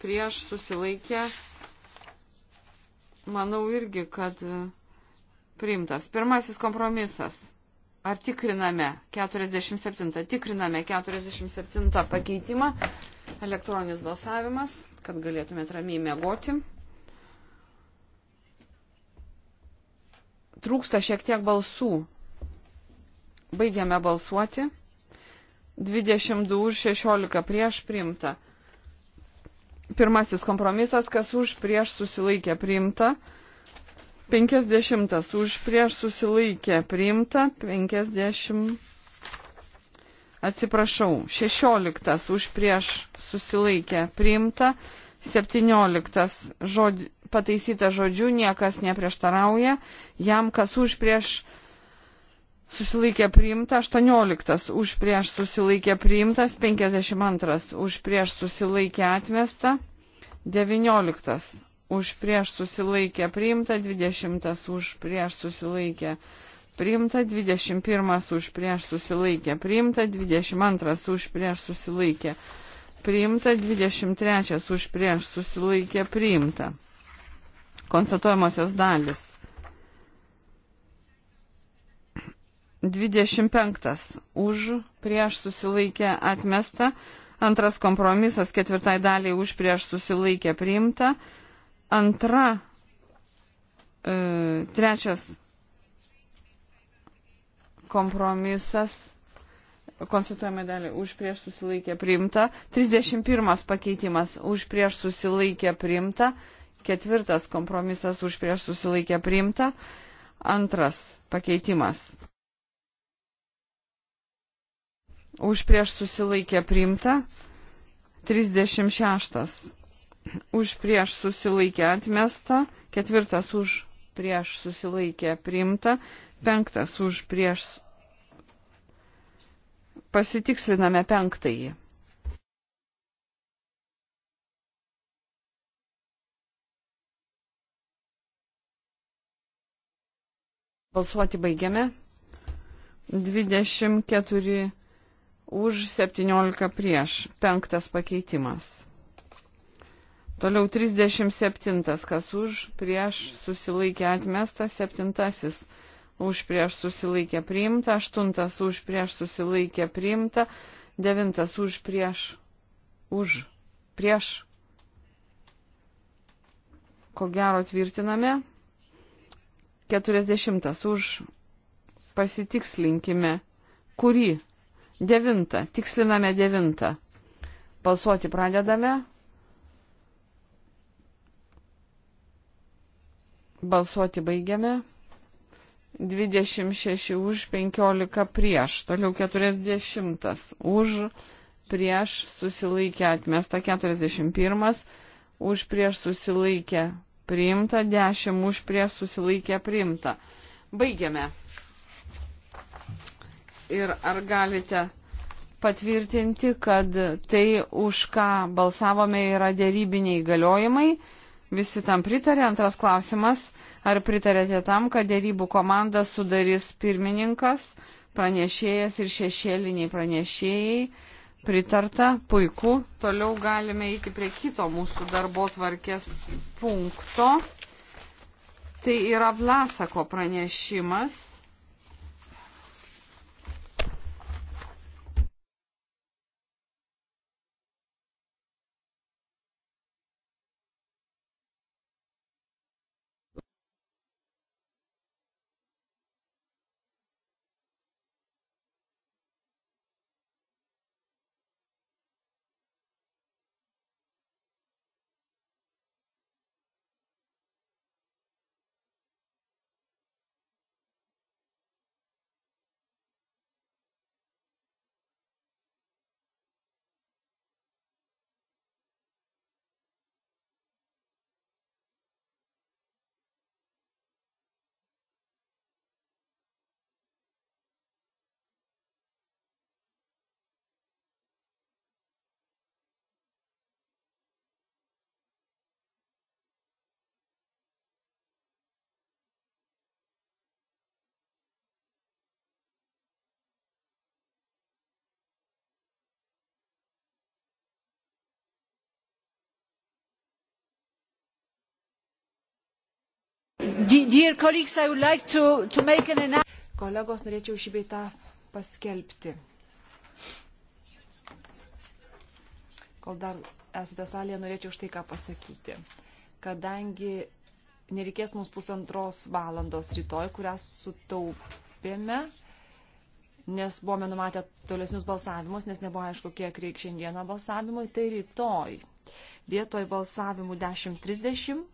prieš susilaikė, manau irgi, kad priimtas. Pirmasis kompromisas Ar tikriname 47? Tikriname 47 pakeitimą. Elektroninis balsavimas, kad galėtumėt ramiai mėgoti. Trūksta šiek tiek balsų. Baigiame balsuoti. 22 už 16 prieš priimta. Pirmasis kompromisas, kas už prieš susilaikė priimta. 50 už prieš susilaikė priimta, 50 atsiprašau, 16 už prieš susilaikė priimta, 17 žodži, pataisyta žodžiu, niekas neprieštarauja, jam kas už prieš susilaikė priimta, 18 už prieš susilaikė priimtas, 52 už prieš susilaikė atmesta, 19 už prieš susilaikę priimta, 20 už prieš susilaikę priimta, 21 už prieš susilaikę priimta, 22 už prieš susilaikę priimta, 23 už prieš susilaikę priimta. Konstatuojamosios dalis. 25 už prieš susilaikę atmesta, antras kompromisas ketvirtai daliai už prieš susilaikę priimta, Antra, e, trečias kompromisas, konsultuojame dalį, už prieš susilaikė priimta. 31 pakeitimas, už prieš susilaikė priimta. Ketvirtas kompromisas, už prieš susilaikė priimta. Antras pakeitimas, už prieš susilaikė priimta 36 už prieš susilaikė atmesta, ketvirtas už prieš susilaikė priimta, penktas už prieš. Pasitiksliname penktąjį. Balsuoti baigiame. 24 už 17 prieš. Penktas pakeitimas. Toliau 37, kas už, prieš susilaikė atmestas, 7 už, prieš susilaikė priimta, 8 už, prieš susilaikė priimta, 9 už, prieš, už, prieš. Ko gero tvirtiname. 40 už, pasitikslinkime, kurį. 9, tiksliname 9. Balsuoti pradedame. Balsuoti baigiame. 26 už, 15 prieš. Toliau 40 už, prieš susilaikė atmesta 41, už prieš susilaikė priimta 10, už prieš susilaikė priimta. Baigiame. Ir ar galite patvirtinti, kad tai, už ką balsavome, yra dėrybiniai įgaliojimai? Visi tam pritarė. Antras klausimas Ar pritarėte tam, kad dėrybų komandą sudarys pirmininkas, pranešėjas ir šešėliniai pranešėjai? Pritarta, puiku. Toliau galime eiti prie kito mūsų darbo tvarkės punkto. Tai yra Vlasako pranešimas Like to, to an... Kolegos, norėčiau šį beitą paskelbti. Kol dar esate salėje, norėčiau štai ką pasakyti. Kadangi nereikės mums pusantros valandos rytoj, kurią sutaupėme, nes buvome numatę tolesnius balsavimus, nes nebuvo aišku, kiek reikia šiandieną balsavimui, tai rytoj. Vietoj balsavimų 10.30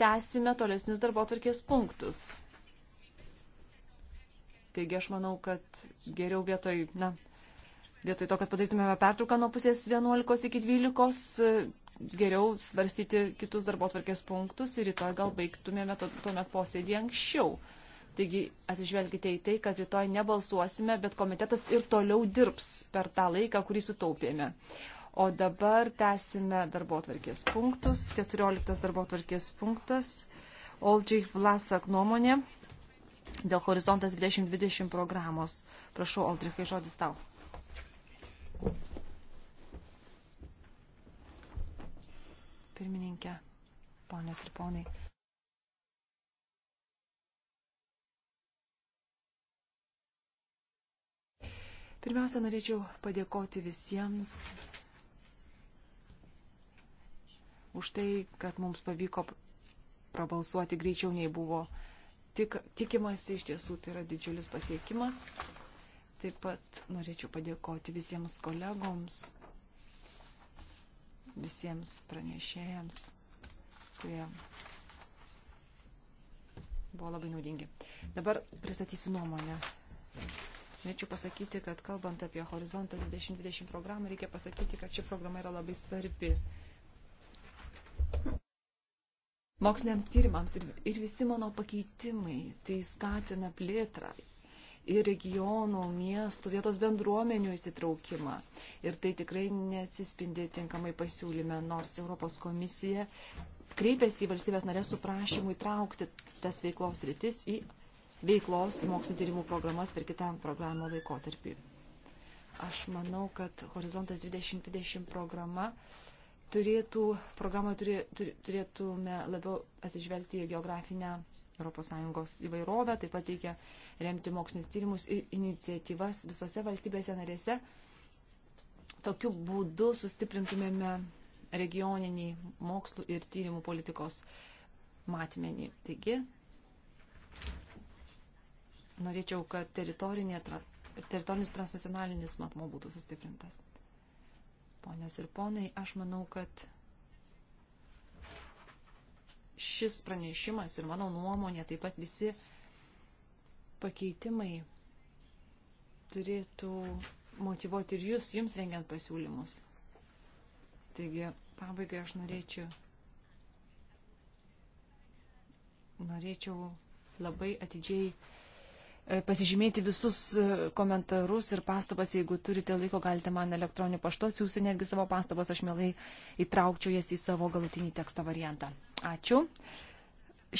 tęsime tolesnius darbo atvarkės punktus. Taigi aš manau, kad geriau vietoj, na, vietoj to, kad padarytumėme pertrauką nuo pusės 11 iki 12, geriau svarstyti kitus darbo atvarkės punktus ir rytoj gal baigtumėme to, tuomet posėdį anksčiau. Taigi atsižvelgite į tai, kad rytoj nebalsuosime, bet komitetas ir toliau dirbs per tą laiką, kurį sutaupėme. O dabar tęsime darbo atvarkės punktus. 14 darbo atvarkės punktas. Oldžiai Vlasak nuomonė dėl Horizontas 2020 programos. Prašau, Oldrichai, žodis tau. Pirmininkė, ponios ir ponai. Pirmiausia, norėčiau padėkoti visiems už tai, kad mums pavyko prabalsuoti greičiau nei buvo tik, tikimasi, iš tiesų tai yra didžiulis pasiekimas. Taip pat norėčiau padėkoti visiems kolegoms, visiems pranešėjams, kurie buvo labai naudingi. Dabar pristatysiu nuomonę. Norėčiau pasakyti, kad kalbant apie Horizontas 2020 programą, reikia pasakyti, kad ši programa yra labai svarbi moksliniams tyrimams ir, ir visi mano pakeitimai tai skatina plėtrą ir regionų, miestų, vietos bendruomenių įsitraukimą. Ir tai tikrai neatsispindi tinkamai pasiūlyme, nors Europos komisija kreipėsi į valstybės narės su prašymu įtraukti tas veiklos rytis į veiklos mokslo tyrimų programas per kitam programo laikotarpį. Aš manau, kad Horizontas 2020 programa uh, turėtų, programoje turė, turė, turėtume labiau atsižvelgti į geografinę ES įvairovę, taip pat reikia remti mokslinis tyrimus ir iniciatyvas visose valstybėse narėse. Tokiu būdu sustiprintumėme regioninį mokslų ir tyrimų politikos matmenį. Taigi, norėčiau, kad teritorinis transnacionalinis matmo būtų sustiprintas ponios ir ponai, aš manau, kad šis pranešimas ir mano nuomonė, taip pat visi pakeitimai turėtų motivuoti ir jūs, jums rengiant pasiūlymus. Taigi, pabaigai aš norėčiau, norėčiau labai atidžiai E, pasižymėti visus e, komentarus ir pastabas. Jeigu turite laiko, galite man elektroniniu paštu atsiųsti netgi savo pastabas. Aš mielai įtraukčiau jas į savo galutinį teksto variantą. Ačiū.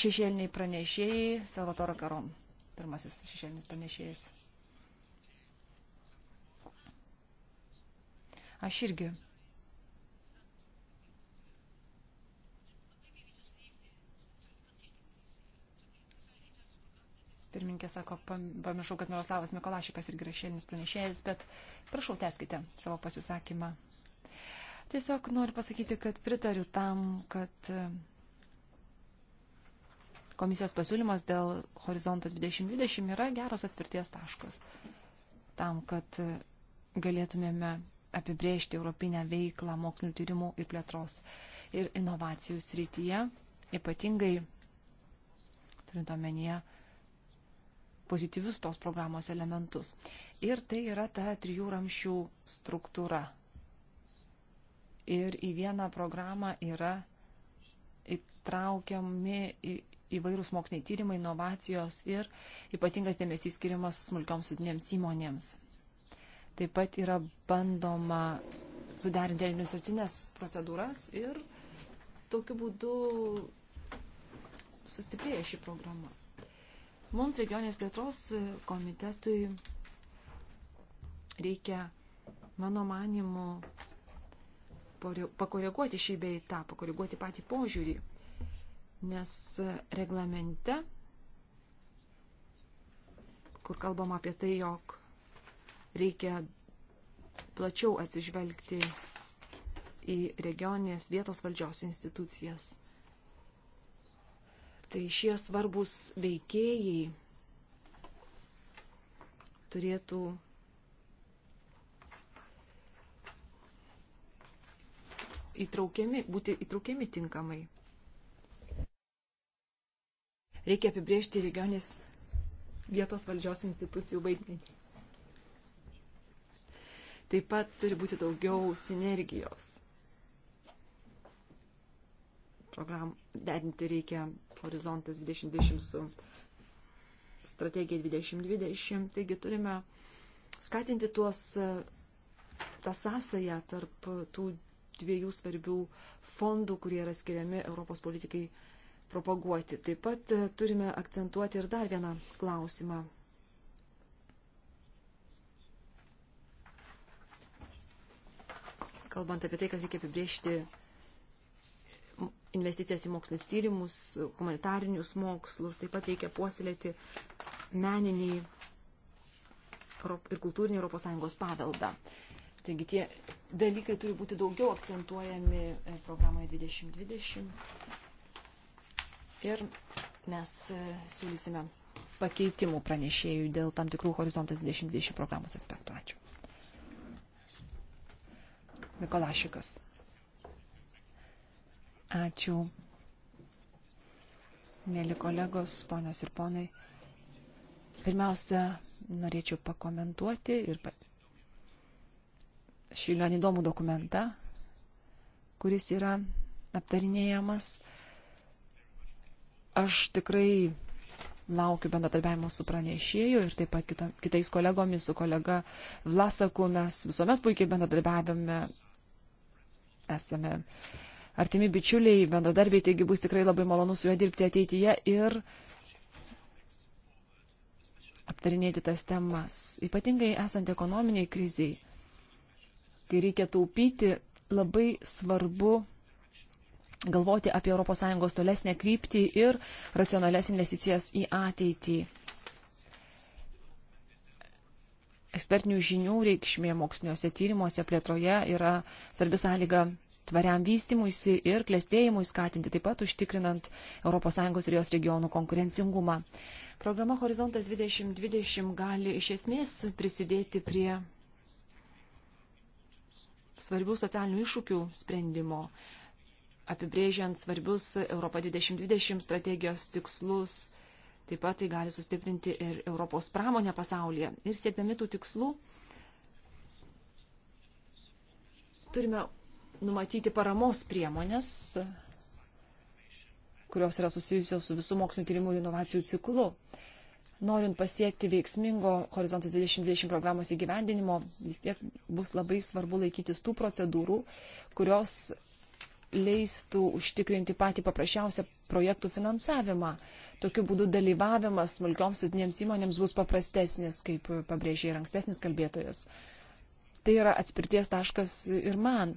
Šešėliniai pranešėjai Salvatoro Karom. Pirmasis šešėlinis pranešėjas. Aš irgi Pirminkė sako, pamiršau, kad Miroslavas Mikolašikas ir grašėlis pranešėjas, bet prašau, teskite savo pasisakymą. Tiesiog noriu pasakyti, kad pritariu tam, kad e, komisijos pasiūlymas dėl horizonto 2020 yra geras atspirties taškas tam, kad e, galėtumėme apibrėžti europinę veiklą mokslinių tyrimų ir plėtros ir inovacijų srityje, ypatingai turint omenyje pozityvius tos programos elementus. Ir tai yra ta trijų ramšių struktūra. Ir į vieną programą yra įtraukiami įvairūs moksliniai tyrimai, inovacijos ir ypatingas dėmesys skiriamas smulkioms sudinėms įmonėms. Taip pat yra bandoma suderinti administracinės procedūras ir tokiu būdu sustiprėja ši programa. Mums regionės plėtros komitetui reikia, mano manimu, pakoreguoti šį bei tą, pakoreguoti patį požiūrį, nes reglamente, kur kalbama apie tai, jog reikia plačiau atsižvelgti į regioninės vietos valdžios institucijas. Tai šie svarbus veikėjai turėtų įtraukiami, būti įtraukiami tinkamai. Reikia apibriežti regionės vietos valdžios institucijų vaidmenį. Taip pat turi būti daugiau sinergijos. Program, dedinti reikia Horizontas 2020 su strategija 2020. Taigi turime skatinti tuos, tą sąsają tarp tų dviejų svarbių fondų, kurie yra skiriami Europos politikai propaguoti. Taip pat turime akcentuoti ir dar vieną klausimą. Kalbant apie tai, kad reikia apibriežti investicijas į mokslinis tyrimus, humanitarinius mokslus, taip pat reikia puoselėti meninį ir kultūrinį ES paveldą. Taigi tie dalykai turi būti daugiau akcentuojami e, programoje 2020. Ir mes e, siūlysime pakeitimų pranešėjų dėl tam tikrų horizontas 2020 programos aspektų. Ačiū. Mikolašikas. Ačiū. Mėly kolegos, ponios ir ponai. Pirmiausia, norėčiau pakomentuoti ir šį gan įdomų dokumentą, kuris yra aptarinėjamas. Aš tikrai laukiu bendradarbiavimo su pranešėju ir taip pat kito, kitais kolegomis, su kolega Vlasaku. Mes visuomet puikiai bendradarbiavime, esame uh, artimi bičiuliai, bendradarbiai, taigi bus tikrai labai malonu su juo dirbti ateityje ir aptarinėti tas temas. Ypatingai esant ekonominiai kriziai, kai reikia taupyti, labai svarbu galvoti apie ES tolesnę kryptį ir racionales investicijas į ateitį. Ekspertinių žinių reikšmė moksliniuose tyrimuose plėtroje yra svarbi sąlyga tvariam vystimuisi ir klėstėjimui skatinti, taip pat užtikrinant ES ir jos regionų konkurencingumą. Programa Horizontas 2020 gali iš esmės prisidėti prie svarbių socialinių iššūkių sprendimo, apibrėžiant svarbius Europą 2020 strategijos tikslus. Taip pat tai gali sustiprinti ir Europos pramonę pasaulyje. Ir siekdami tų tikslų turime numatyti paramos priemonės, kurios yra susijusios su visų mokslinio tyrimų ir inovacijų ciklu. Norint pasiekti veiksmingo Horizontas 2020 programos įgyvendinimo, vis tiek bus labai svarbu laikytis tų procedūrų, kurios leistų užtikrinti patį paprasčiausią projektų finansavimą. Tokiu būdu dalyvavimas smulkioms sudinėms įmonėms bus paprastesnis, kaip pabrėžė ir ankstesnis kalbėtojas. Tai yra atspirties taškas ir man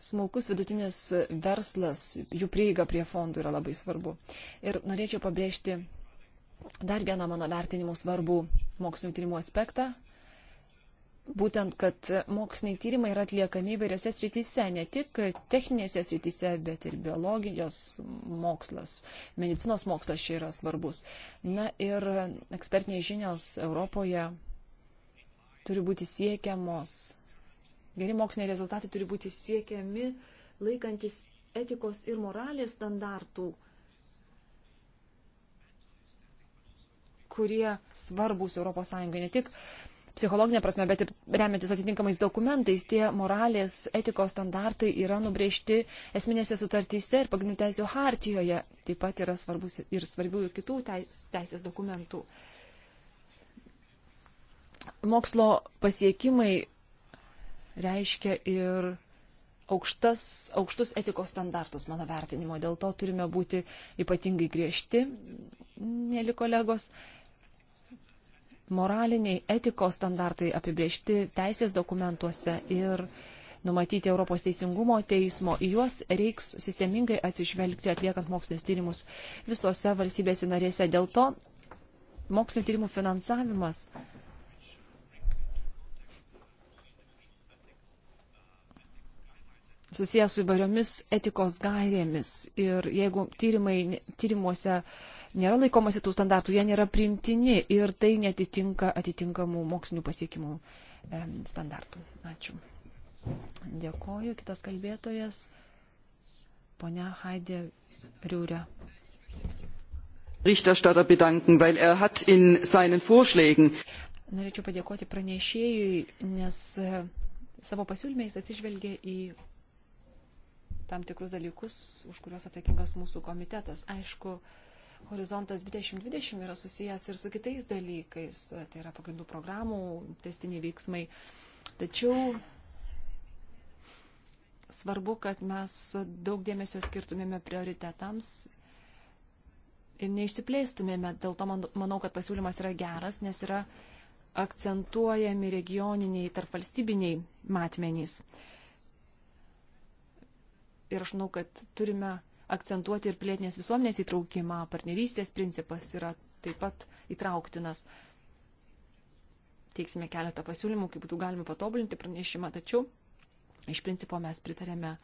smulkus vidutinis verslas, jų prieiga prie fondų yra labai svarbu. Ir norėčiau pabrėžti dar vieną mano vertinimų svarbų mokslinio tyrimų aspektą. Būtent, kad moksliniai tyrimai yra atliekami įvairiose srityse, ne tik techninėse srityse, bet ir biologijos mokslas, medicinos mokslas čia yra svarbus. Na ir ekspertiniai žinios Europoje turi būti siekiamos Geri moksliniai rezultatai turi būti siekiami laikantis etikos ir moralės standartų, kurie svarbus ES, ne tik psichologinė prasme, bet ir remiantis atitinkamais dokumentais, tie moralės etikos standartai yra nubrėžti esminėse sutartyse ir pagrindinių teisų hartijoje, taip pat yra svarbus ir svarbių ir kitų teis, teisės dokumentų. Mokslo pasiekimai reiškia ir aukštas, aukštus etikos standartus mano vertinimo. Dėl to turime būti ypatingai griežti, mėly kolegos. Moraliniai etikos standartai apibriežti teisės dokumentuose ir numatyti Europos teisingumo teismo. Į juos reiks sistemingai atsižvelgti atliekant mokslinius tyrimus visose valstybėse narėse. Dėl to mokslinio tyrimų finansavimas susijęs su įvairiomis etikos gairėmis. Ir jeigu tyrimai, tyrimuose nėra laikomasi tų standartų, jie nėra primtini ir tai netitinka atitinkamų mokslinių pasiekimų standartų. Ačiū. Dėkoju. Kitas kalbėtojas. Pone Haidė Riūrė berichterstatter bedanken weil er hat in seinen vorschlägen Norėčiau padėkoti pranešėjui, nes e, savo pasiūlymais atsižvelgia į tam tikrus dalykus, už kuriuos atsakingas mūsų komitetas. Aišku, Horizontas 2020 yra susijęs ir su kitais dalykais, tai yra pagrindų programų, testiniai veiksmai. Tačiau svarbu, kad mes daug dėmesio skirtumėme prioritetams ir neišsiplėstumėme. Dėl to manau, kad pasiūlymas yra geras, nes yra akcentuojami regioniniai tarpvalstybiniai matmenys ir aš manau, kad turime akcentuoti ir pilietinės visuomenės įtraukimą, partnerystės principas yra taip pat įtrauktinas. Teiksime keletą pasiūlymų, kaip būtų galima patobulinti pranešimą, tačiau iš principo mes pritarėme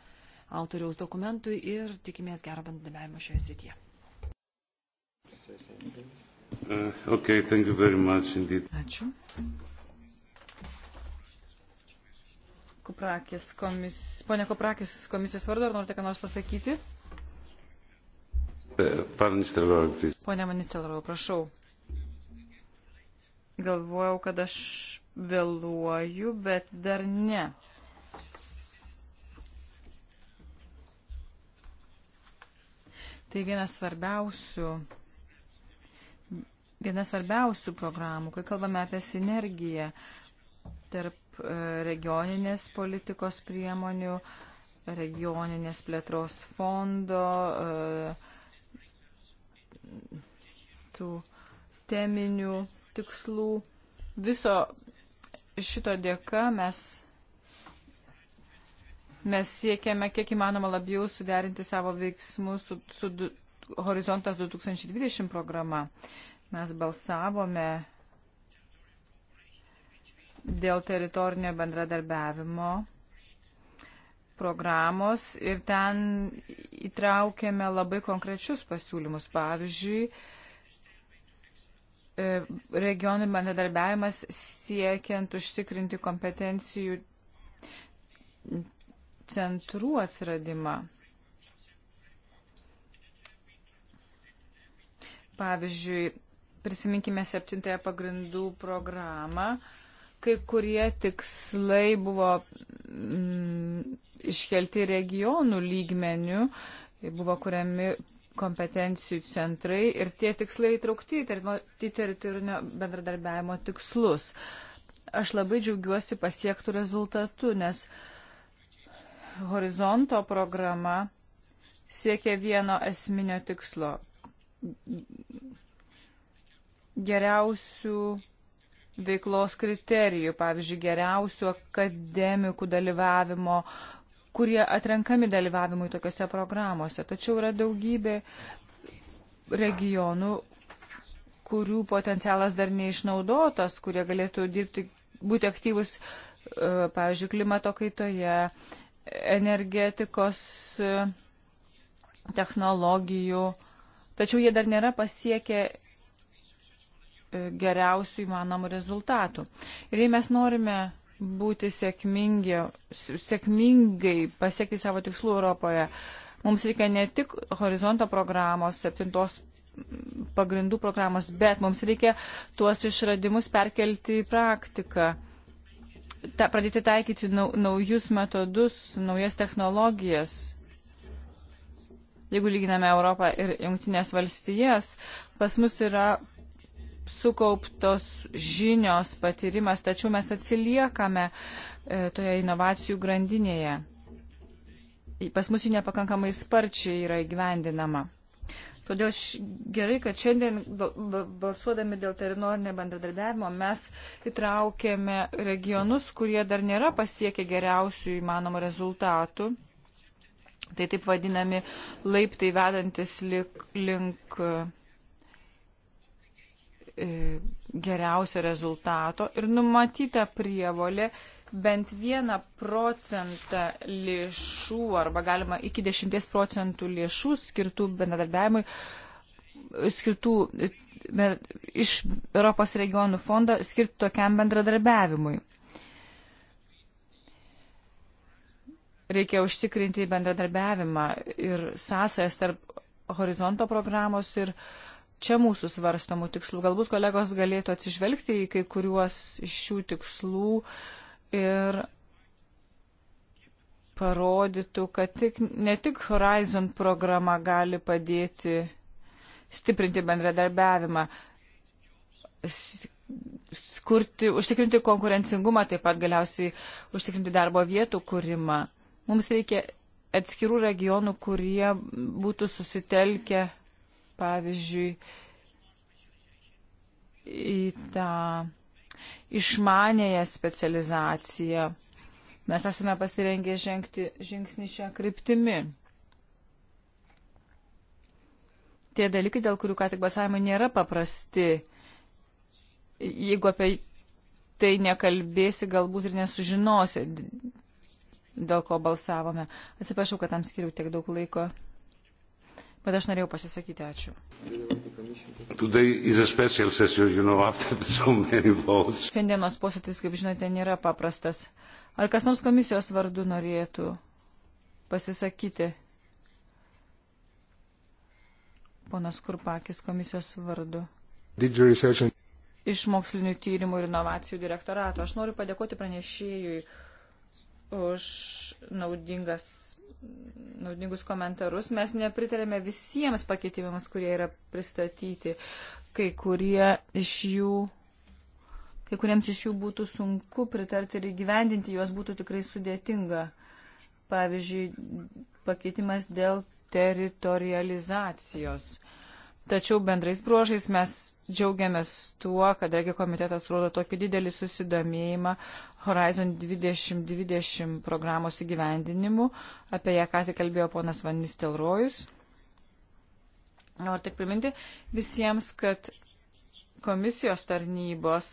autoriaus dokumentui ir tikimės gerą bendradarbiavimą šioje srityje. Uh, okay, Ačiū. Kuprakis komis... Pone Kuprakis, komisijos vardu, ar norite ką nors pasakyti? E, Pone Manicelrau, prašau. Galvojau, kad aš vėluoju, bet dar ne. Tai vienas svarbiausių, vienas svarbiausių programų, kai kalbame apie sinergiją tarp kaip regioninės politikos priemonių, regioninės plėtros fondo, e, tų teminių tikslų. Viso šito dėka mes, mes siekiame kiek įmanoma labiau suderinti savo veiksmus su, su Horizontas 2020 programa. Mes balsavome dėl teritorinio bendradarbiavimo programos ir ten įtraukėme labai konkrečius pasiūlymus. Pavyzdžiui, e, regionų bendradarbiavimas siekiant užtikrinti kompetencijų centrų atsiradimą. Pavyzdžiui, prisiminkime septintąją pagrindų programą, Kai kurie tikslai buvo mm, iškelti regionų lygmenių, buvo kuriami kompetencijų centrai ir tie tikslai įtraukti į teritorinio bendradarbiavimo tikslus. Aš labai džiaugiuosi pasiektų rezultatų, nes horizonto programa siekia vieno esminio tikslo geriausių veiklos kriterijų, pavyzdžiui, geriausių akademikų dalyvavimo, kurie atrenkami dalyvavimui tokiuose programuose. Tačiau yra daugybė regionų, kurių potencialas dar neišnaudotas, kurie galėtų dirbti, būti aktyvus, e, pavyzdžiui, klimato kaitoje, energetikos e, technologijų, tačiau jie dar nėra pasiekę E, geriausių įmanomų rezultatų. Ir jei mes norime būti sėkmingi, sėkmingai pasiekti savo tikslų Europoje, mums reikia ne tik horizonto programos, septintos pagrindų programos, bet mums reikia tuos išradimus perkelti į praktiką, ta, pradėti taikyti nau, naujus metodus, naujas technologijas. Jeigu lyginame Europą ir Junktinės valstijas, pas mus yra sukauptos žinios, patyrimas, tačiau mes atsiliekame e, toje inovacijų grandinėje. Pas mus ji nepakankamai sparčiai yra įgyvendinama. Todėl š, gerai, kad šiandien balsuodami dėl teritorinio bendradarbiavimo mes įtraukėme regionus, kurie dar nėra pasiekę geriausių įmanomų rezultatų. Tai taip vadinami laiptai vedantis link, link uh, E, geriausio rezultato ir numatyta prievolė bent vieną procentą lėšų arba galima iki 10 procentų lėšų skirtų bendradarbiavimui, skirtų e, iš Europos regionų fondo skirti tokiam bendradarbiavimui. Reikia užtikrinti bendradarbiavimą ir sąsajas tarp horizonto programos ir uh, čia mūsų svarstamų tikslų. Galbūt kolegos galėtų atsižvelgti į kai kuriuos iš šių tikslų ir parodytų, kad tik, ne tik Horizon programa gali padėti stiprinti bendradarbiavimą, skurti, užtikrinti konkurencingumą, taip pat galiausiai užtikrinti darbo vietų kūrimą. Mums reikia atskirų regionų, kurie būtų susitelkę pavyzdžiui, į tą išmanėją specializaciją. Mes esame pasirengę žengti žingsnį šią kryptimį. Tie dalykai, dėl kurių ką tik balsavimai, nėra paprasti. Jeigu apie tai nekalbėsi, galbūt ir nesužinosi, dėl ko balsavome. Atsiprašau, kad tam skiriu tiek daug laiko bet aš norėjau pasisakyti. Ačiū. Session, you know, so Šiandienos posėdis, kaip žinote, nėra paprastas. Ar kas nors komisijos vardu norėtų pasisakyti? Ponas Kurpakis komisijos vardu. Iš mokslinių tyrimų ir inovacijų direktorato. Aš noriu padėkoti pranešėjui už naudingas naudingus komentarus. Mes nepritarėme visiems pakeitimams, kurie yra pristatyti. Kai, kurie iš jų, kai kuriems iš jų būtų sunku pritarti ir įgyvendinti, juos būtų tikrai sudėtinga. Pavyzdžiui, pakeitimas dėl teritorializacijos. Tačiau bendrais bruožais mes džiaugiamės tuo, kad Regi komitetas rodo tokį didelį susidomėjimą Horizon 2020 programos įgyvendinimu, apie ją ką tik kalbėjo ponas Vanis Telrojus. Noriu tik priminti visiems, kad komisijos tarnybos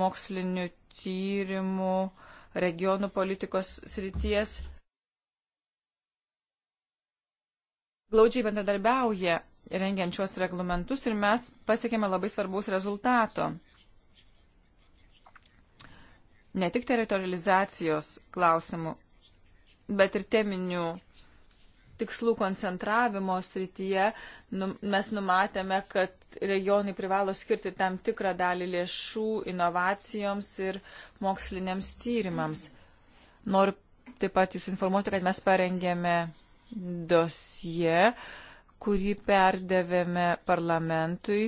mokslinių tyrimų regionų politikos srities glaudžiai bendradarbiauja rengiančios reglamentus ir mes pasiekėme labai svarbaus rezultato ne tik teritorializacijos klausimų, bet ir teminių tikslų koncentravimo srityje nu, mes numatėme, kad regionai privalo skirti tam tikrą dalį lėšų inovacijoms ir moksliniams tyrimams. Noriu taip pat jūs informuoti, kad mes parengėme dosie, kurį perdavėme parlamentui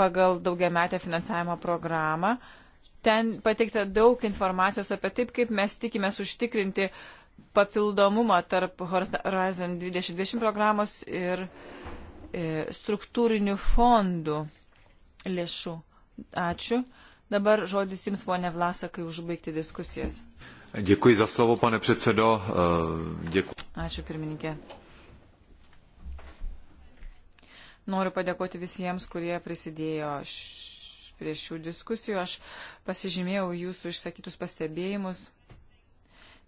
pagal daugiametę finansavimo programą. Uh, Ten pateikta daug informacijos apie taip, kaip mes tikimės užtikrinti papildomumą tarp Horizon 2020 programos ir e, struktūrinių fondų lėšų. Ačiū. Dabar žodis Jums, ponė Vlasakai, užbaigti diskusijas. Děkuji za slovo, pane předsedo. E, děkuji. Ačiū, pirmininkė. Noriu padėkoti visiems, kurie prisidėjo š prie šių diskusijų. Aš pasižymėjau jūsų išsakytus pastebėjimus.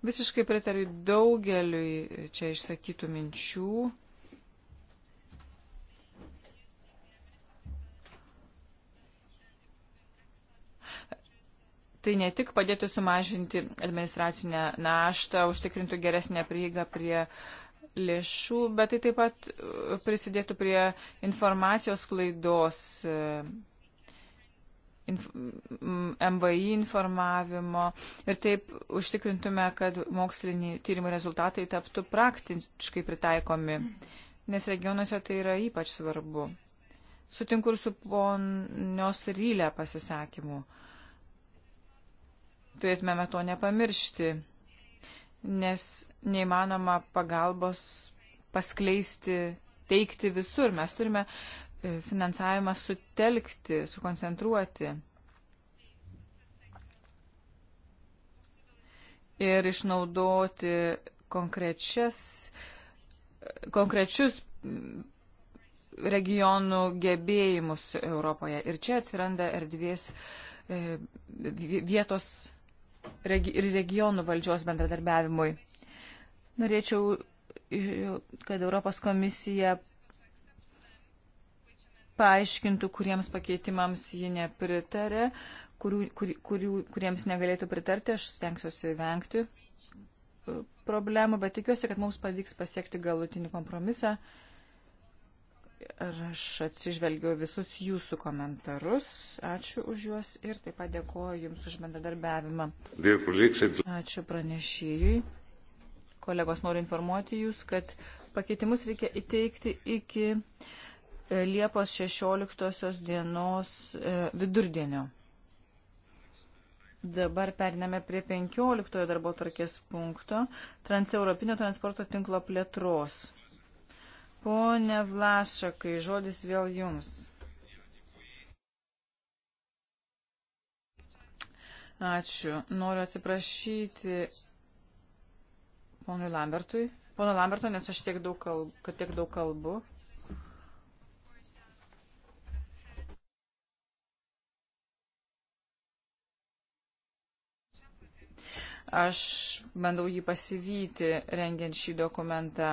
Visiškai pritariu daugeliui čia išsakytų minčių. Tai ne tik padėtų sumažinti administracinę naštą, užtikrintų geresnę prieigą prie uh, lėšų, bet tai taip pat prisidėtų prie informacijos klaidos inf MVI informavimo ir taip užtikrintume, kad moksliniai tyrimų rezultatai taptų praktiškai pritaikomi, nes regionuose tai yra ypač svarbu. Sutinku ir su ponios rylę pasisakymu. Turėtumėme to nepamiršti, nes neįmanoma pagalbos paskleisti, teikti visur. Mes turime finansavimą sutelkti, sukoncentruoti. Ir išnaudoti konkrečias, konkrečius regionų gebėjimus Europoje. Ir čia atsiranda erdvės e, vietos ir regionų valdžios bendradarbiavimui. Norėčiau, kad Europos komisija paaiškintų, kuriems pakeitimams ji nepritarė, kurių, kur, kurių, kuriems negalėtų pritarti, aš stengsiuosi vengti e, problemų, bet tikiuosi, kad mums pavyks pasiekti galutinį kompromisą. Ir aš atsižvelgiu visus jūsų komentarus. Ačiū už juos ir taip pat dėkuoju Jums už bendradarbiavimą. Ačiū pranešėjui. Kolegos, noriu informuoti Jūs, kad pakeitimus reikia įteikti iki E, Liepos 16 dienos e, vidurdienio. Dabar periname prie 15 darbo tarkės punkto transeuropinio transporto tinklo plėtros. Pone Vlašakai, žodis vėl jums. Ačiū. Noriu atsiprašyti ponui Lambertui. Pono Lamberto, nes aš tiek daug kalbu, kad tiek daug kalbu. Aš bandau jį pasivyti, rengiant šį dokumentą.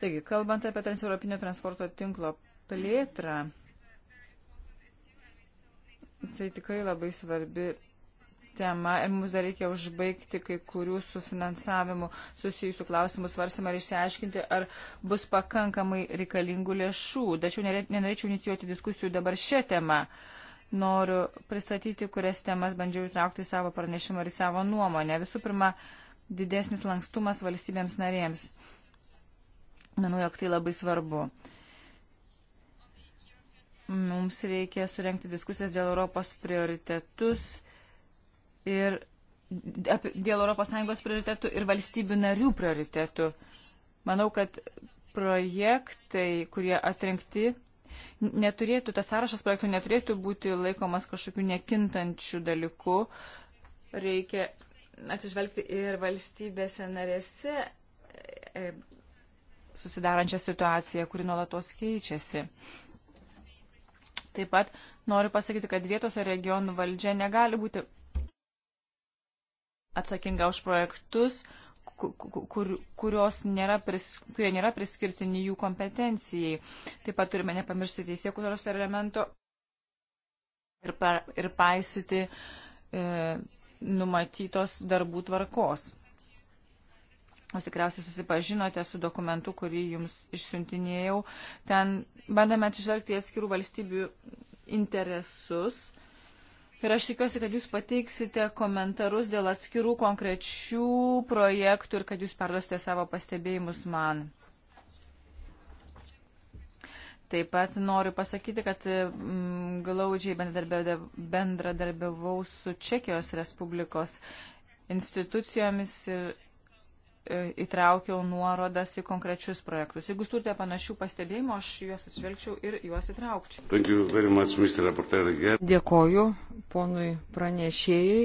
Taigi, kalbant apie transeuropinio transporto tinklo plėtrą, tai tikrai labai svarbi tema ir mums dar reikia užbaigti kai kurių su finansavimu susijusių klausimų svarstymą ir išsiaiškinti, ar bus pakankamai reikalingų lėšų. Tačiau nenorėčiau inicijuoti diskusijų dabar šią temą. Uh, noriu pristatyti, kurias temas bandžiau įtraukti į savo pranešimą ir į savo nuomonę. Visų pirma, didesnis lankstumas valstybėms narėms. Manau, jog tai labai svarbu. Mums reikia surenkti diskusijas dėl Europos prioritetus ir dėl ES prioritetų ir valstybių narių prioritetų. Manau, kad projektai, kurie atrinkti neturėtų, tas sąrašas projektų neturėtų būti laikomas kažkokiu nekintančiu dalyku. Reikia atsižvelgti ir valstybėse narėse e, susidarančią situaciją, kuri nuolatos keičiasi. Taip pat noriu pasakyti, kad vietos ar regionų valdžia negali būti atsakinga už projektus, kur, kurios nėra, pris, kurie nėra priskirtini jų kompetencijai. Taip pat turime nepamiršti teisėkuros elemento ir, par, ir paisyti e, numatytos darbų tvarkos. Jūs tikriausiai susipažinote su dokumentu, kurį jums išsiuntinėjau. Ten bandame atsižvelgti atskirų valstybių interesus Ir aš tikiuosi, kad jūs pateiksite komentarus dėl atskirų konkrečių projektų ir kad jūs perduosite savo pastebėjimus man. Taip pat noriu pasakyti, kad mm, glaudžiai bendradarbiavau su Čekijos Respublikos institucijomis ir E, įtraukiau nuorodas į konkrečius projektus. Jeigu turite panašių pastebėjimų, aš juos atšvelgčiau ir juos įtraukčiau. Much, Dėkoju ponui pranešėjai.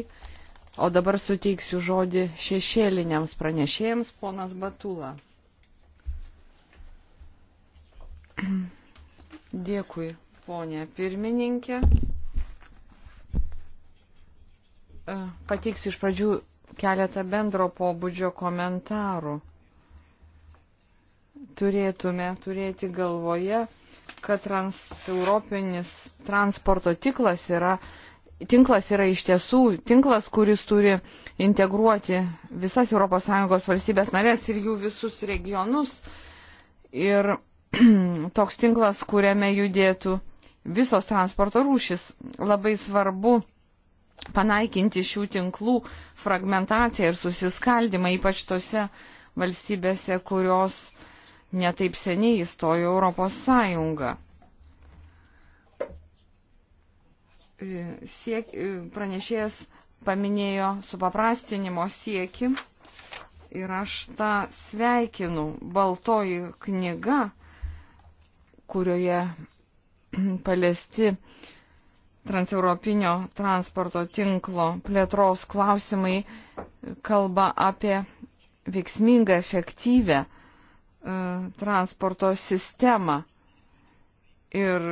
O dabar suteiksiu žodį šešėliniams pranešėjams, ponas Batula. Dėkui, ponė pirmininkė. E, pateiksiu iš pradžių keletą bendro pobūdžio komentarų. Turėtume turėti galvoje, kad transeuropinis transporto tiklas yra, tinklas yra iš tiesų tinklas, kuris turi integruoti visas ES valstybės narės ir jų visus regionus. Ir toks tinklas, kuriame judėtų visos transporto rūšis. Labai svarbu panaikinti šių tinklų fragmentaciją ir susiskaldimą, ypač tose valstybėse, kurios netaip seniai įstojo Europos Sąjungą. E, siek, e, pranešėjas paminėjo supaprastinimo sieki ir aš tą sveikinu. Baltoji knyga, kurioje paliesti transeuropinio transporto tinklo plėtros klausimai kalba apie veiksmingą, efektyvę e, transporto sistemą. Ir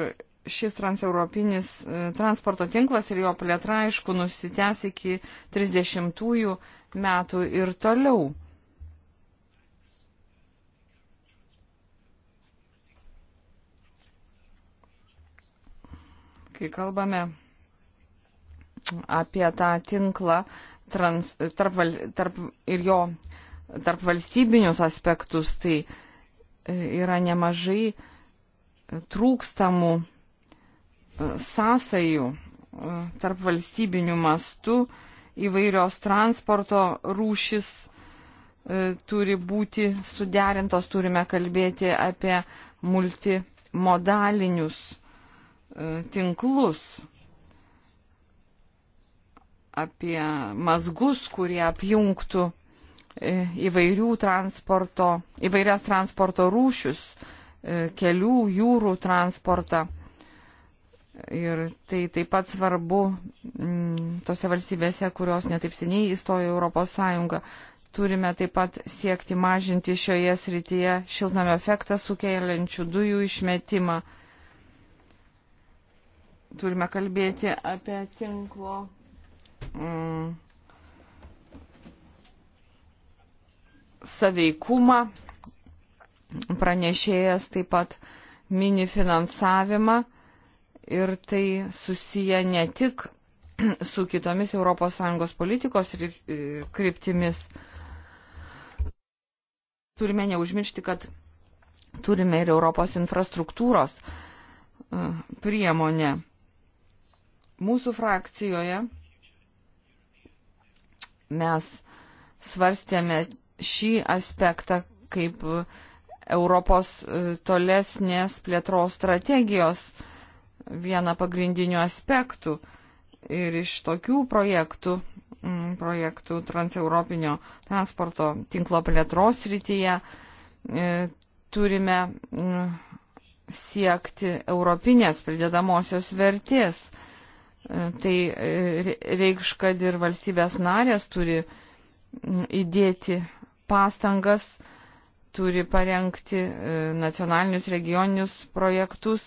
šis transeuropinis e, transporto tinklas ir jo plėtra, aišku, nusitęs iki 30-ųjų metų ir toliau. kai kalbame apie tą tinklą trans, tarp, tarp, ir jo tarp valstybinius aspektus, tai e, yra nemažai e, trūkstamų e, sąsajų tarp valstybinių mastų, įvairios transporto rūšis turi būti suderintos, turime kalbėti apie multimodalinius E, tinklus, apie mazgus, kurie apjungtų e, įvairių transporto, įvairias transporto rūšius, e, kelių, jūrų transportą. Ir tai taip pat svarbu mm, tose valstybėse, kurios netaip seniai įstojo Europos Sąjungą. Turime taip pat siekti mažinti šioje srityje šiltnamio efektą sukeliančių dujų išmetimą turime kalbėti apie tinklo. Mm, saveikumą, pranešėjas taip pat mini finansavimą ir tai susiję ne tik su kitomis ES politikos e, kryptimis. Turime neužmiršti, kad turime ir Europos infrastruktūros e, priemonę. Mūsų frakcijoje mes svarstėme šį aspektą kaip Europos e, tolesnės plėtros strategijos vieną pagrindinių aspektų. Ir iš tokių projektų, projektų transeuropinio transporto tinklo plėtros rytyje e, turime siekti europinės pridedamosios vertės. Tai e, reikš, kad ir valstybės narės turi įdėti pastangas, turi parengti e, nacionalinius regioninius projektus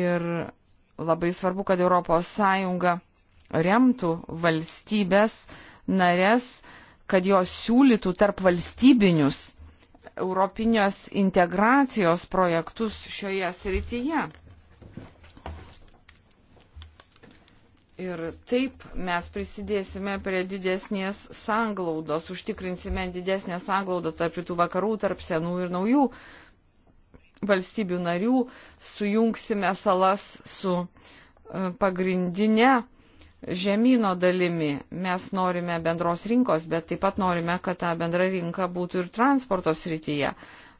ir labai svarbu, kad ES remtų valstybės narės, kad jos siūlytų tarp valstybinius europinės integracijos projektus šioje srityje. Ir taip mes prisidėsime prie didesnės sanglaudos, užtikrinsime didesnę sanglaudą tarp tų vakarų, tarp senų ir naujų valstybių narių, sujungsime salas su e, pagrindinė žemynų dalimi. Mes norime bendros rinkos, bet taip pat norime, kad ta bendra rinka būtų ir transporto srityje.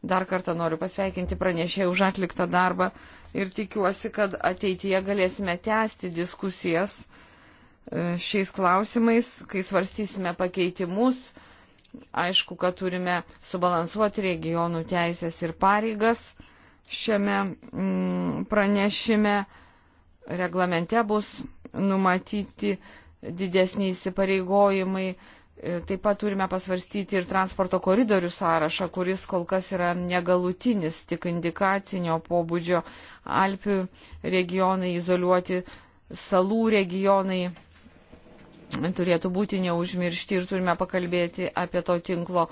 Dar kartą noriu pasveikinti pranešėjų už atliktą darbą ir tikiuosi, kad ateityje galėsime tęsti diskusijas e, šiais klausimais, kai svarstysime pakeitimus. Aišku, kad turime subalansuoti regionų teisės ir pareigas šiame mm, pranešime. Reglamente bus numatyti didesnį įsipareigojimai E, taip pat turime pasvarstyti ir transporto koridorių sąrašą, kuris kol kas yra negalutinis, tik indikacinio pobūdžio. Alpių regionai izoliuoti, salų regionai turėtų būti neužmiršti ir turime pakalbėti apie to tinklo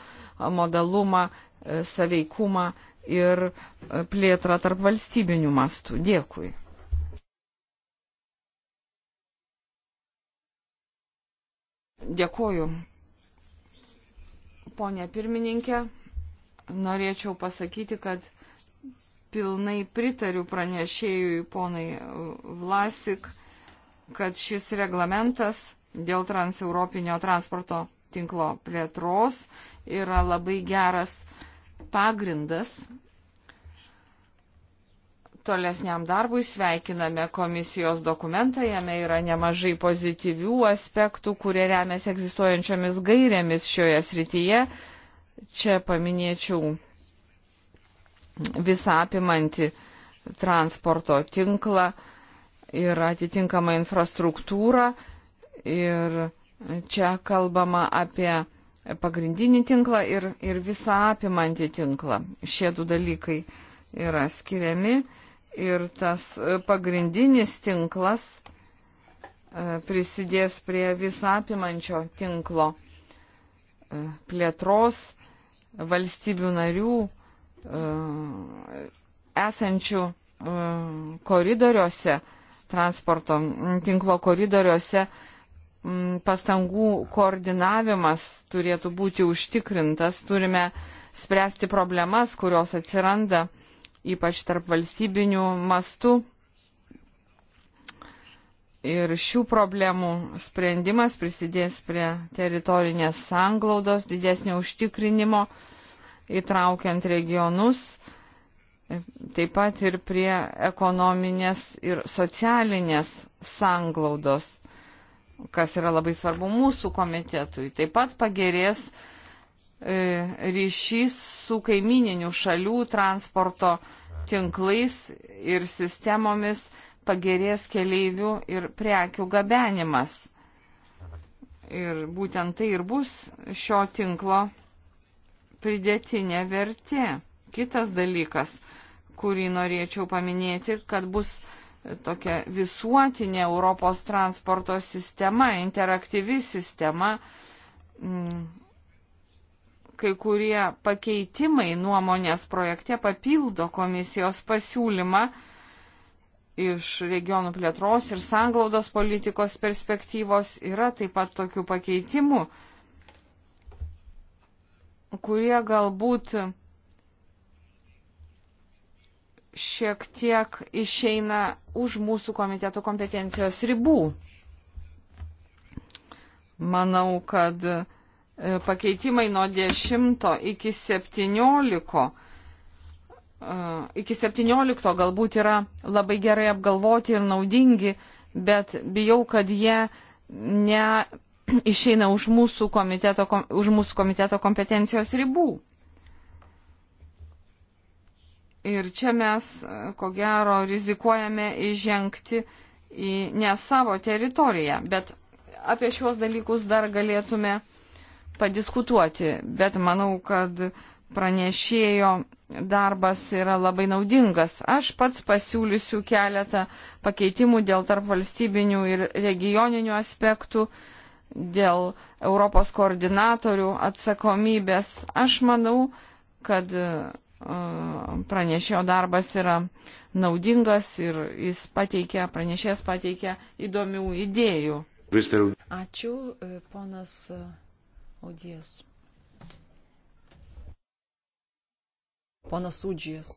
modalumą, e, saveikumą ir e, plėtrą tarp valstybinių mastų. Dėkui. Dėkuoju ponė pirmininkė. Norėčiau pasakyti, kad pilnai pritariu pranešėjui ponai Vlasik, kad šis reglamentas dėl transeuropinio transporto tinklo plėtros yra labai geras pagrindas tolesniam darbui sveikiname komisijos dokumentą, jame yra nemažai pozityvių aspektų, kurie remiasi egzistuojančiomis gairėmis šioje srityje. Čia paminėčiau visą apimantį transporto tinklą ir atitinkamą infrastruktūrą. Ir čia kalbama apie pagrindinį tinklą ir, ir visą apimantį tinklą. Šie du dalykai yra skiriami ir tas e, pagrindinis tinklas e, prisidės prie visapimančio tinklo e, plėtros valstybių narių esančių koridoriuose, transporto tinklo koridoriuose pastangų koordinavimas turėtų būti užtikrintas. Turime spręsti problemas, kurios atsiranda uh, ypač tarp valstybinių mastų. Ir šių problemų sprendimas prisidės prie teritorinės sanglaudos, didesnio užtikrinimo, įtraukiant regionus, taip pat ir prie ekonominės ir socialinės sanglaudos, kas yra labai svarbu mūsų komitetui. Taip pat pagerės uh, E, ryšys su kaimininių šalių transporto tinklais ir sistemomis pagerės keleivių ir prekių gabenimas. Ir būtent tai ir bus šio tinklo pridėtinė vertė. Kitas dalykas, kurį norėčiau paminėti, kad bus tokia visuotinė Europos transporto sistema, interaktyvi sistema, mm, kai kurie pakeitimai nuomonės projekte papildo komisijos pasiūlymą iš regionų plėtros ir sanglaudos politikos perspektyvos. Yra taip pat tokių pakeitimų, kurie galbūt šiek tiek išeina už mūsų komiteto kompetencijos ribų. Manau, kad E, pakeitimai nuo 10 iki 17, e, iki 17 galbūt yra labai gerai apgalvoti ir naudingi, bet bijau, kad jie ne išeina už mūsų komiteto, už mūsų komiteto kompetencijos ribų. Ir čia mes, e, ko gero, rizikuojame įžengti į ne savo teritoriją, bet apie šiuos dalykus dar galėtume uh, padiskutuoti, bet manau, kad pranešėjo darbas yra labai naudingas. Aš pats pasiūlysiu keletą pakeitimų dėl tarp valstybinių ir regioninių aspektų, dėl Europos koordinatorių atsakomybės. Aš manau, kad e, pranešėjo darbas yra naudingas ir jis pateikia, pranešėjas pateikia įdomių idėjų. Ačiū, e, ponas e, Audijas. Ponas Udžijas.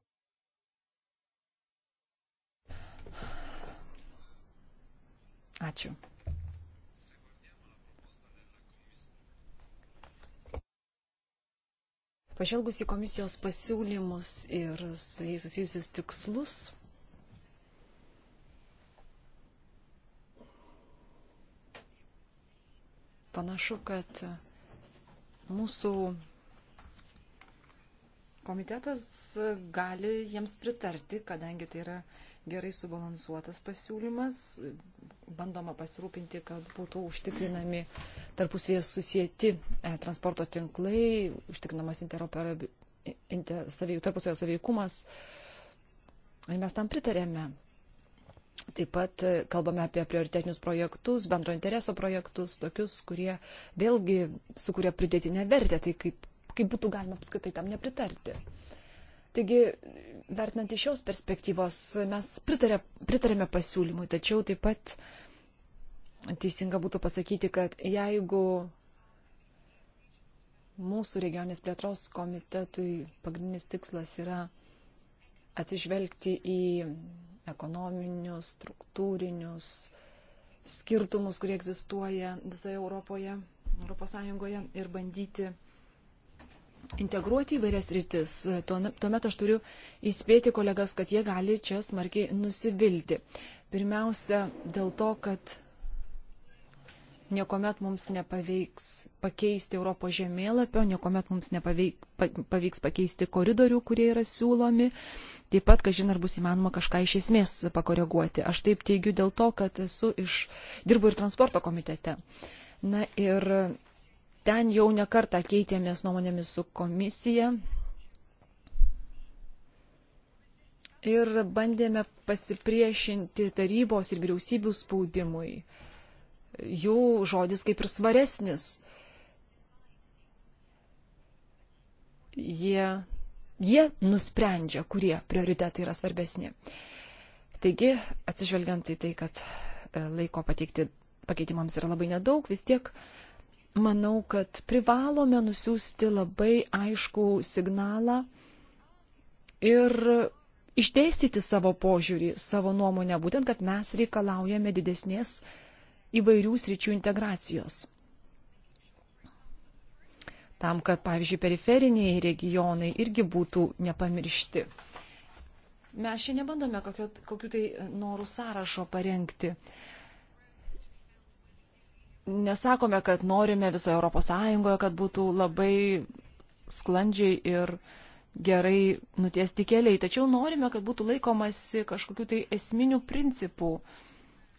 Ačiū. Pažvelgus į komisijos pasiūlymus ir su jais susijusius tikslus, panašu, kad Mūsų komitetas gali jiems pritarti, kadangi tai yra gerai subalansuotas pasiūlymas, bandoma pasirūpinti, kad būtų užtikrinami tarpusvėje susijęti e, transporto tinklai, užtikrinamas inter, savy, tarpusvėje saveikumas. Ir mes tam pritarėme. Taip pat e, kalbame apie prioritetinius projektus, bendro intereso projektus, tokius, kurie vėlgi sukuria pridėtinę vertę, tai kaip, kaip būtų galima apskritai tam nepritarti. Taigi, vertinant iš šios perspektyvos, mes pritarė, pritarėme pasiūlymui, tačiau taip pat teisinga būtų pasakyti, kad jeigu mūsų regionės plėtros komitetui pagrindinis tikslas yra atsižvelgti į ekonominius, struktūrinius skirtumus, kurie egzistuoja visoje Europoje, Europos Sąjungoje ir bandyti integruoti įvairias rytis. Tuomet aš turiu įspėti kolegas, kad jie gali čia smarkiai nusivilti. Pirmiausia, dėl to, kad niekuomet mums nepavyks pakeisti Europos žemėlapio, niekuomet mums nepavyks pakeisti koridorių, kurie yra siūlomi. Taip pat, kažin ar bus įmanoma kažką iš esmės pakoreguoti. Aš taip teigiu dėl to, kad esu iš, dirbu ir transporto komitete. Na ir ten jau nekartą keitėmės nuomonėmis su komisija. Ir bandėme pasipriešinti tarybos ir vyriausybių spaudimui. Uh, jų žodis kaip ir svaresnis. Jie, jie nusprendžia, kurie prioritetai yra svarbesni. Taigi, atsižvelgiant į tai, kad e, laiko pateikti pakeitimams yra labai nedaug, vis tiek manau, kad privalome nusiųsti labai aišku signalą ir išdėstyti savo požiūrį, savo nuomonę, būtent, kad mes reikalaujame didesnės įvairių sričių integracijos. Tam, kad, pavyzdžiui, periferiniai regionai irgi būtų nepamiršti. Mes šiandien bandome kokiu, kokiu tai norų sąrašo parengti. Nesakome, kad norime visoje Europos Sąjungoje, kad būtų labai sklandžiai ir gerai nutiesti keliai, tačiau norime, kad būtų laikomasi kažkokiu tai esminių principų, uh,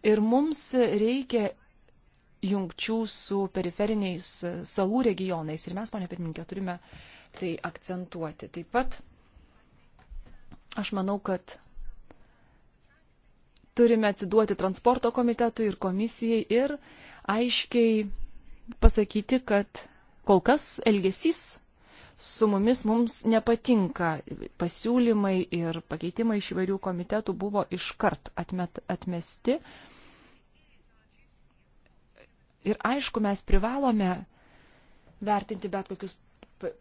Ir mums reikia jungčių su periferiniais e, salų regionais. Ir mes, ponė pirmininkė, turime tai akcentuoti. Taip pat aš manau, kad turime atsiduoti transporto komitetui ir komisijai ir aiškiai pasakyti, kad kol kas elgesys su mumis mums nepatinka. Pasiūlymai ir pakeitimai iš įvairių komitetų buvo iškart atmet, atmesti. Ir aišku, mes privalome vertinti bet kokius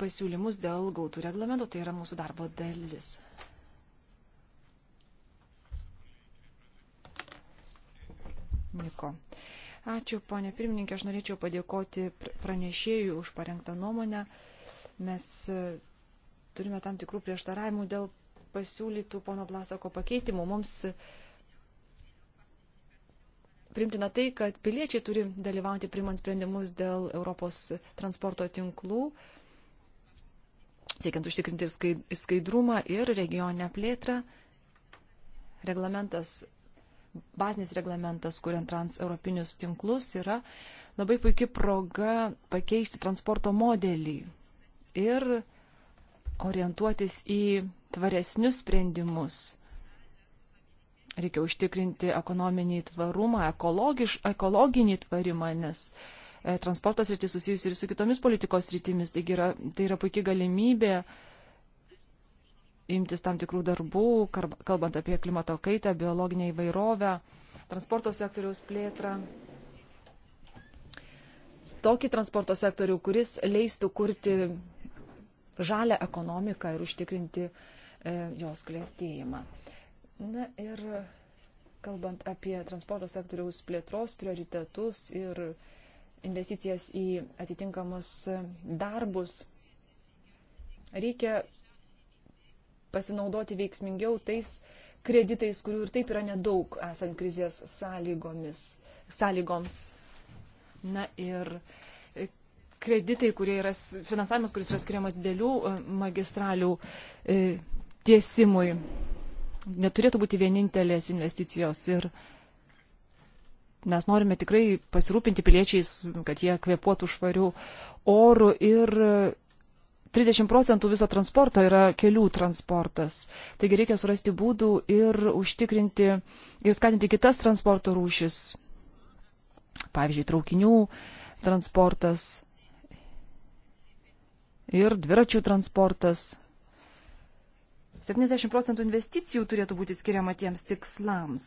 pasiūlymus dėl gautų reglamentų, tai yra mūsų darbo dalis. Niko. Ačiū, ponė pirmininkė, aš norėčiau padėkoti pranešėjų už parengtą nuomonę. Uh, Mes e, turime tam tikrų prieštaravimų dėl pasiūlytų pono Blasako pakeitimų. Mums primtina tai, kad piliečiai turi dalyvauti primant sprendimus dėl Europos transporto tinklų, siekiant užtikrinti skaidrumą ir regioninę plėtrą. Reglamentas, bazinis reglamentas, kuriant transeuropinius tinklus, yra labai puikia proga pakeisti transporto modelį ir orientuotis į tvaresnius sprendimus. Reikia užtikrinti ekonominį tvarumą, ekologiš, ekologinį tvarimą, nes e, transportas rytis susijus ir su kitomis politikos rytimis. Taigi yra, tai yra puikia galimybė imtis tam tikrų darbų, kalbant apie klimato kaitą, biologinę įvairovę, transporto sektoriaus plėtrą. Tokį transporto sektorių, kuris leistų kurti žalę ekonomiką ir užtikrinti e, jos klėstėjimą. Na ir kalbant apie transporto sektoriaus plėtros prioritetus ir investicijas į atitinkamus darbus, reikia pasinaudoti veiksmingiau tais kreditais, kurių ir taip yra nedaug esant krizės sąlygomis, sąlygoms. Na ir uh, kreditai, kurie yra finansavimas, kuris yra skiriamas didelių e, magistralių e, tiesimui, neturėtų būti vienintelės investicijos. Ir mes norime tikrai pasirūpinti piliečiais, kad jie kvepuotų švarių orų ir 30 procentų viso transporto yra kelių transportas. Taigi reikia surasti būdų ir užtikrinti ir skatinti kitas transporto rūšis. Pavyzdžiui, traukinių transportas ir dviračių transportas. 70 procentų investicijų turėtų būti skiriama tiems tikslams.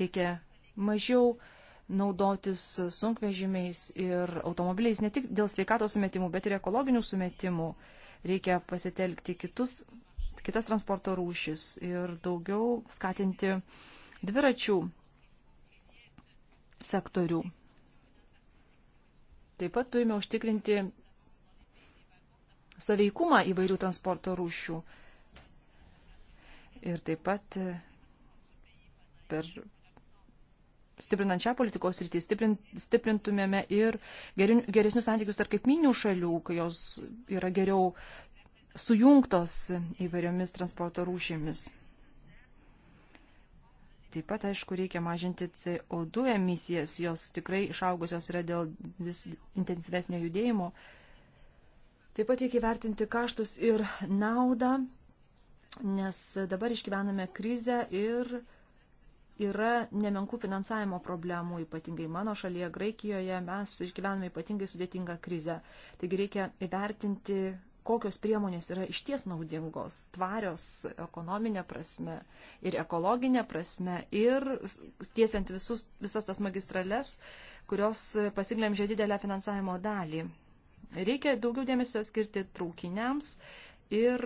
Reikia mažiau naudotis sunkvežimiais ir automobiliais ne tik dėl sveikatos sumetimų, bet ir ekologinių sumetimų. Reikia pasitelkti kitus, kitas transporto rūšis ir daugiau skatinti dviračių sektorių. Taip pat turime užtikrinti saveikumą įvairių transporto rūšių. Ir taip pat e, per stiprinant šią politikos rytį stiprint, stiprintumėme ir gerin, geresnius santykius tarp kaiminių šalių, kai jos yra geriau sujungtos įvairiomis transporto rūšėmis. Taip pat, aišku, reikia mažinti CO2 emisijas, jos tikrai išaugusios yra dėl vis intensyvesnio judėjimo. Taip pat reikia vertinti kaštus ir naudą, nes dabar išgyvename krizę ir yra nemenkų finansavimo problemų, ypatingai mano šalyje, Graikijoje, mes išgyvename ypatingai sudėtingą krizę. Taigi reikia įvertinti kokios priemonės yra išties naudingos, tvarios ekonominė prasme ir ekologinė prasme ir tiesiant visus, visas tas magistrales, kurios pasiglemžia didelę finansavimo dalį. Reikia daugiau dėmesio skirti traukiniams ir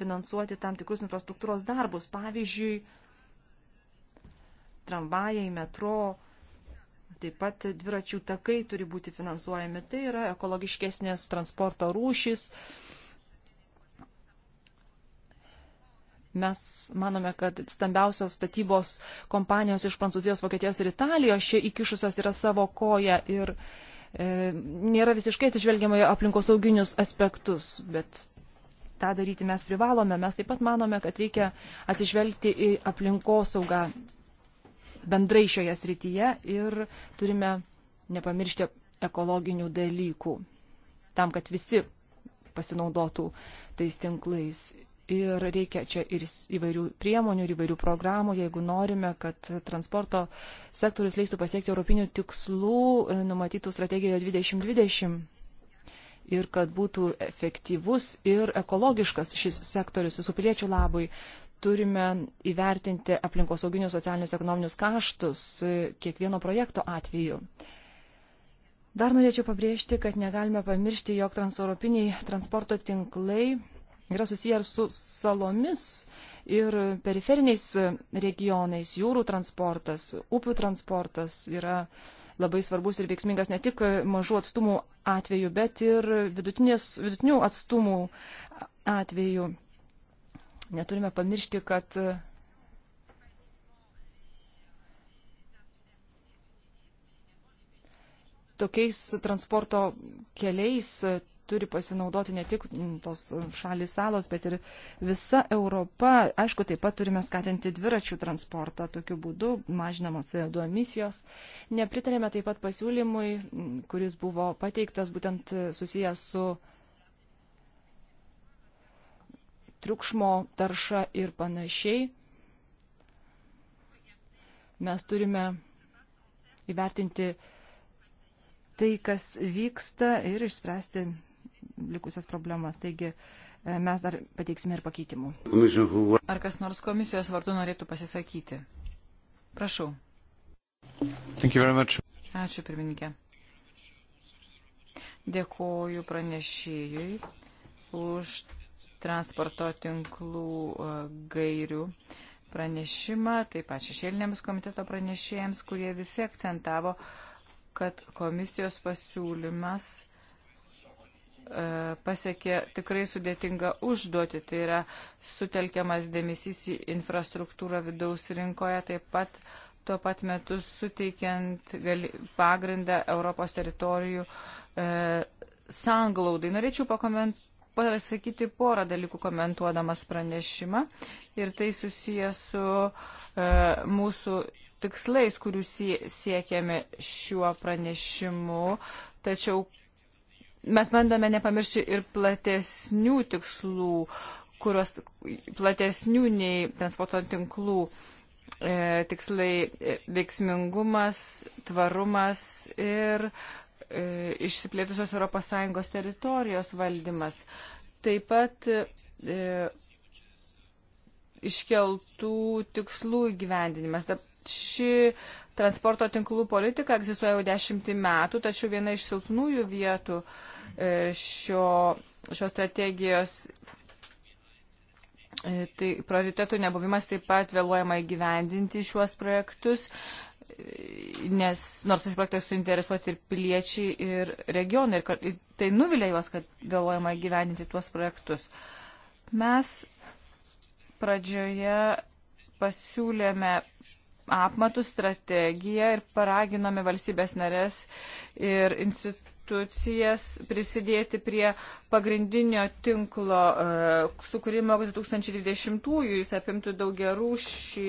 finansuoti tam tikrus infrastruktūros darbus, pavyzdžiui, tramvajai, metro, Taip pat dviračių takai turi būti finansuojami. Tai yra ekologiškesnės transporto rūšys. Mes manome, kad stambiausios statybos kompanijos iš Prancūzijos, Vokietijos ir Italijos čia įkišusios yra savo koją ir e, nėra visiškai atsižvelgiama į aplinkosauginius aspektus, bet tą daryti mes privalome. Mes taip pat manome, kad reikia atsižvelgti į aplinkosaugą bendrai šioje srityje ir turime nepamiršti ekologinių dalykų, tam, kad visi pasinaudotų tais tinklais. Ir reikia čia ir įvairių priemonių, ir įvairių programų, jeigu norime, kad transporto sektorius leistų pasiekti europinių tikslų e, numatytų strategijoje 2020. Ir kad būtų efektyvus ir ekologiškas šis sektorius visų piliečių labui turime įvertinti aplinkosauginius socialinius ekonominius kaštus e, kiekvieno projekto atveju. Dar norėčiau pabrėžti, kad negalime pamiršti, jog transeuropiniai transporto tinklai yra susiję ir su salomis ir periferiniais regionais. Jūrų transportas, upių transportas yra labai svarbus ir veiksmingas ne tik mažų atstumų atveju, bet ir vidutinių atstumų atveju. Neturime pamiršti, kad tokiais transporto keliais turi pasinaudoti ne tik tos šalis salos, bet ir visa Europa. Aišku, taip pat turime skatinti dviračių transportą, tokiu būdu mažinamos CO2 emisijos. Nepritarėme taip pat pasiūlymui, kuris buvo pateiktas būtent susijęs su triukšmo tarša ir panašiai. Mes turime įvertinti tai, kas vyksta ir išspręsti likusias problemas. Taigi e, mes dar pateiksime ir pakeitimų. Ar kas nors komisijos vardu norėtų pasisakyti? Prašau. Ačiū, pirmininkė. Dėkoju pranešėjui už transporto tinklų e, gairių pranešimą, taip pat šešėlinėms komiteto pranešėjams, kurie visi akcentavo, kad komisijos pasiūlymas e, pasiekė tikrai sudėtingą užduotį, tai yra sutelkiamas dėmesys į infrastruktūrą vidaus rinkoje, taip pat tuo pat metu suteikiant gali, pagrindą Europos teritorijų e, sanglaudai. Norėčiau pakomentuoti pasakyti porą dalykų komentuodamas pranešimą ir tai susijęs su e, mūsų tikslais, kurių siekėme šiuo pranešimu, tačiau mes bandome nepamiršti ir platesnių tikslų, kurios platesnių nei transporto tinklų e, tikslai e, veiksmingumas, tvarumas ir E, išsiplėtusios ES teritorijos valdymas. Taip pat e, iškeltų tikslų įgyvendinimas. Ši transporto tinklų politika egzistuoja jau dešimtį metų, tačiau viena iš silpnųjų vietų e, šio, šios strategijos e, tai prioritetų nebuvimas taip pat vėluojama įgyvendinti šiuos projektus. E, nes nors iš projekto suinteresuoti ir piliečiai, ir regionai, ir tai nuvilia juos, kad vėluojama gyveninti tuos projektus. Mes pradžioje pasiūlėme apmatų strategiją ir paraginome valstybės narės ir institucijas prisidėti prie pagrindinio tinklo e, sukūrimo 2020-ųjų, jis apimtų daugia rūšį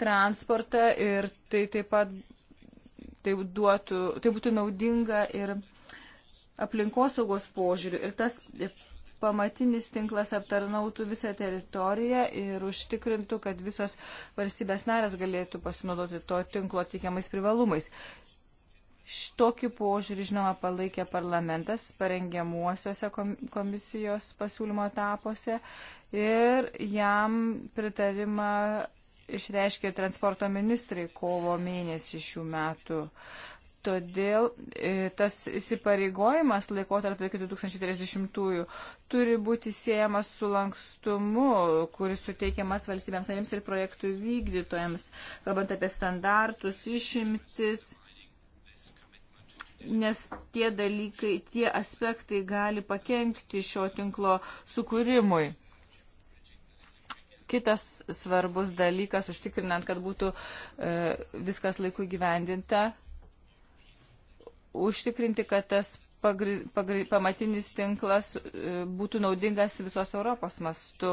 transportą ir tai taip pat tai, duotų, tai būtų naudinga ir aplinkosaugos požiūrių. Ir tas pamatinis tinklas aptarnautų visą teritoriją ir užtikrintų, kad visos valstybės narės galėtų pasinaudoti to tinklo teikiamais privalumais. Štokį požiūrį, žinoma, palaikė parlamentas parengiamuosiuose komisijos pasiūlymo etapuose ir jam pritarimą išreiškė transporto ministrai kovo mėnesį šių metų. Todėl e, tas įsipareigojimas laikotarp iki 2030-ųjų turi būti siejamas su lankstumu, kuris suteikiamas valstybėms narėms ir projektų vykdytojams, kalbant apie standartus, išimtis nes tie dalykai, tie aspektai gali pakengti šio tinklo sukūrimui. Kitas svarbus dalykas, užtikrinant, kad būtų e, viskas laiku gyvendinta, užtikrinti, kad tas pagri, pagri, pamatinis tinklas e, būtų naudingas visos Europos mastu.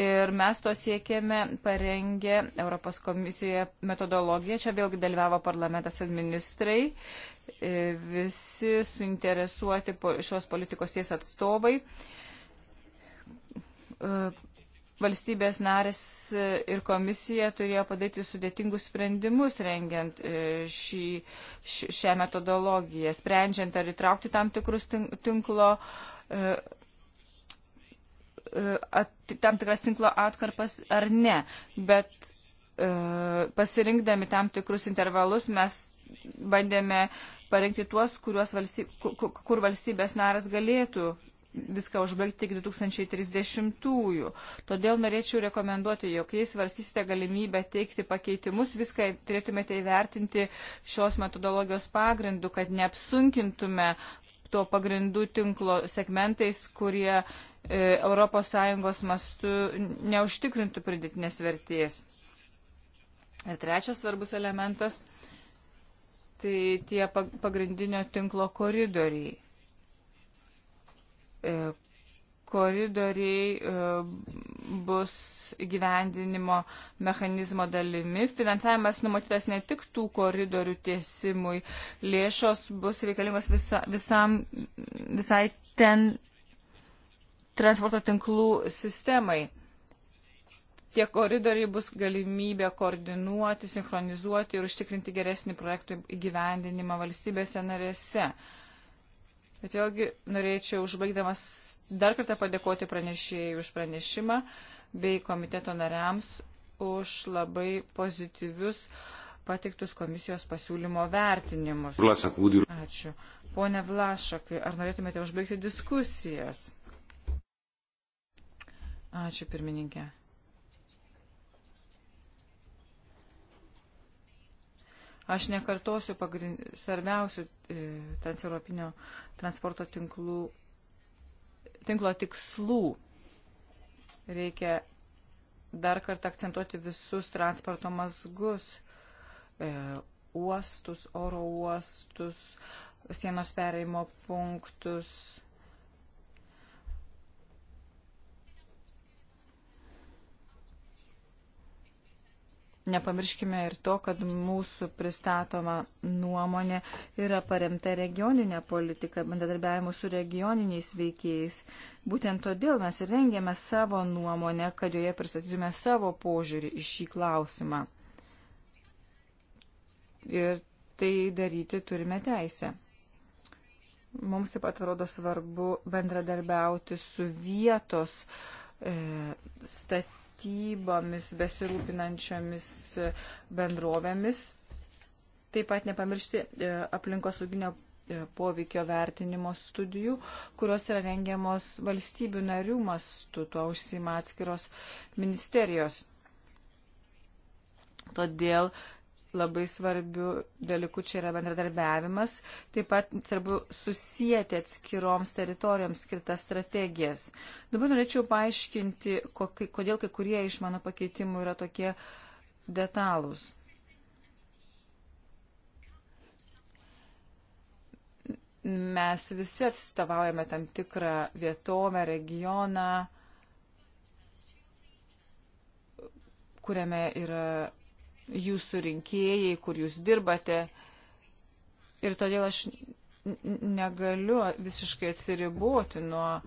Ir mes to siekėme parengę Europos komisijoje metodologiją. Čia vėlgi dalyvavo parlamentas ir ministrai, e, visi suinteresuoti šios politikos ties atstovai e, valstybės narės ir komisija turėjo padaryti sudėtingus sprendimus rengiant e, šį, šią metodologiją, sprendžiant ar įtraukti tam tikrus tinklo e, e, at, tam tikras tinklo atkarpas ar ne, bet pasirinkdami tam tikrus intervalus mes bandėme parinkti tuos, valstyb, kur valstybės naras galėtų viską užbaigti iki 2030-ųjų. Todėl norėčiau rekomenduoti, jog jei svarstysite galimybę teikti pakeitimus, viską turėtumėte įvertinti šios metodologijos pagrindu, kad neapsunkintume to pagrindų tinklo segmentais, kurie ES mastu neužtikrintų pridėtinės vertės. Ir trečias svarbus elementas - tai tie pagrindinio tinklo koridoriai. E, koridoriai e, bus gyvendinimo mechanizmo dalimi. Finansavimas numatytas ne tik tų koridorių tiesimui, lėšos bus reikalingos visa, visam, visai ten transporto tinklų sistemai. Tie koridoriai bus galimybė koordinuoti, sinchronizuoti ir užtikrinti geresnį projektų įgyvendinimą valstybėse narėse. Uh, Bet vėlgi norėčiau užbaigdamas dar kartą padėkoti pranešėjai už pranešimą bei komiteto nariams už labai pozityvius patiktus komisijos pasiūlymo vertinimus. Ačiū. Pone Vlašakai, ar norėtumėte užbaigti diskusijas? Ačiū pirmininkė. Aš nekartosiu pagrind... svarbiausių e, transeuropinio transporto tinklų, tinklo tikslų. Reikia dar kartą akcentuoti visus transporto mazgus, e, uostus, oro uostus, sienos pereimo punktus Nepamirškime ir to, kad mūsų pristatoma nuomonė yra paremta regioninė politika, bendradarbiavimu su regioniniais veikėjais. Būtent todėl mes ir rengėme savo nuomonę, kad joje pristatytume savo požiūrį į šį klausimą. Ir tai daryti turime teisę. Mums taip pat atrodo svarbu bendradarbiauti su vietos e, statybos statybomis besirūpinančiomis e, bendrovėmis. Taip pat nepamiršti e, aplinkosauginio e, poveikio vertinimo studijų, kurios yra rengiamos valstybių narių mastu, tuo užsima atskiros ministerijos. Todėl labai svarbių dalykų čia yra bendradarbiavimas, taip pat svarbu susijęti atskiroms teritorijoms skirtas strategijas. Dabar norėčiau paaiškinti, kodėl kai kurie iš mano pakeitimų yra tokie detalūs. Mes visi atstovaujame tam tikrą vietovę, regioną, kuriame yra jūsų rinkėjai, kur jūs dirbate. Ir todėl aš negaliu visiškai atsiriboti nuo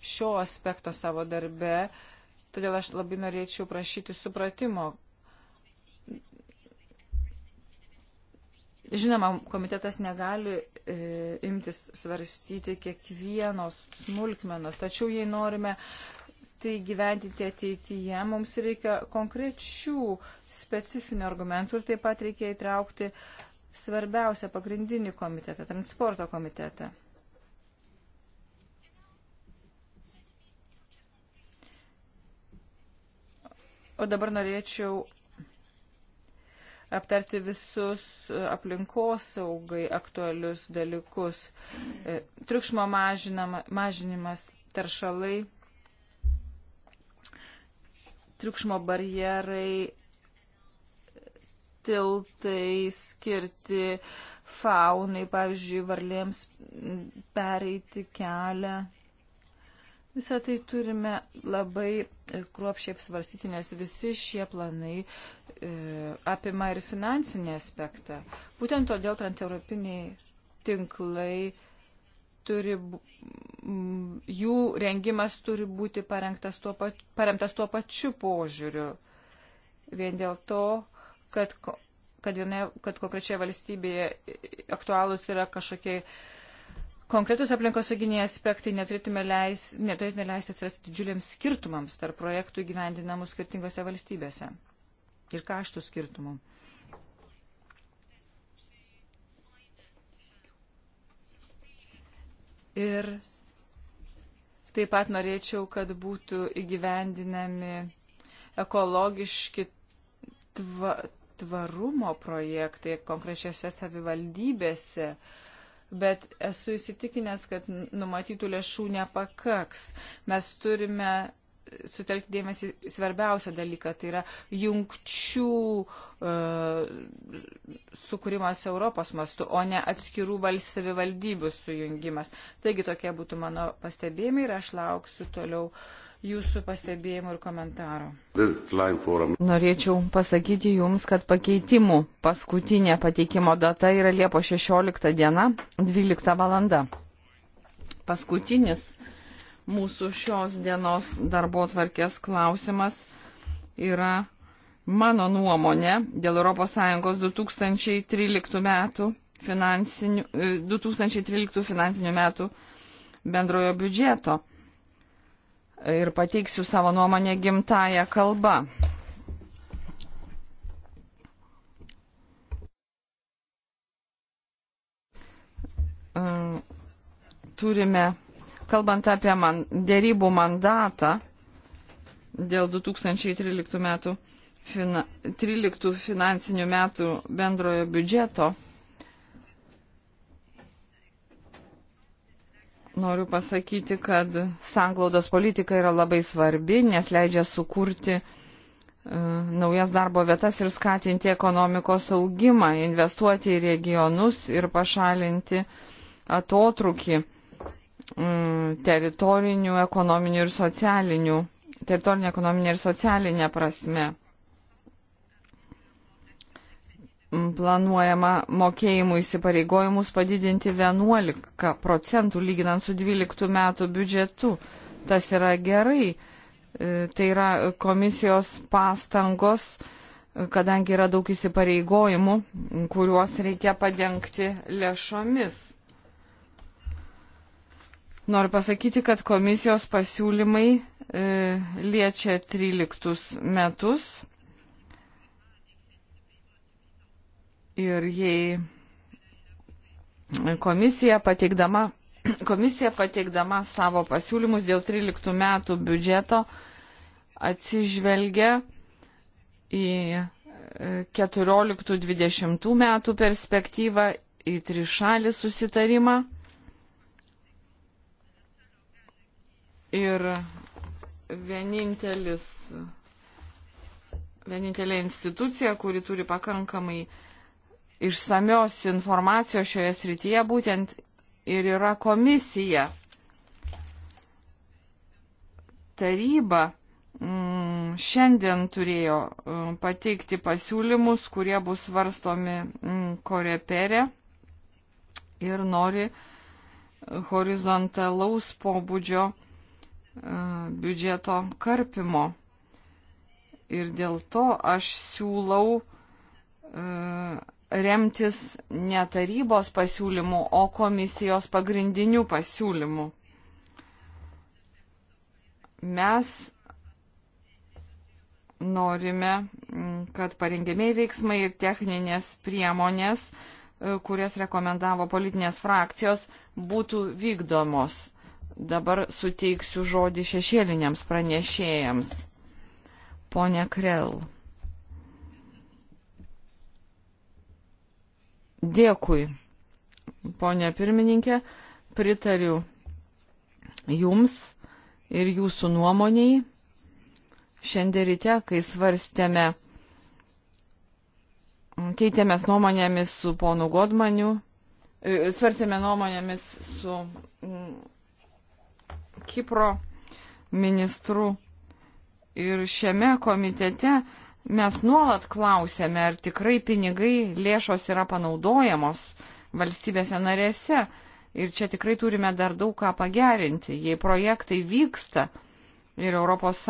šio aspekto savo darbe. Todėl aš labai norėčiau prašyti supratimo. Žinoma, komitetas negali e, imtis svarstyti kiekvienos smulkmenos, tačiau jei norime tai gyventinti ateityje, mums reikia konkrečių specifinių argumentų ir taip pat reikia įtraukti svarbiausią pagrindinį komitetą, transporto komitetą. O dabar norėčiau aptarti visus aplinkosaugai aktualius dalykus. E, triukšmo mažinimas, taršalai triukšmo barjerai, tiltai skirti faunai, pavyzdžiui, varlėms pereiti kelią. Visą tai turime labai kruopšiai apsvarstyti, nes visi šie planai e, apima ir finansinį aspektą. Būtent todėl transeuropiniai tinklai turi Mm, jų rengimas turi būti tuo pač, paremtas tuo pačiu požiūriu. Vien dėl to, kad, kad, viena, kad konkrečioje valstybėje aktualūs yra kažkokie konkretus aplinkosauginiai aspektai, neturėtume, leis, neturėtume leisti atsirasti didžiuliams skirtumams tarp projektų įgyvendinamų skirtingose valstybėse ir kaštų skirtumų. ir Taip pat norėčiau, kad būtų įgyvendinami ekologiški tva, tvarumo projektai konkrečiose savivaldybėse, bet esu įsitikinęs, kad numatytų lėšų nepakaks. Mes turime sutelkti dėmesį svarbiausią dalyką, tai yra jungčių e, sukūrimas Europos mastu, o ne atskirų savivaldybių sujungimas. Taigi tokie būtų mano pastebėjimai ir aš lauksiu toliau jūsų pastebėjimų ir komentarų. Norėčiau pasakyti Jums, kad pakeitimų paskutinė pateikimo data yra Liepo 16 diena, 12 valanda. Paskutinis mūsų šios dienos darbo tvarkės klausimas yra Mano nuomonė dėl ES 2013 metų finansinių, 2013 e, finansinių metų bendrojo biudžeto. Ir pateiksiu savo nuomonę gimtają kalbą. E, turime, kalbant apie man, dėrybų mandatą dėl 2013 metų fina, 13 finansinių metų bendrojo biudžeto, noriu pasakyti, kad sanglaudos politika yra labai svarbi, nes leidžia sukurti e, naujas darbo vietas ir skatinti ekonomikos augimą, investuoti į regionus ir pašalinti atotrukį mm, teritorinių, ekonominių ir socialinių, teritorinė, ekonominė ir socialinė prasme. planuojama mokėjimų įsipareigojimus padidinti 11 procentų lyginant su 12 metų biudžetu. Tas yra gerai. E, tai yra komisijos pastangos, kadangi yra daug įsipareigojimų, kuriuos reikia padengti lėšomis. Noriu pasakyti, kad komisijos pasiūlymai e, liečia 13 metus Ir jei komisija pateikdama, komisija pateikdama savo pasiūlymus dėl 13 metų biudžeto atsižvelgia į 14-20 e, metų perspektyvą, į trišalį susitarimą. Ir vienintelis, vienintelė institucija, kuri turi pakankamai išsamios informacijos šioje srityje būtent ir yra komisija. Taryba mm, šiandien turėjo mm, pateikti pasiūlymus, kurie bus svarstomi mm, korepere ir nori horizontalaus pobūdžio e, biudžeto karpimo. Ir dėl to aš siūlau e, remtis ne tarybos pasiūlymų, o komisijos pagrindinių pasiūlymų. Mes norime, mm, kad parengiamiai veiksmai ir techninės priemonės, e, kurias rekomendavo politinės frakcijos, būtų vykdomos. Dabar suteiksiu žodį šešėliniams pranešėjams. Pone Krell. Dėkui, ponė pirmininkė, pritariu jums ir jūsų nuomoniai. Šiandien ryte, kai svarstėme, keitėmės nuomonėmis su ponu Godmaniu, e, svarstėme nuomonėmis su mm, Kipro ministru ir šiame komitete Mes nuolat klausėme, ar tikrai pinigai, lėšos yra panaudojamos valstybėse narėse. Ir čia tikrai turime dar daug ką pagerinti. Jei projektai vyksta ir ES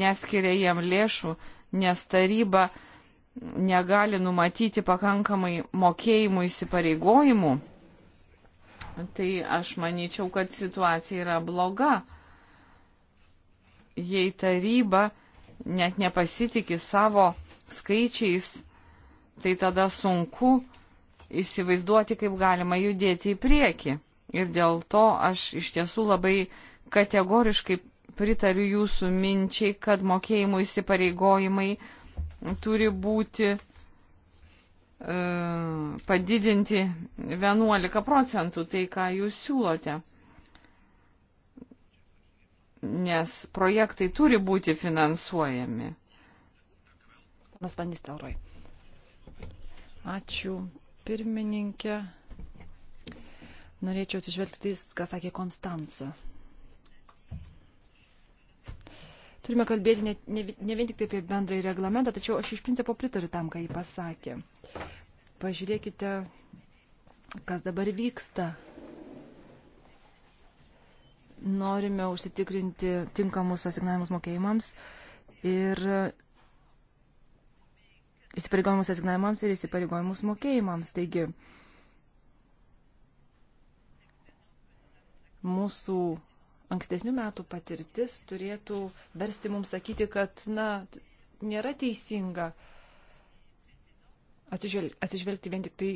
neskiria jiem lėšų, nes taryba negali numatyti pakankamai mokėjimų įsipareigojimų, tai aš manyčiau, kad situacija yra bloga. Jei taryba net nepasitikė savo skaičiais, tai tada sunku įsivaizduoti, kaip galima judėti į priekį. Ir dėl to aš iš tiesų labai kategoriškai pritariu jūsų minčiai, kad mokėjimų įsipareigojimai turi būti e, padidinti 11 procentų tai, ką jūs siūlote nes projektai turi būti finansuojami. Panas Vandis Telroj. Ačiū, pirmininkė. Norėčiau atsižvelgti tai, ką sakė Konstanca. Turime kalbėti ne, ne, ne vien tik tai apie bendrąjį reglamentą, tačiau aš iš principo pritariu tam, ką jį pasakė. Pažiūrėkite, kas dabar vyksta norime užsitikrinti tinkamus asignavimus mokėjimams ir įsipareigojimus asignavimams ir įsipareigojimus mokėjimams. Taigi, mūsų ankstesnių metų patirtis turėtų versti mums sakyti, kad, na, nėra teisinga atsižvelgti vien tik tai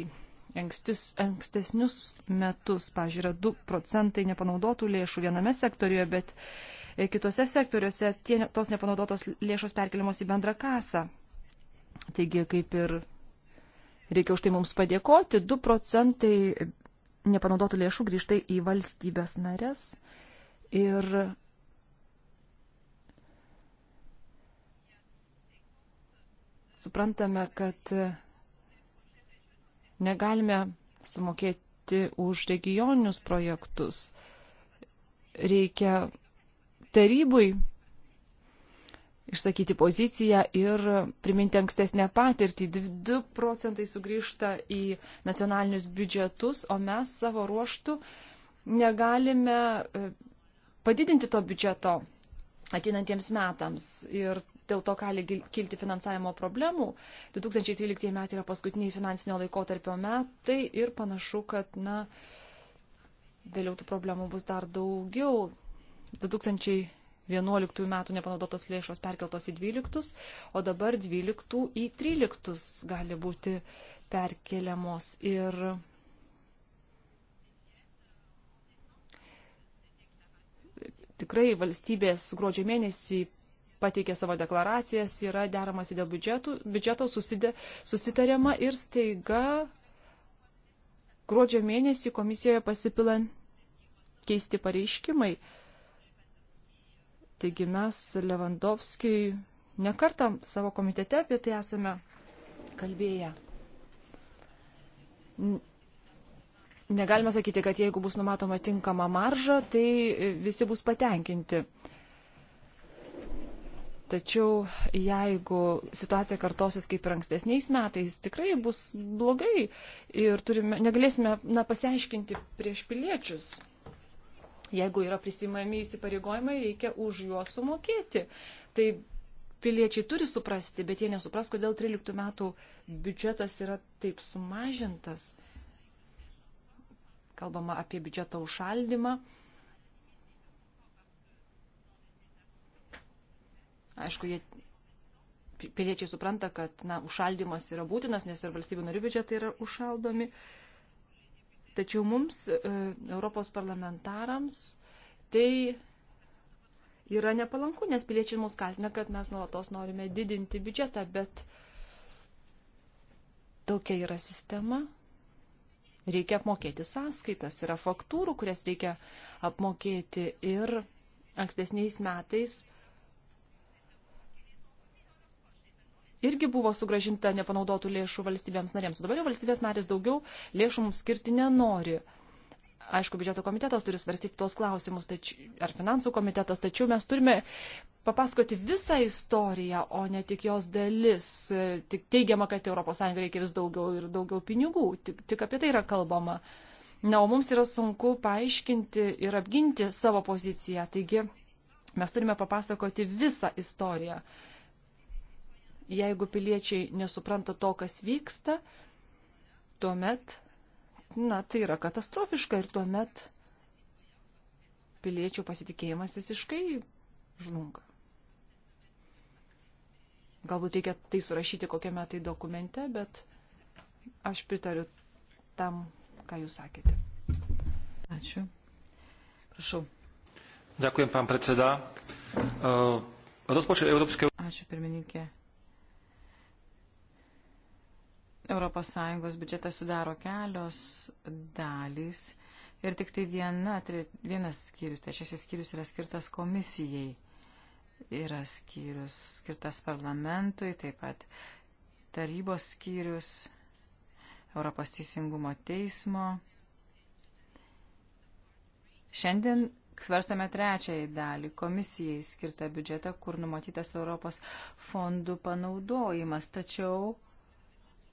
Ankstis, ankstesnius metus, pažiūrė, 2 procentai nepanaudotų lėšų viename sektoriuje, bet e, kitose sektoriuose tie, tos nepanaudotos lėšos perkeliamos į bendrą kasą. Taigi, kaip ir reikia už tai mums padėkoti, 2 procentai nepanaudotų lėšų grįžtai į valstybės narės. Ir suprantame, kad Negalime sumokėti už regioninius projektus. Reikia tarybai išsakyti poziciją ir priminti ankstesnę patirtį. 2 procentai sugrįžta į nacionalinius biudžetus, o mes savo ruoštų negalime e, padidinti to biudžeto ateinantiems metams. Ir dėl to gali kilti finansavimo problemų. 2013 metai yra paskutiniai finansinio laiko tarpio metai ir panašu, kad, na, vėliau tų problemų bus dar daugiau. 2011 metų nepanaudotos lėšos perkeltos į 12, o dabar 12 į 13 gali būti perkeliamos. Ir tikrai valstybės gruodžio mėnesį pateikė savo deklaracijas, yra deramasi dėl biudžetų, biudžeto susidė, susitariama ir staiga gruodžio mėnesį komisijoje pasipila keisti pareiškimai. Taigi mes Levandovskijui nekartą savo komitete apie tai esame kalbėję. Negalime sakyti, kad jeigu bus numatoma tinkama marža, tai visi bus patenkinti. Tačiau jeigu situacija kartosis kaip ir ankstesniais metais, tikrai bus blogai ir turime, negalėsime na, pasiaiškinti prieš piliečius. Jeigu yra prisimami įsipareigojimai, reikia už juos sumokėti. Tai piliečiai turi suprasti, bet jie nesupras, kodėl 13 metų biudžetas yra taip sumažintas. Kalbama apie biudžeto užšaldymą. Uh, Aišku, jie piliečiai supranta, kad na, užšaldimas yra būtinas, nes ir valstybių narių biudžetai yra užšaldomi. Tačiau mums, e, Europos parlamentarams, tai yra nepalanku, nes piliečiai mus kaltina, kad mes nuolatos norime didinti biudžetą, bet tokia yra sistema. Reikia apmokėti sąskaitas, yra faktūrų, kurias reikia apmokėti ir ankstesniais metais irgi buvo sugražinta nepanaudotų lėšų valstybėms narėms. Dabar jau valstybės narės daugiau lėšų mums skirti nenori. Aišku, biudžeto komitetas turi svarstyti tuos klausimus, tač, ar finansų komitetas, tačiau mes turime papasakoti visą istoriją, o ne tik jos dalis. Tik teigiama, kad ES reikia vis daugiau ir daugiau pinigų, tik, tik apie tai yra kalbama. Na, o mums yra sunku paaiškinti ir apginti savo poziciją, taigi mes turime papasakoti visą istoriją jeigu piliečiai nesupranta to, kas vyksta, tuomet, na, tai yra katastrofiška ir tuomet piliečių pasitikėjimas visiškai žlunga. Galbūt reikia tai surašyti kokiame tai dokumente, bet aš pritariu tam, ką jūs sakėte. Ačiū. Prašau. Ďakujem, pán predseda. Rozpočet Európskej Ačiū, pirmininkė. ES biudžetą sudaro kelios dalys ir tik tai viena, tre, vienas skyrius, trečiasis skyrius yra skirtas komisijai, yra skyrius skirtas parlamentui, taip pat tarybos skyrius, Europos teisingumo teismo. Šiandien svarstame trečiąjį dalį - komisijai skirtą biudžetą, kur numatytas Europos fondų panaudojimas. Tačiau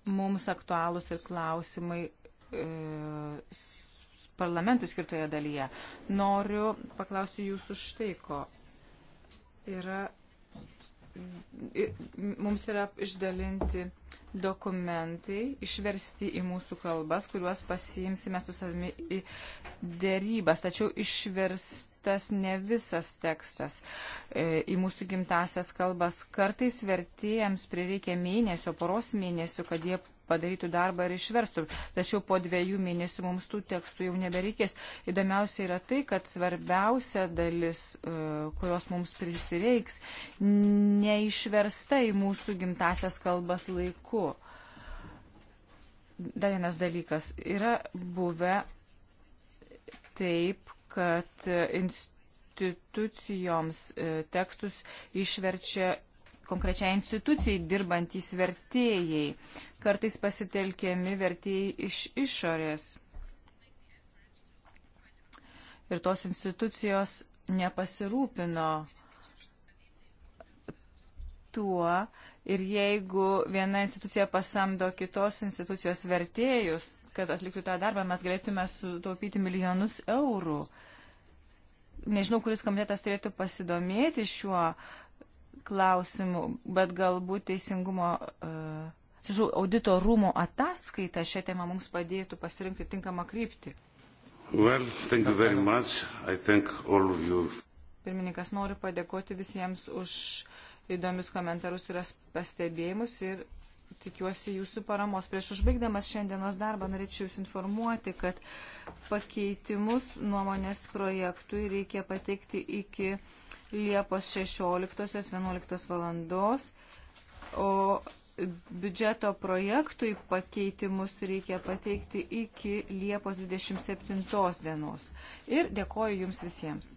mums aktualūs ir klausimai e, parlamentų skirtoje dalyje. Noriu paklausti jūsų štai ko. Yra, mums yra išdalinti dokumentai išversti į mūsų kalbas, kuriuos pasiimsime su savimi į dėrybas. Tačiau išverstas ne visas tekstas e, į mūsų gimtasias kalbas. Kartais vertėjams prireikia mėnesio, poros mėnesių, kad jie padarytų darbą ir išverstų. Tačiau po dviejų mėnesių mums tų tekstų jau nebereikės. Įdomiausia yra tai, kad svarbiausia dalis, e, kurios mums prisireiks, neišversta į mūsų gimtasias kalbas laiku. Dar vienas dalykas. Yra buvę taip, kad institucijoms e, tekstus išverčia konkrečiai institucijai dirbantys vertėjai kartais pasitelkiami vertėjai iš išorės. Ir tos institucijos nepasirūpino tuo ir jeigu viena institucija pasamdo kitos institucijos vertėjus, kad atliktų tą darbą, mes galėtume sutaupyti milijonus eurų. Nežinau, kuris komitetas turėtų pasidomėti šiuo klausimu, bet galbūt teisingumo uh, atsižau, audito rūmo ataskaita šią temą mums padėtų pasirinkti tinkamą kryptį. Well, Pirmininkas noriu padėkoti visiems už įdomius komentarus ir pastebėjimus ir tikiuosi jūsų paramos. Prieš užbaigdamas šiandienos darbą norėčiau jūs informuoti, kad pakeitimus nuomonės projektui reikia pateikti iki Liepos 16.11 valandos, o biudžeto projektui pakeitimus reikia pateikti iki Liepos 27 dienos. Ir dėkoju Jums visiems.